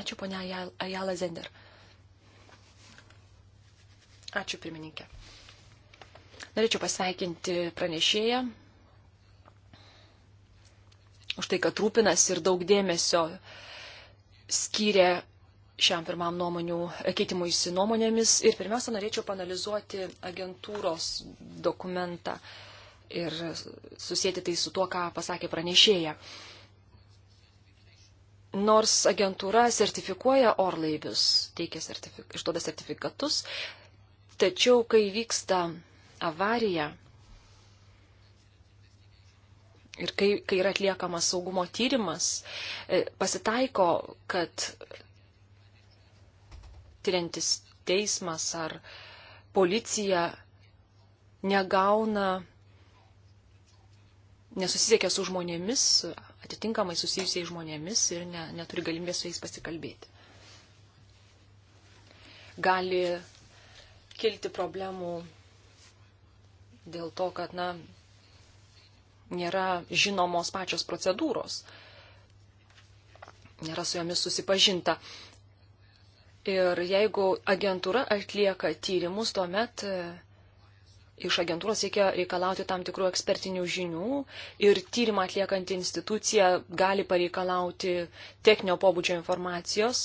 Ačiū, ponia Ajala Zender. Ačiū, pirmininkė. Norėčiau pasveikinti pranešėją už tai, kad rūpinas ir daug dėmesio skyrė šiam pirmam nuomonių e, keitimuisi nuomonėmis. Ir pirmiausia, norėčiau panalizuoti agentūros dokumentą ir susijęti tai su tuo, ką pasakė pranešėja. Nors agentūra sertifikuoja orlaivius, teikia sertifik išduoda sertifikatus, tačiau kai vyksta avarija ir kai, kai yra atliekamas saugumo tyrimas, e, pasitaiko, kad tyriantis teismas ar policija negauna, nesusisiekia su žmonėmis, atitinkamai susijusiai žmonėmis ir ne, neturi galimybės su jais pasikalbėti. Gali kilti problemų dėl to, kad, na, nėra žinomos pačios procedūros, nėra su jomis susipažinta. Ir jeigu agentūra atlieka tyrimus, tuomet e, iš agentūros reikia reikalauti tam tikrų ekspertinių žinių ir tyrimą atliekanti institucija gali pareikalauti techninio pobūdžio informacijos,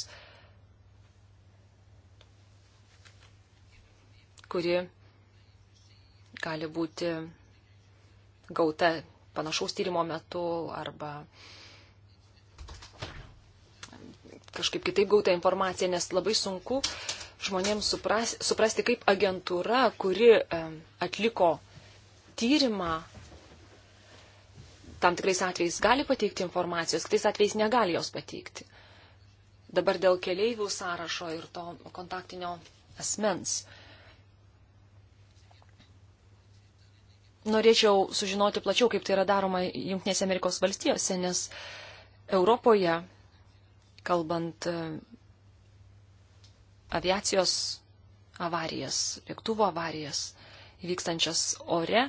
kuri gali būti gauta panašaus tyrimo metu arba uh, kažkaip kitaip gautą informaciją, nes labai sunku žmonėms supras, suprasti, kaip agentūra, kuri atliko tyrimą, tam tikrais atvejais gali pateikti informacijos, kitais atvejais negali jos pateikti. Dabar dėl keleivių sąrašo ir to kontaktinio asmens. Norėčiau sužinoti plačiau, kaip tai yra daroma Junktinėse Amerikos valstijose, nes Europoje kalbant e, aviacijos avarijas, lėktuvo avarijas įvykstančias ore,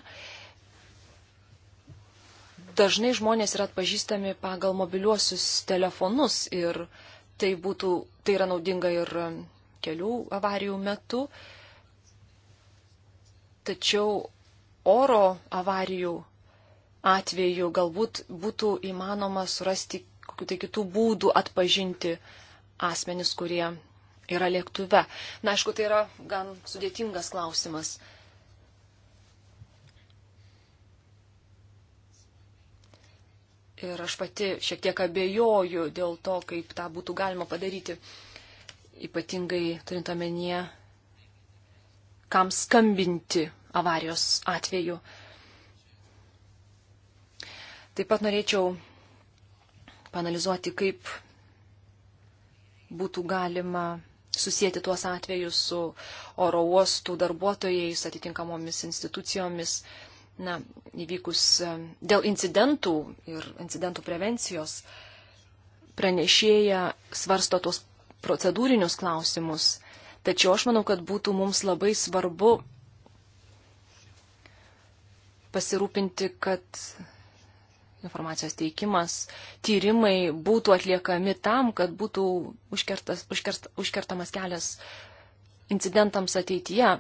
dažnai žmonės yra atpažįstami pagal mobiliuosius telefonus ir tai, būtų, tai yra naudinga ir kelių avarijų metu. Tačiau oro avarijų atveju galbūt būtų įmanoma surasti kažkokiu tai kitų būdų atpažinti asmenis, kurie yra lėktuve. Na, aišku, tai yra gan sudėtingas klausimas. Ir aš pati šiek tiek abejoju dėl to, kaip tą būtų galima padaryti, ypatingai turint omenyje, kam skambinti avarijos atveju. Taip pat norėčiau panalizuoti, kaip būtų galima susijęti tuos atvejus su oro uostų darbuotojais, atitinkamomis institucijomis, na, įvykus e, dėl incidentų ir incidentų prevencijos, pranešėja svarsto tuos procedūrinius klausimus. Tačiau aš manau, kad būtų mums labai svarbu pasirūpinti, kad informacijos teikimas, tyrimai būtų atliekami tam, kad būtų užkertas, užkert, užkertamas kelias incidentams ateityje.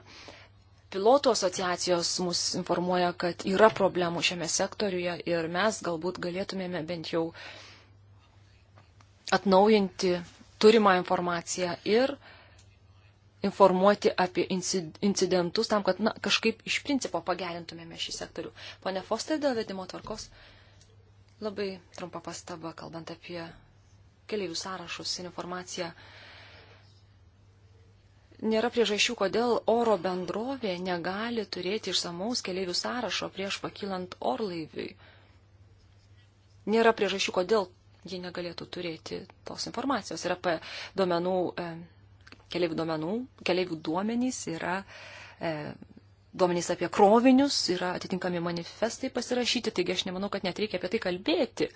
Pilotų asociacijos mus informuoja, kad yra problemų šiame sektoriuje ir mes galbūt galėtumėme bent jau atnaujinti turimą informaciją ir informuoti apie incidentus tam, kad na, kažkaip iš principo pagerintumėme šį sektorių. Pone Foster, dėl vedimo tvarkos. Uh, Labai trumpa pastaba, kalbant apie keliaivių sąrašus ir informaciją. Nėra priežasčių, kodėl oro bendrovė negali turėti išsamaus keliaivių sąrašo prieš pakilant orlaiviui. Nėra priežasčių, kodėl jie negalėtų turėti tos informacijos. Yra duomenų, e, keliaivių duomenų, keliaivių duomenys yra e, duomenys apie krovinius, yra atitinkami manifestai pasirašyti, taigi aš nemanau, kad net reikia apie tai kalbėti.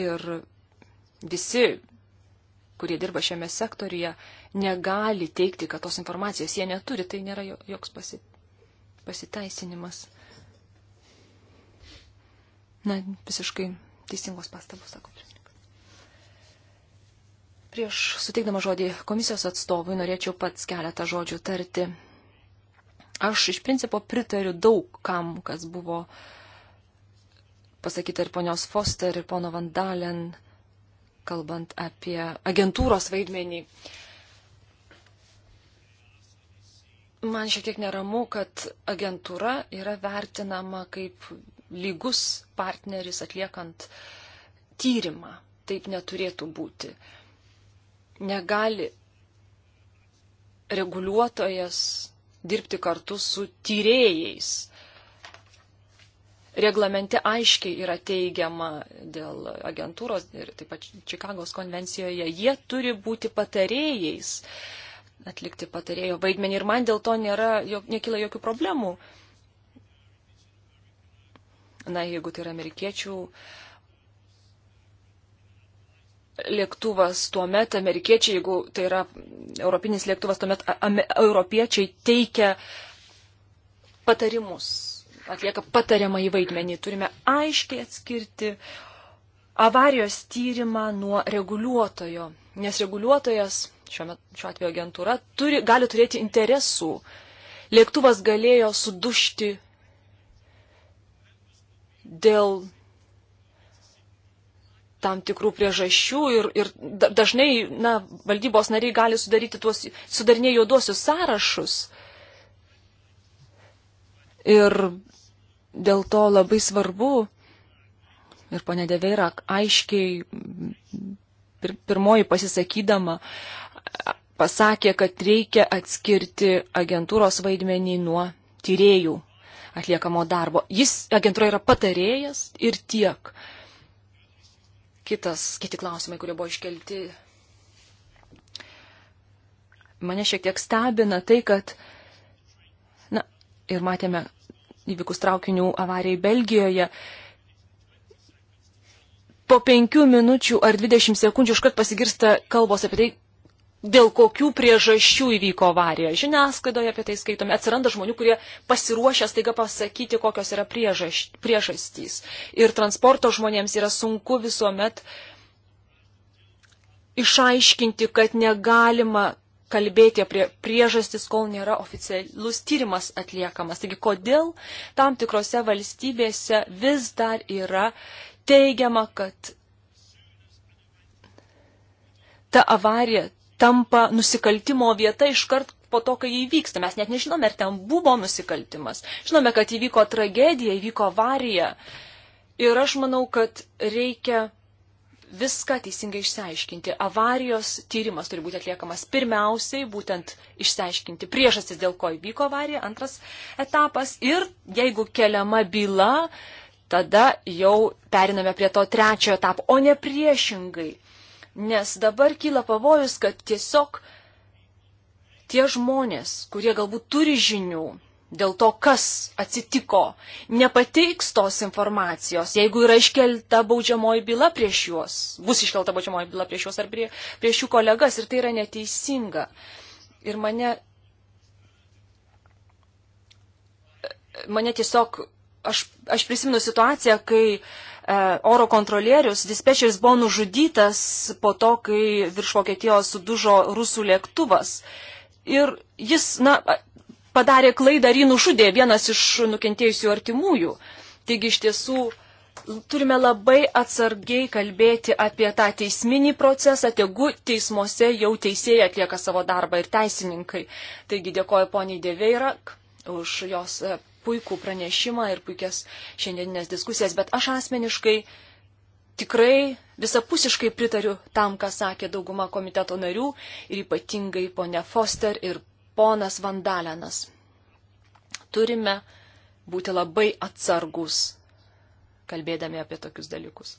Ir visi, kurie dirba šiame sektorija, negali teikti, kad tos informacijos jie neturi, tai nėra joks pasi, pasiteisinimas. Na, visiškai teisingos pastabos, sakot. Prieš suteikdama žodį komisijos atstovui norėčiau pats keletą žodžių tarti. Aš iš principo pritariu daug kam, kas buvo pasakyta ir ponios Foster, ir pono Vandalen, kalbant apie agentūros vaidmenį. Man šiek tiek neramu, kad agentūra yra vertinama kaip lygus partneris atliekant tyrimą. Taip neturėtų būti. Uh, negali reguliuotojas dirbti kartu su tyrėjais. Reglamente aiškiai yra teigiama dėl agentūros ir taip pat Čikagos konvencijoje, jie turi būti patarėjais, atlikti patarėjo vaidmenį ir man dėl to nėra, nekyla jokių problemų. Na, jeigu tai yra amerikiečių uh, lėktuvas, tuomet amerikiečiai, jeigu tai yra europinis lėktuvas, tuomet europiečiai teikia patarimus, atlieka patariamą į vaidmenį. Turime aiškiai atskirti avarijos tyrimą nuo reguliuotojo, nes reguliuotojas, šiuo, met, šiuo atveju agentūra, turi, gali turėti interesų. Lėktuvas galėjo sudušti dėl tam tikrų priežasčių ir, ir dažnai na, valdybos nariai gali sudaryti tuos, sudarinė juoduosius sąrašus. Ir dėl to labai svarbu, ir ponė Deveira aiškiai pir, pirmoji pasisakydama pasakė, kad reikia atskirti agentūros vaidmenį nuo tyriejų atliekamo darbo. Jis agentūra yra patarėjas ir tiek. Uh, kitas, kiti klausimai, kurie buvo iškelti. Mane šiek tiek stebina tai, kad, na, ir matėme įvykus traukinių avarijai Belgijoje, po penkių minučių ar dvidešimt sekundžių iškart pasigirsta kalbos apie tai, dėl kokių priežasčių įvyko avarija. Žiniasklaidoje apie tai skaitome. Atsiranda žmonių, kurie pasiruošę staiga pasakyti, kokios yra priežas, priežastys. Ir transporto žmonėms yra sunku visuomet išaiškinti, kad negalima kalbėti apie priežastis, kol nėra oficialus tyrimas atliekamas. Taigi, kodėl tam tikrose valstybėse vis dar yra teigiama, kad ta avarija tampa nusikaltimo vieta iškart po to, kai įvyksta. Mes net nežinome, ar ten buvo nusikaltimas. Žinome, kad įvyko tragedija, įvyko avarija. Ir aš manau, kad reikia viską teisingai išsiaiškinti. Avarijos tyrimas turi būti atliekamas pirmiausiai, būtent išsiaiškinti priežastis, dėl ko įvyko avarija, antras etapas. Ir jeigu keliama byla, tada jau periname prie to trečiojo etapo, o ne priešingai nes dabar kyla pavojus, kad tiesiog tie žmonės, kurie galbūt turi žinių dėl to, kas atsitiko, nepateiks tos informacijos, jeigu yra iškelta baudžiamoji byla prieš juos, bus iškelta baudžiamoji byla prieš juos ar prie, prieš jų kolegas ir tai yra neteisinga. Ir mane, mane tiesiog, aš, aš prisimenu situaciją, kai uh, E, oro kontrolierius, dispečeris buvo nužudytas po to, kai virš Vokietijos sudužo rusų lėktuvas. Ir jis, na, padarė klaidą ir jį nužudė vienas iš nukentėjusių artimųjų. Taigi iš tiesų turime labai atsargiai kalbėti apie tą teisminį procesą, tegu teismuose jau teisėjai atlieka savo darbą ir teisininkai. Taigi dėkoju poniai Deveirak už jos e, puikų pranešimą ir puikias šiandieninės diskusijas, bet aš asmeniškai tikrai visapusiškai pritariu tam, ką sakė dauguma komiteto narių ir ypatingai ponia Foster ir ponas Vandalenas. Turime būti labai atsargus, kalbėdami apie tokius dalykus.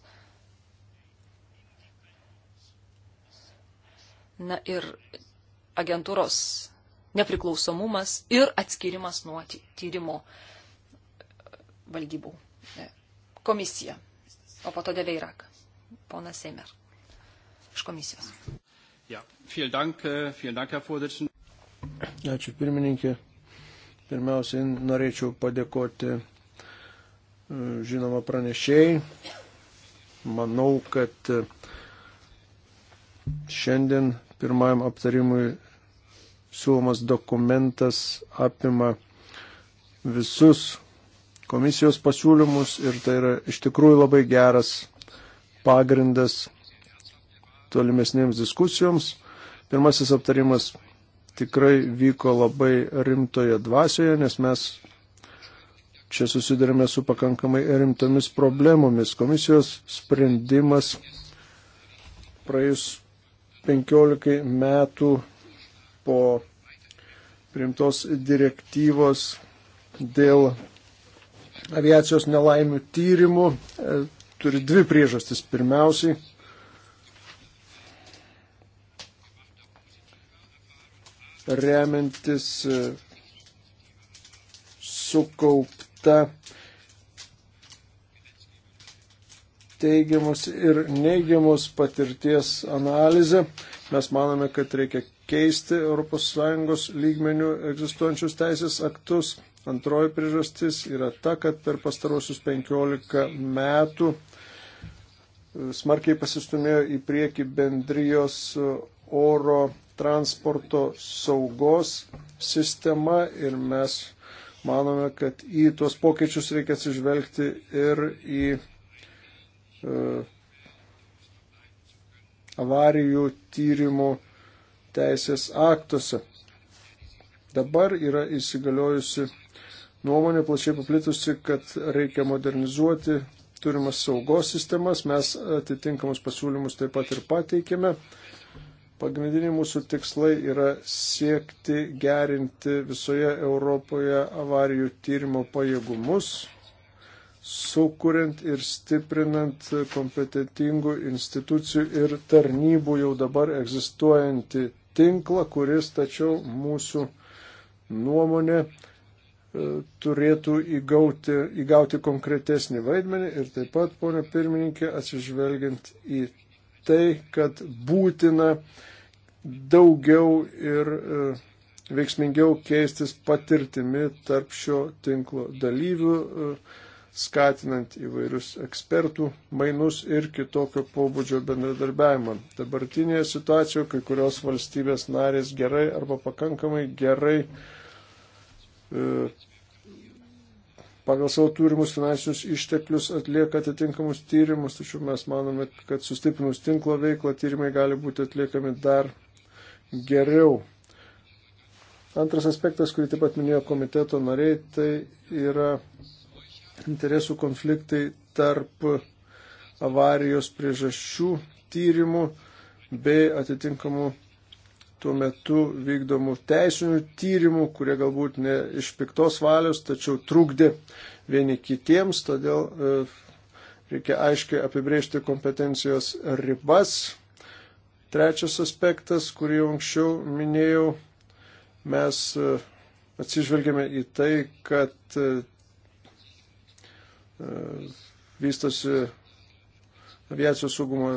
Na ir agentūros nepriklausomumas ir atskirimas nuo tyrimo valdybų e, komisija, o po to dėvė Iraką. Ponas Seimer iš komisijos. Ja, vielen dank, äh, vielen dank, Herr Vorsitzender. Ačiū pirmininkė. Pirmiausiai norėčiau padėkoti e, žinoma pranešėjai. Manau, kad e, šiandien pirmajam aptarimui siūlomas dokumentas apima visus komisijos pasiūlymus ir tai yra iš tikrųjų labai geras pagrindas tolimesnėms diskusijoms. Pirmasis aptarimas tikrai vyko labai rimtoje dvasioje, nes mes čia susidurime su pakankamai rimtomis problemomis. Komisijos sprendimas praėjus 15 metų po primtos direktyvos dėl aviacijos nelaimių tyrimų e, turi dvi priežastis. Pirmiausiai, remiantis e, sukaupta teigiamos ir neigiamos patirties analizę, mes manome, kad reikia keisti ES lygmenių egzistuojančius teisės aktus. Antroji priežastis yra ta, kad per pastarosius 15 metų e, smarkiai pasistumėjo į priekį bendrijos e, oro transporto saugos sistema ir mes manome, kad į tuos pokyčius reikia atsižvelgti ir į e, avarijų tyrimų e, teisės aktuose. Dabar yra įsigaliojusi nuomonė plačiai paplitusi, kad reikia modernizuoti turimas saugos sistemas. Mes atitinkamus pasiūlymus taip pat ir pateikėme. Pagrindiniai mūsų tikslai yra siekti gerinti visoje Europoje avarijų tyrimo pajėgumus, sukuriant ir stiprinant kompetentingų institucijų ir tarnybų jau dabar egzistuojantį tinklą, kuris tačiau mūsų nuomonė e, turėtų įgauti, įgauti konkretesnį vaidmenį ir taip pat, ponia pirmininkė, atsižvelgiant į tai, kad būtina daugiau ir e, veiksmingiau keistis patirtimi tarp šio tinklo dalyvių, e, skatinant įvairius ekspertų mainus ir kitokio pobūdžio bendradarbiavimą. Dabartinėje situacijoje kai kurios valstybės narės gerai arba pakankamai gerai e, pagal savo turimus finansinius išteklius atlieka atitinkamus tyrimus, tačiau mes manome, kad sustiprinus tinklo veiklą tyrimai gali būti atliekami dar geriau. Antras aspektas, kurį taip pat minėjo komiteto nariai, tai yra interesų konfliktai tarp avarijos priežasčių tyrimų bei atitinkamų tuo metu vykdomų teisinių tyrimų, kurie galbūt ne iš piktos valios, tačiau trukdė vieni kitiems, todėl e, reikia aiškiai apibrėžti kompetencijos ribas. Trečias aspektas, kurį jau anksčiau minėjau, mes e, atsižvelgėme į tai, kad e, E, vystosi aviacijos saugumo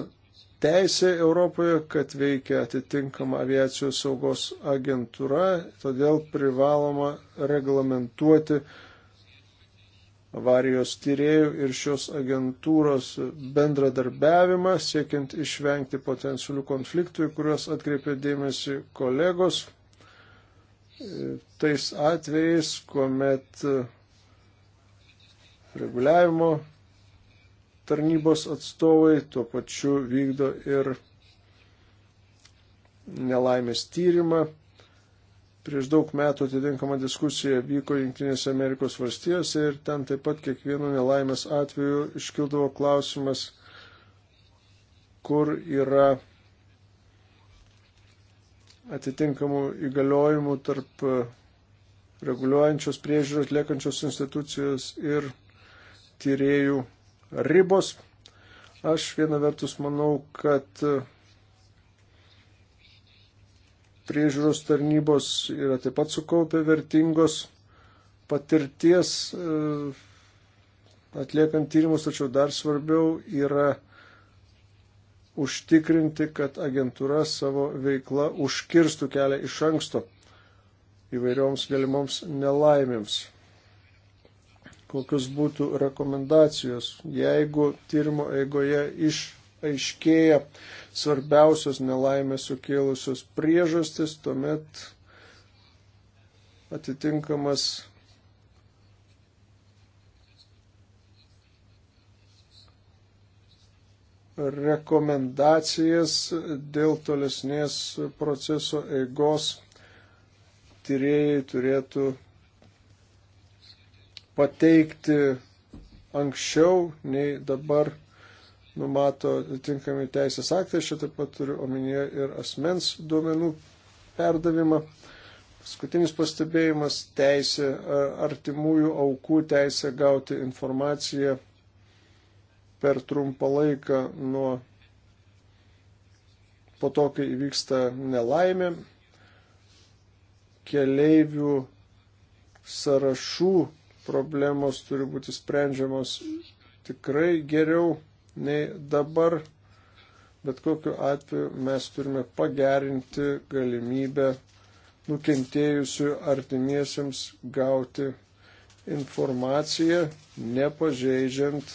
teisė Europoje, kad veikia atitinkama aviacijos saugos agentūra, todėl privaloma reglamentuoti avarijos tyriejų ir šios agentūros bendradarbiavimą, siekiant išvengti potencialių konfliktų, į kuriuos atkreipė dėmesį kolegos. E, tais atvejais, kuomet reguliavimo tarnybos atstovai, tuo pačiu vykdo ir nelaimės tyrimą. Prieš daug metų atitinkama diskusija vyko Junktinėse Amerikos valstijose ir ten taip pat kiekvienu nelaimės atveju iškildavo klausimas, kur yra atitinkamų įgaliojimų tarp reguliuojančios priežiūros liekančios institucijos ir tyriejų ribos. Aš viena vertus manau, kad e, priežiūros tarnybos yra taip pat sukaupę vertingos patirties e, atliekant tyrimus, tačiau dar svarbiau yra užtikrinti, kad agentūra savo veikla užkirstų kelią iš anksto įvairioms galimoms nelaimėms kokios būtų rekomendacijos. Jeigu tyrimo eigoje išaiškėja svarbiausios nelaimės sukėlusios priežastis, tuomet atitinkamas rekomendacijas dėl tolesnės proceso eigos tyrėjai turėtų pateikti anksčiau, nei dabar numato atitinkami teisės aktai. Aš čia taip pat turiu omenyje ir asmens duomenų perdavimą. Paskutinis pastebėjimas - teisė e, artimųjų aukų teisė gauti informaciją per trumpą laiką nuo po to, kai įvyksta nelaimė, keleivių sąrašų problemos turi būti sprendžiamos tikrai geriau nei dabar, bet kokiu atveju mes turime pagerinti galimybę nukentėjusių artimiesiems gauti informaciją, nepažeidžiant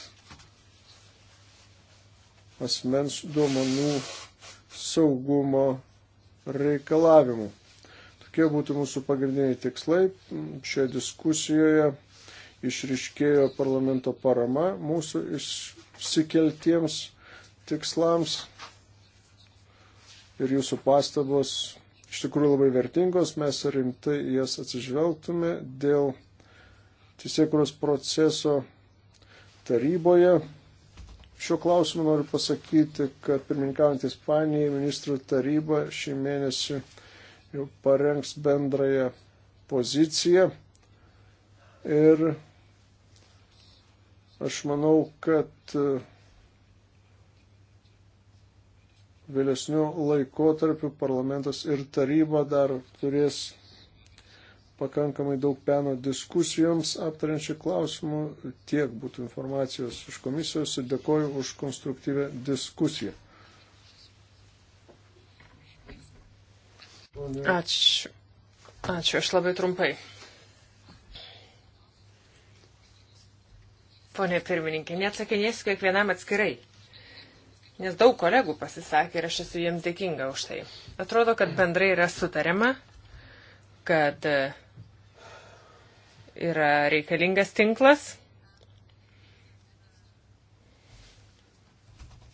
asmens duomenų saugumo reikalavimų. Tokie būtų mūsų pagrindiniai tikslai šioje diskusijoje išriškėjo parlamento parama mūsų išsikeltiems tikslams ir jūsų pastabos iš tikrųjų labai vertingos, mes rimtai jas atsižvelgtume dėl teisėkuros proceso taryboje. Šiuo klausimu noriu pasakyti, kad pirmininkaujant Ispanijai ministrų taryba šį mėnesį jau parengs bendrąją poziciją ir Aš manau, kad e, vėlesnių laikotarpių parlamentas ir taryba dar turės pakankamai daug peno diskusijoms aptariančių klausimų. Tiek būtų informacijos iš komisijos ir dėkoju už konstruktyvę diskusiją. Ačiū. Ačiū, aš labai trumpai. ponė pirmininkė, neatsakinėsiu kiekvienam atskirai, nes daug kolegų pasisakė ir aš esu jiems dėkinga už tai. Atrodo, kad bendrai yra sutariama, kad e, yra reikalingas tinklas.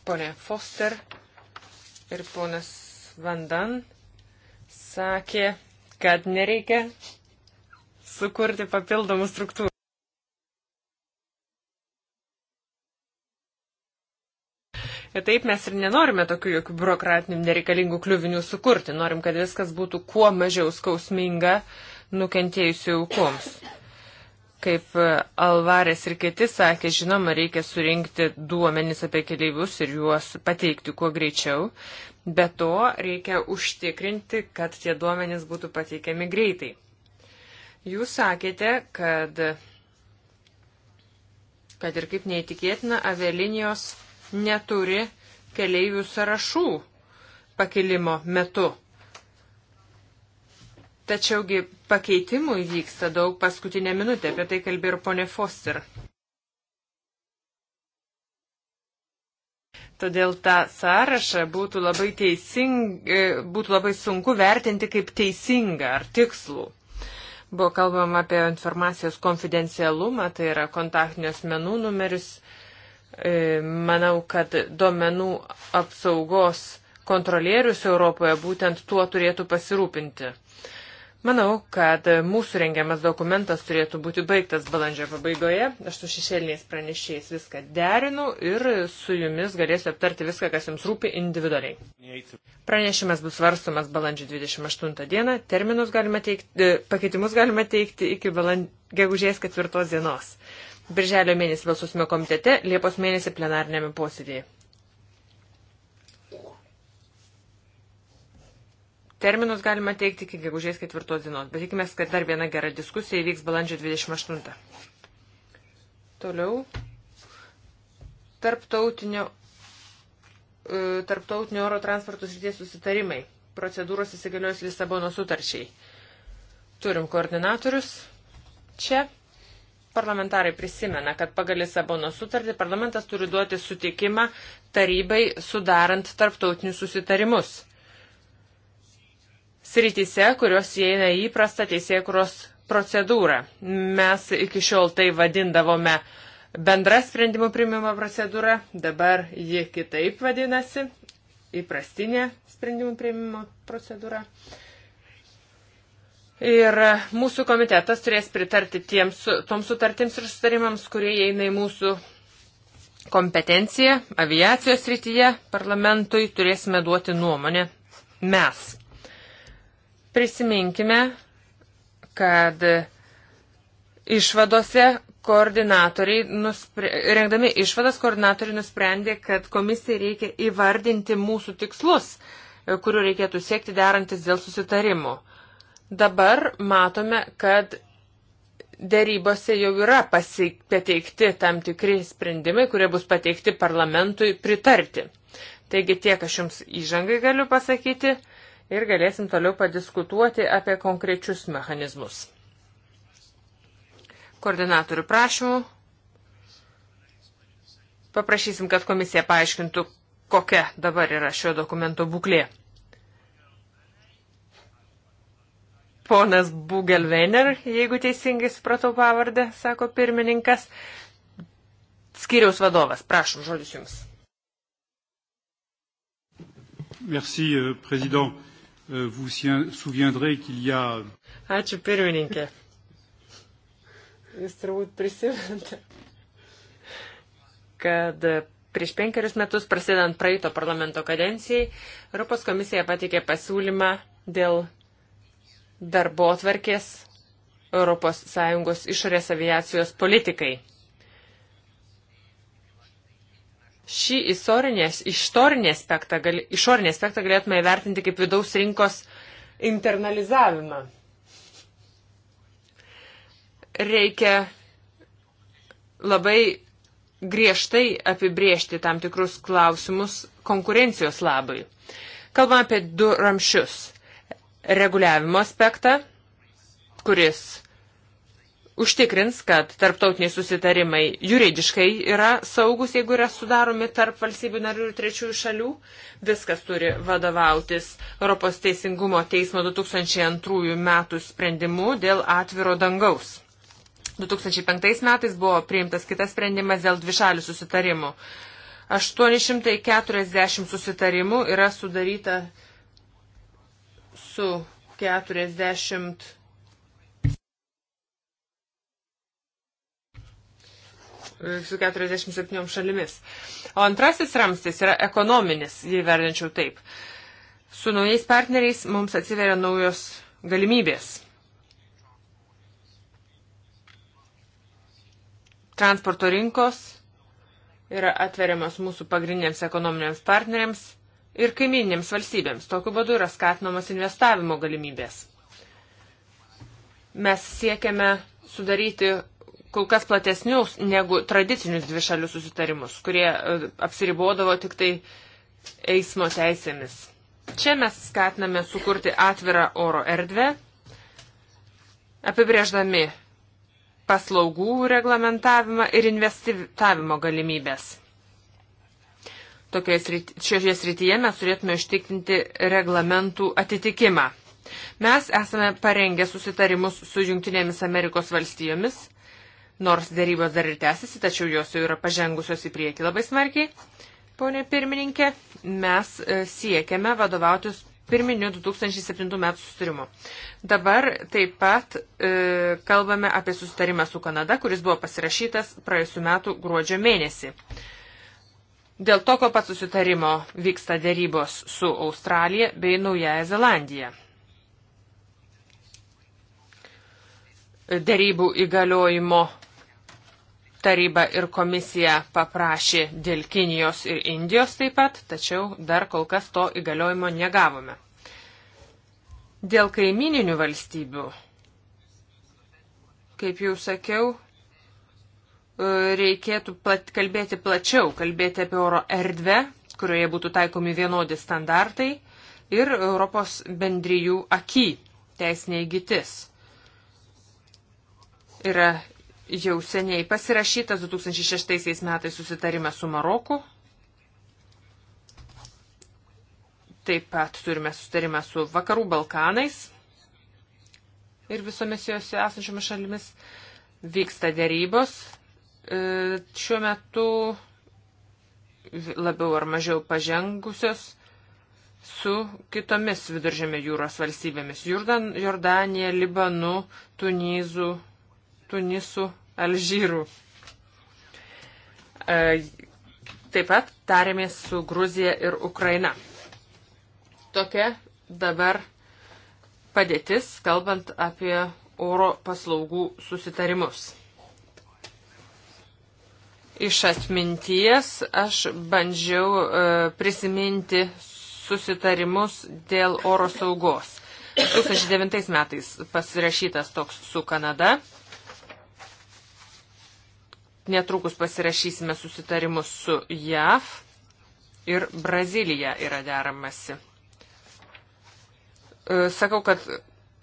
Pone Foster ir ponas Vandan sakė, kad nereikia sukurti papildomų struktūrų. Ir taip mes ir nenorime tokių jokių biurokratinių nereikalingų kliuvinių sukurti. Norim, kad viskas būtų kuo mažiau skausminga nukentėjusių aukoms. Kaip e, Alvarės ir kiti sakė, žinoma, reikia surinkti duomenis apie keliaivius ir juos pateikti kuo greičiau. Be to, reikia užtikrinti, kad tie duomenys būtų pateikiami greitai. Jūs sakėte, kad, kad ir kaip neįtikėtina, avialinijos neturi keleivių sąrašų pakilimo metu. Tačiaugi pakeitimų įvyksta daug paskutinę minutę, apie tai kalbėjo ir ponė Foster. Todėl tą sąrašą būtų labai, teising, e, būtų labai sunku vertinti kaip teisingą ar tikslų. Buvo kalbama apie informacijos konfidencialumą, tai yra kontaktinių asmenų numeris, E, manau, kad duomenų apsaugos kontrolierius Europoje būtent tuo turėtų pasirūpinti. Manau, kad mūsų rengiamas dokumentas turėtų būti baigtas balandžio pabaigoje. Aš su šešėliniais pranešėjais viską derinu ir su jumis galėsiu aptarti viską, kas jums rūpi individualiai. Pranešimas bus svarstomas balandžio 28 dieną. Terminus galima teikti, e, pakeitimus galima teikti iki baland... gegužės 4 dienos. Birželio mėnesį balsusime komitete, Liepos mėnesį plenarnėme posėdėje. Terminus galima teikti iki gegužės ketvirtos dienos, bet tikimės, kad dar viena gera diskusija įvyks balandžio 28. Toliau. Tarptautinio, e, tarptautinio oro transporto srities susitarimai. Procedūros įsigaliojus Lisabono sutarčiai. Turim koordinatorius. Čia parlamentarai prisimena, kad pagal Lisabono sutartį parlamentas turi duoti sutikimą tarybai sudarant tarptautinius susitarimus srityse, kurios įeina į įprastą teisėkuros procedūrą. Mes iki šiol tai vadindavome bendra sprendimų primimo procedūra, dabar ji kitaip vadinasi, įprastinė sprendimų primimo procedūra. Ir mūsų komitetas turės pritarti tiems, toms sutartims ir sustarimams, kurie įeina į mūsų kompetenciją aviacijos rytyje. Parlamentui turėsime duoti nuomonę mes. Prisiminkime, kad išvadose koordinatoriai, nuspre, rengdami išvadas, koordinatoriai nusprendė, kad komisijai reikia įvardinti mūsų tikslus, kurių reikėtų siekti derantis dėl susitarimų. Dabar matome, kad dėrybose jau yra pasik, pateikti tam tikri sprendimai, kurie bus pateikti parlamentui pritarti. Taigi tiek aš jums įžangai galiu pasakyti ir galėsim toliau padiskutuoti apie konkrečius mechanizmus. Koordinatorių prašymų. Paprašysim, kad komisija paaiškintų, kokia dabar yra šio dokumento būklė. Ponas Bugelvener, jeigu teisingai supratau pavardę, sako pirmininkas. Skiriaus vadovas, prašom, žodis jums. Merci, euh, prezident. Euh, vous souviendrez qu'il y a. Ačiū pirmininkė. Jūs turbūt prisimenate, kad prieš penkerius metus, prasidant praeito parlamento kadencijai, Europos komisija patikė pasiūlymą dėl darbo atverkės ES išorės aviacijos politikai. Šį išorinį aspektą, gal, išorinį aspektą galėtume įvertinti kaip vidaus rinkos internalizavimą. Reikia labai griežtai apibriežti tam tikrus klausimus konkurencijos labai. Kalbame apie du ramšius. Reguliavimo aspektą, kuris užtikrins, kad tarptautiniai susitarimai juridiškai yra saugus, jeigu yra sudaromi tarp valstybių narių ir trečiųjų šalių. Viskas turi vadovautis Europos Teisingumo teismo 2002 metų sprendimu dėl atviro dangaus. 2005 metais buvo priimtas kitas sprendimas dėl dvišalių susitarimų. 840 susitarimų yra sudaryta su 40 su 47 šalimis. O antrasis ramstis yra ekonominis, jei vertinčiau taip. Su naujais partneriais mums atsiveria naujos galimybės. Transporto rinkos yra atveriamas mūsų pagrindiniams ekonominiams partneriams ir kaiminėms valstybėms. Tokiu būdu yra skatinamas investavimo galimybės. Mes siekiame sudaryti kol kas platesnius negu tradicinius dvišalius susitarimus, kurie e, apsiribodavo tik tai eismo teisėmis. Čia mes skatiname sukurti atvirą oro erdvę, apibrėždami paslaugų reglamentavimą ir investavimo galimybės. Srity, šioje srityje mes turėtume ištikrinti reglamentų atitikimą. Mes esame parengę susitarimus su Junktinėmis Amerikos valstijomis nors dėrybos dar ir tęsiasi, tačiau jos jau yra pažengusios į priekį labai smarkiai. Pone pirmininkė, mes e, siekiame vadovautis pirminiu 2007 metų sustarimu. Dabar taip pat e, kalbame apie sustarimą su Kanada, kuris buvo pasirašytas praėjusiu metu gruodžio mėnesį. Dėl tokio pat susitarimo vyksta dėrybos su Australija bei Naujaja Zelandija. dėrybų įgaliojimo taryba ir komisija paprašė dėl Kinijos ir Indijos taip pat, tačiau dar kol kas to įgaliojimo negavome. Dėl kaimininių valstybių, kaip jau sakiau, e, reikėtų plat, kalbėti plačiau, kalbėti apie oro erdvę, kurioje būtų taikomi vienodi standartai ir Europos bendrijų aky teisinė įgytis. Yra jau seniai pasirašytas 2006 metais susitarimas su Maroku. Taip pat turime susitarimą su Vakarų Balkanais ir visomis jose esančiomis šalimis. Vyksta dėrybos. E, šiuo metu labiau ar mažiau pažengusios su kitomis viduržėmė jūros valstybėmis - Jordanija, Libanu, Tunizu, Tunisu, Alžyru. E, taip pat tarėmės su Gruzija ir Ukraina. Tokia dabar padėtis, kalbant apie oro paslaugų susitarimus. Iš atminties aš bandžiau e, prisiminti susitarimus dėl oro saugos. 2009 metais pasirašytas toks su Kanada. Netrukus pasirašysime susitarimus su JAV ir Brazilija yra deramasi. E, sakau, kad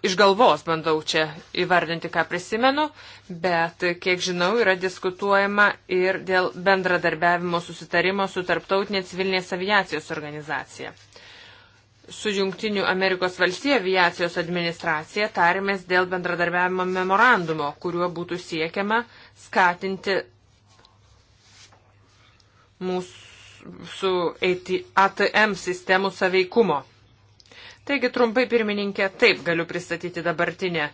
iš galvos bandau čia įvardinti, ką prisimenu, bet, kiek žinau, yra diskutuojama ir dėl bendradarbiavimo susitarimo su Tarptautinė civilinės aviacijos organizacija. Su Junktinių Amerikos valstijų aviacijos administracija tarėmės dėl bendradarbiavimo memorandumo, kuriuo būtų siekiama skatinti mūsų ATM sistemų saveikumo. Taigi trumpai pirmininkė, taip galiu pristatyti dabartinę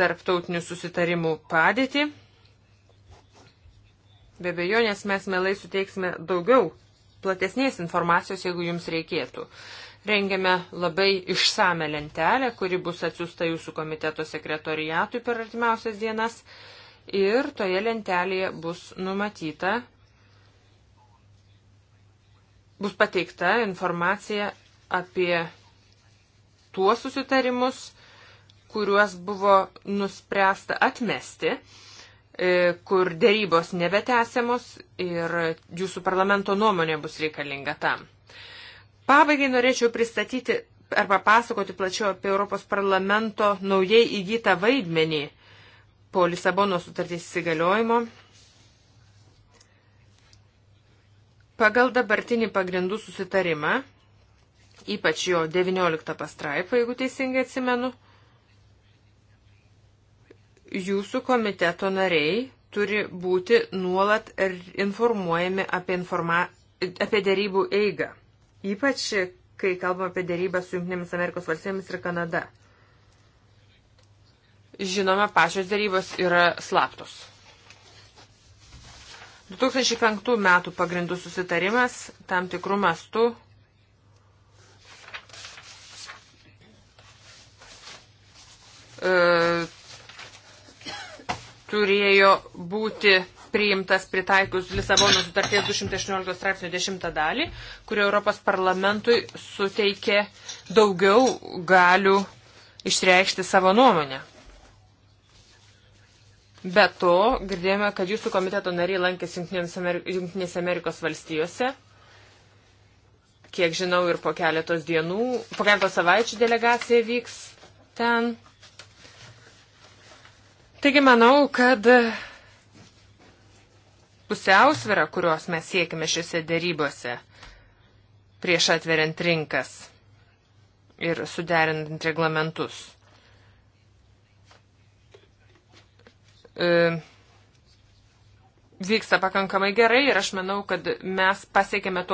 tarptautinių susitarimų padėtį. Be bejonės mes melai suteiksime daugiau platesnės informacijos, jeigu jums reikėtų. Rengiame labai išsame lentelę, kuri bus atsiusta jūsų komiteto sekretoriatui per artimiausias dienas. Ir toje lentelėje bus numatyta bus pateikta informacija apie tuos susitarimus, kuriuos buvo nuspręsta atmesti, e, kur dėrybos nebetęsiamos ir jūsų parlamento nuomonė bus reikalinga tam. Pabaigai norėčiau pristatyti arba pasakoti plačiau apie Europos parlamento naujai įgytą vaidmenį po Lisabono sutarties įsigaliojimo Pagal dabartinį pagrindų susitarimą, ypač jo 19 pastraipą, jeigu teisingai atsimenu, jūsų komiteto nariai turi būti nuolat informuojami apie, informa apie dėrybų eigą, ypač kai kalbame apie dėrybą su Junktinėmis Amerikos valstybėmis ir Kanada. Žinoma, pačios dėrybos yra slaptos. 2005 metų pagrindų susitarimas tam tikrų mastų e, turėjo būti priimtas pritaikus Lisabono sutarties 218 straipsnio 10 dalį, kurio Europos parlamentui suteikė daugiau galių išreikšti savo nuomonę. Be to, girdėjome, kad jūsų komiteto nariai lankėsi Junktinėse Amerikos valstijose. Kiek žinau, ir po keletos dienų, po keletos savaičių delegacija vyks ten. Taigi manau, kad pusiausvyrą, kurios mes siekime šiuose dėrybose prieš atveriant rinkas ir suderinant reglamentus E, vyksta pakankamai gerai ir aš manau, kad mes pasiekėme to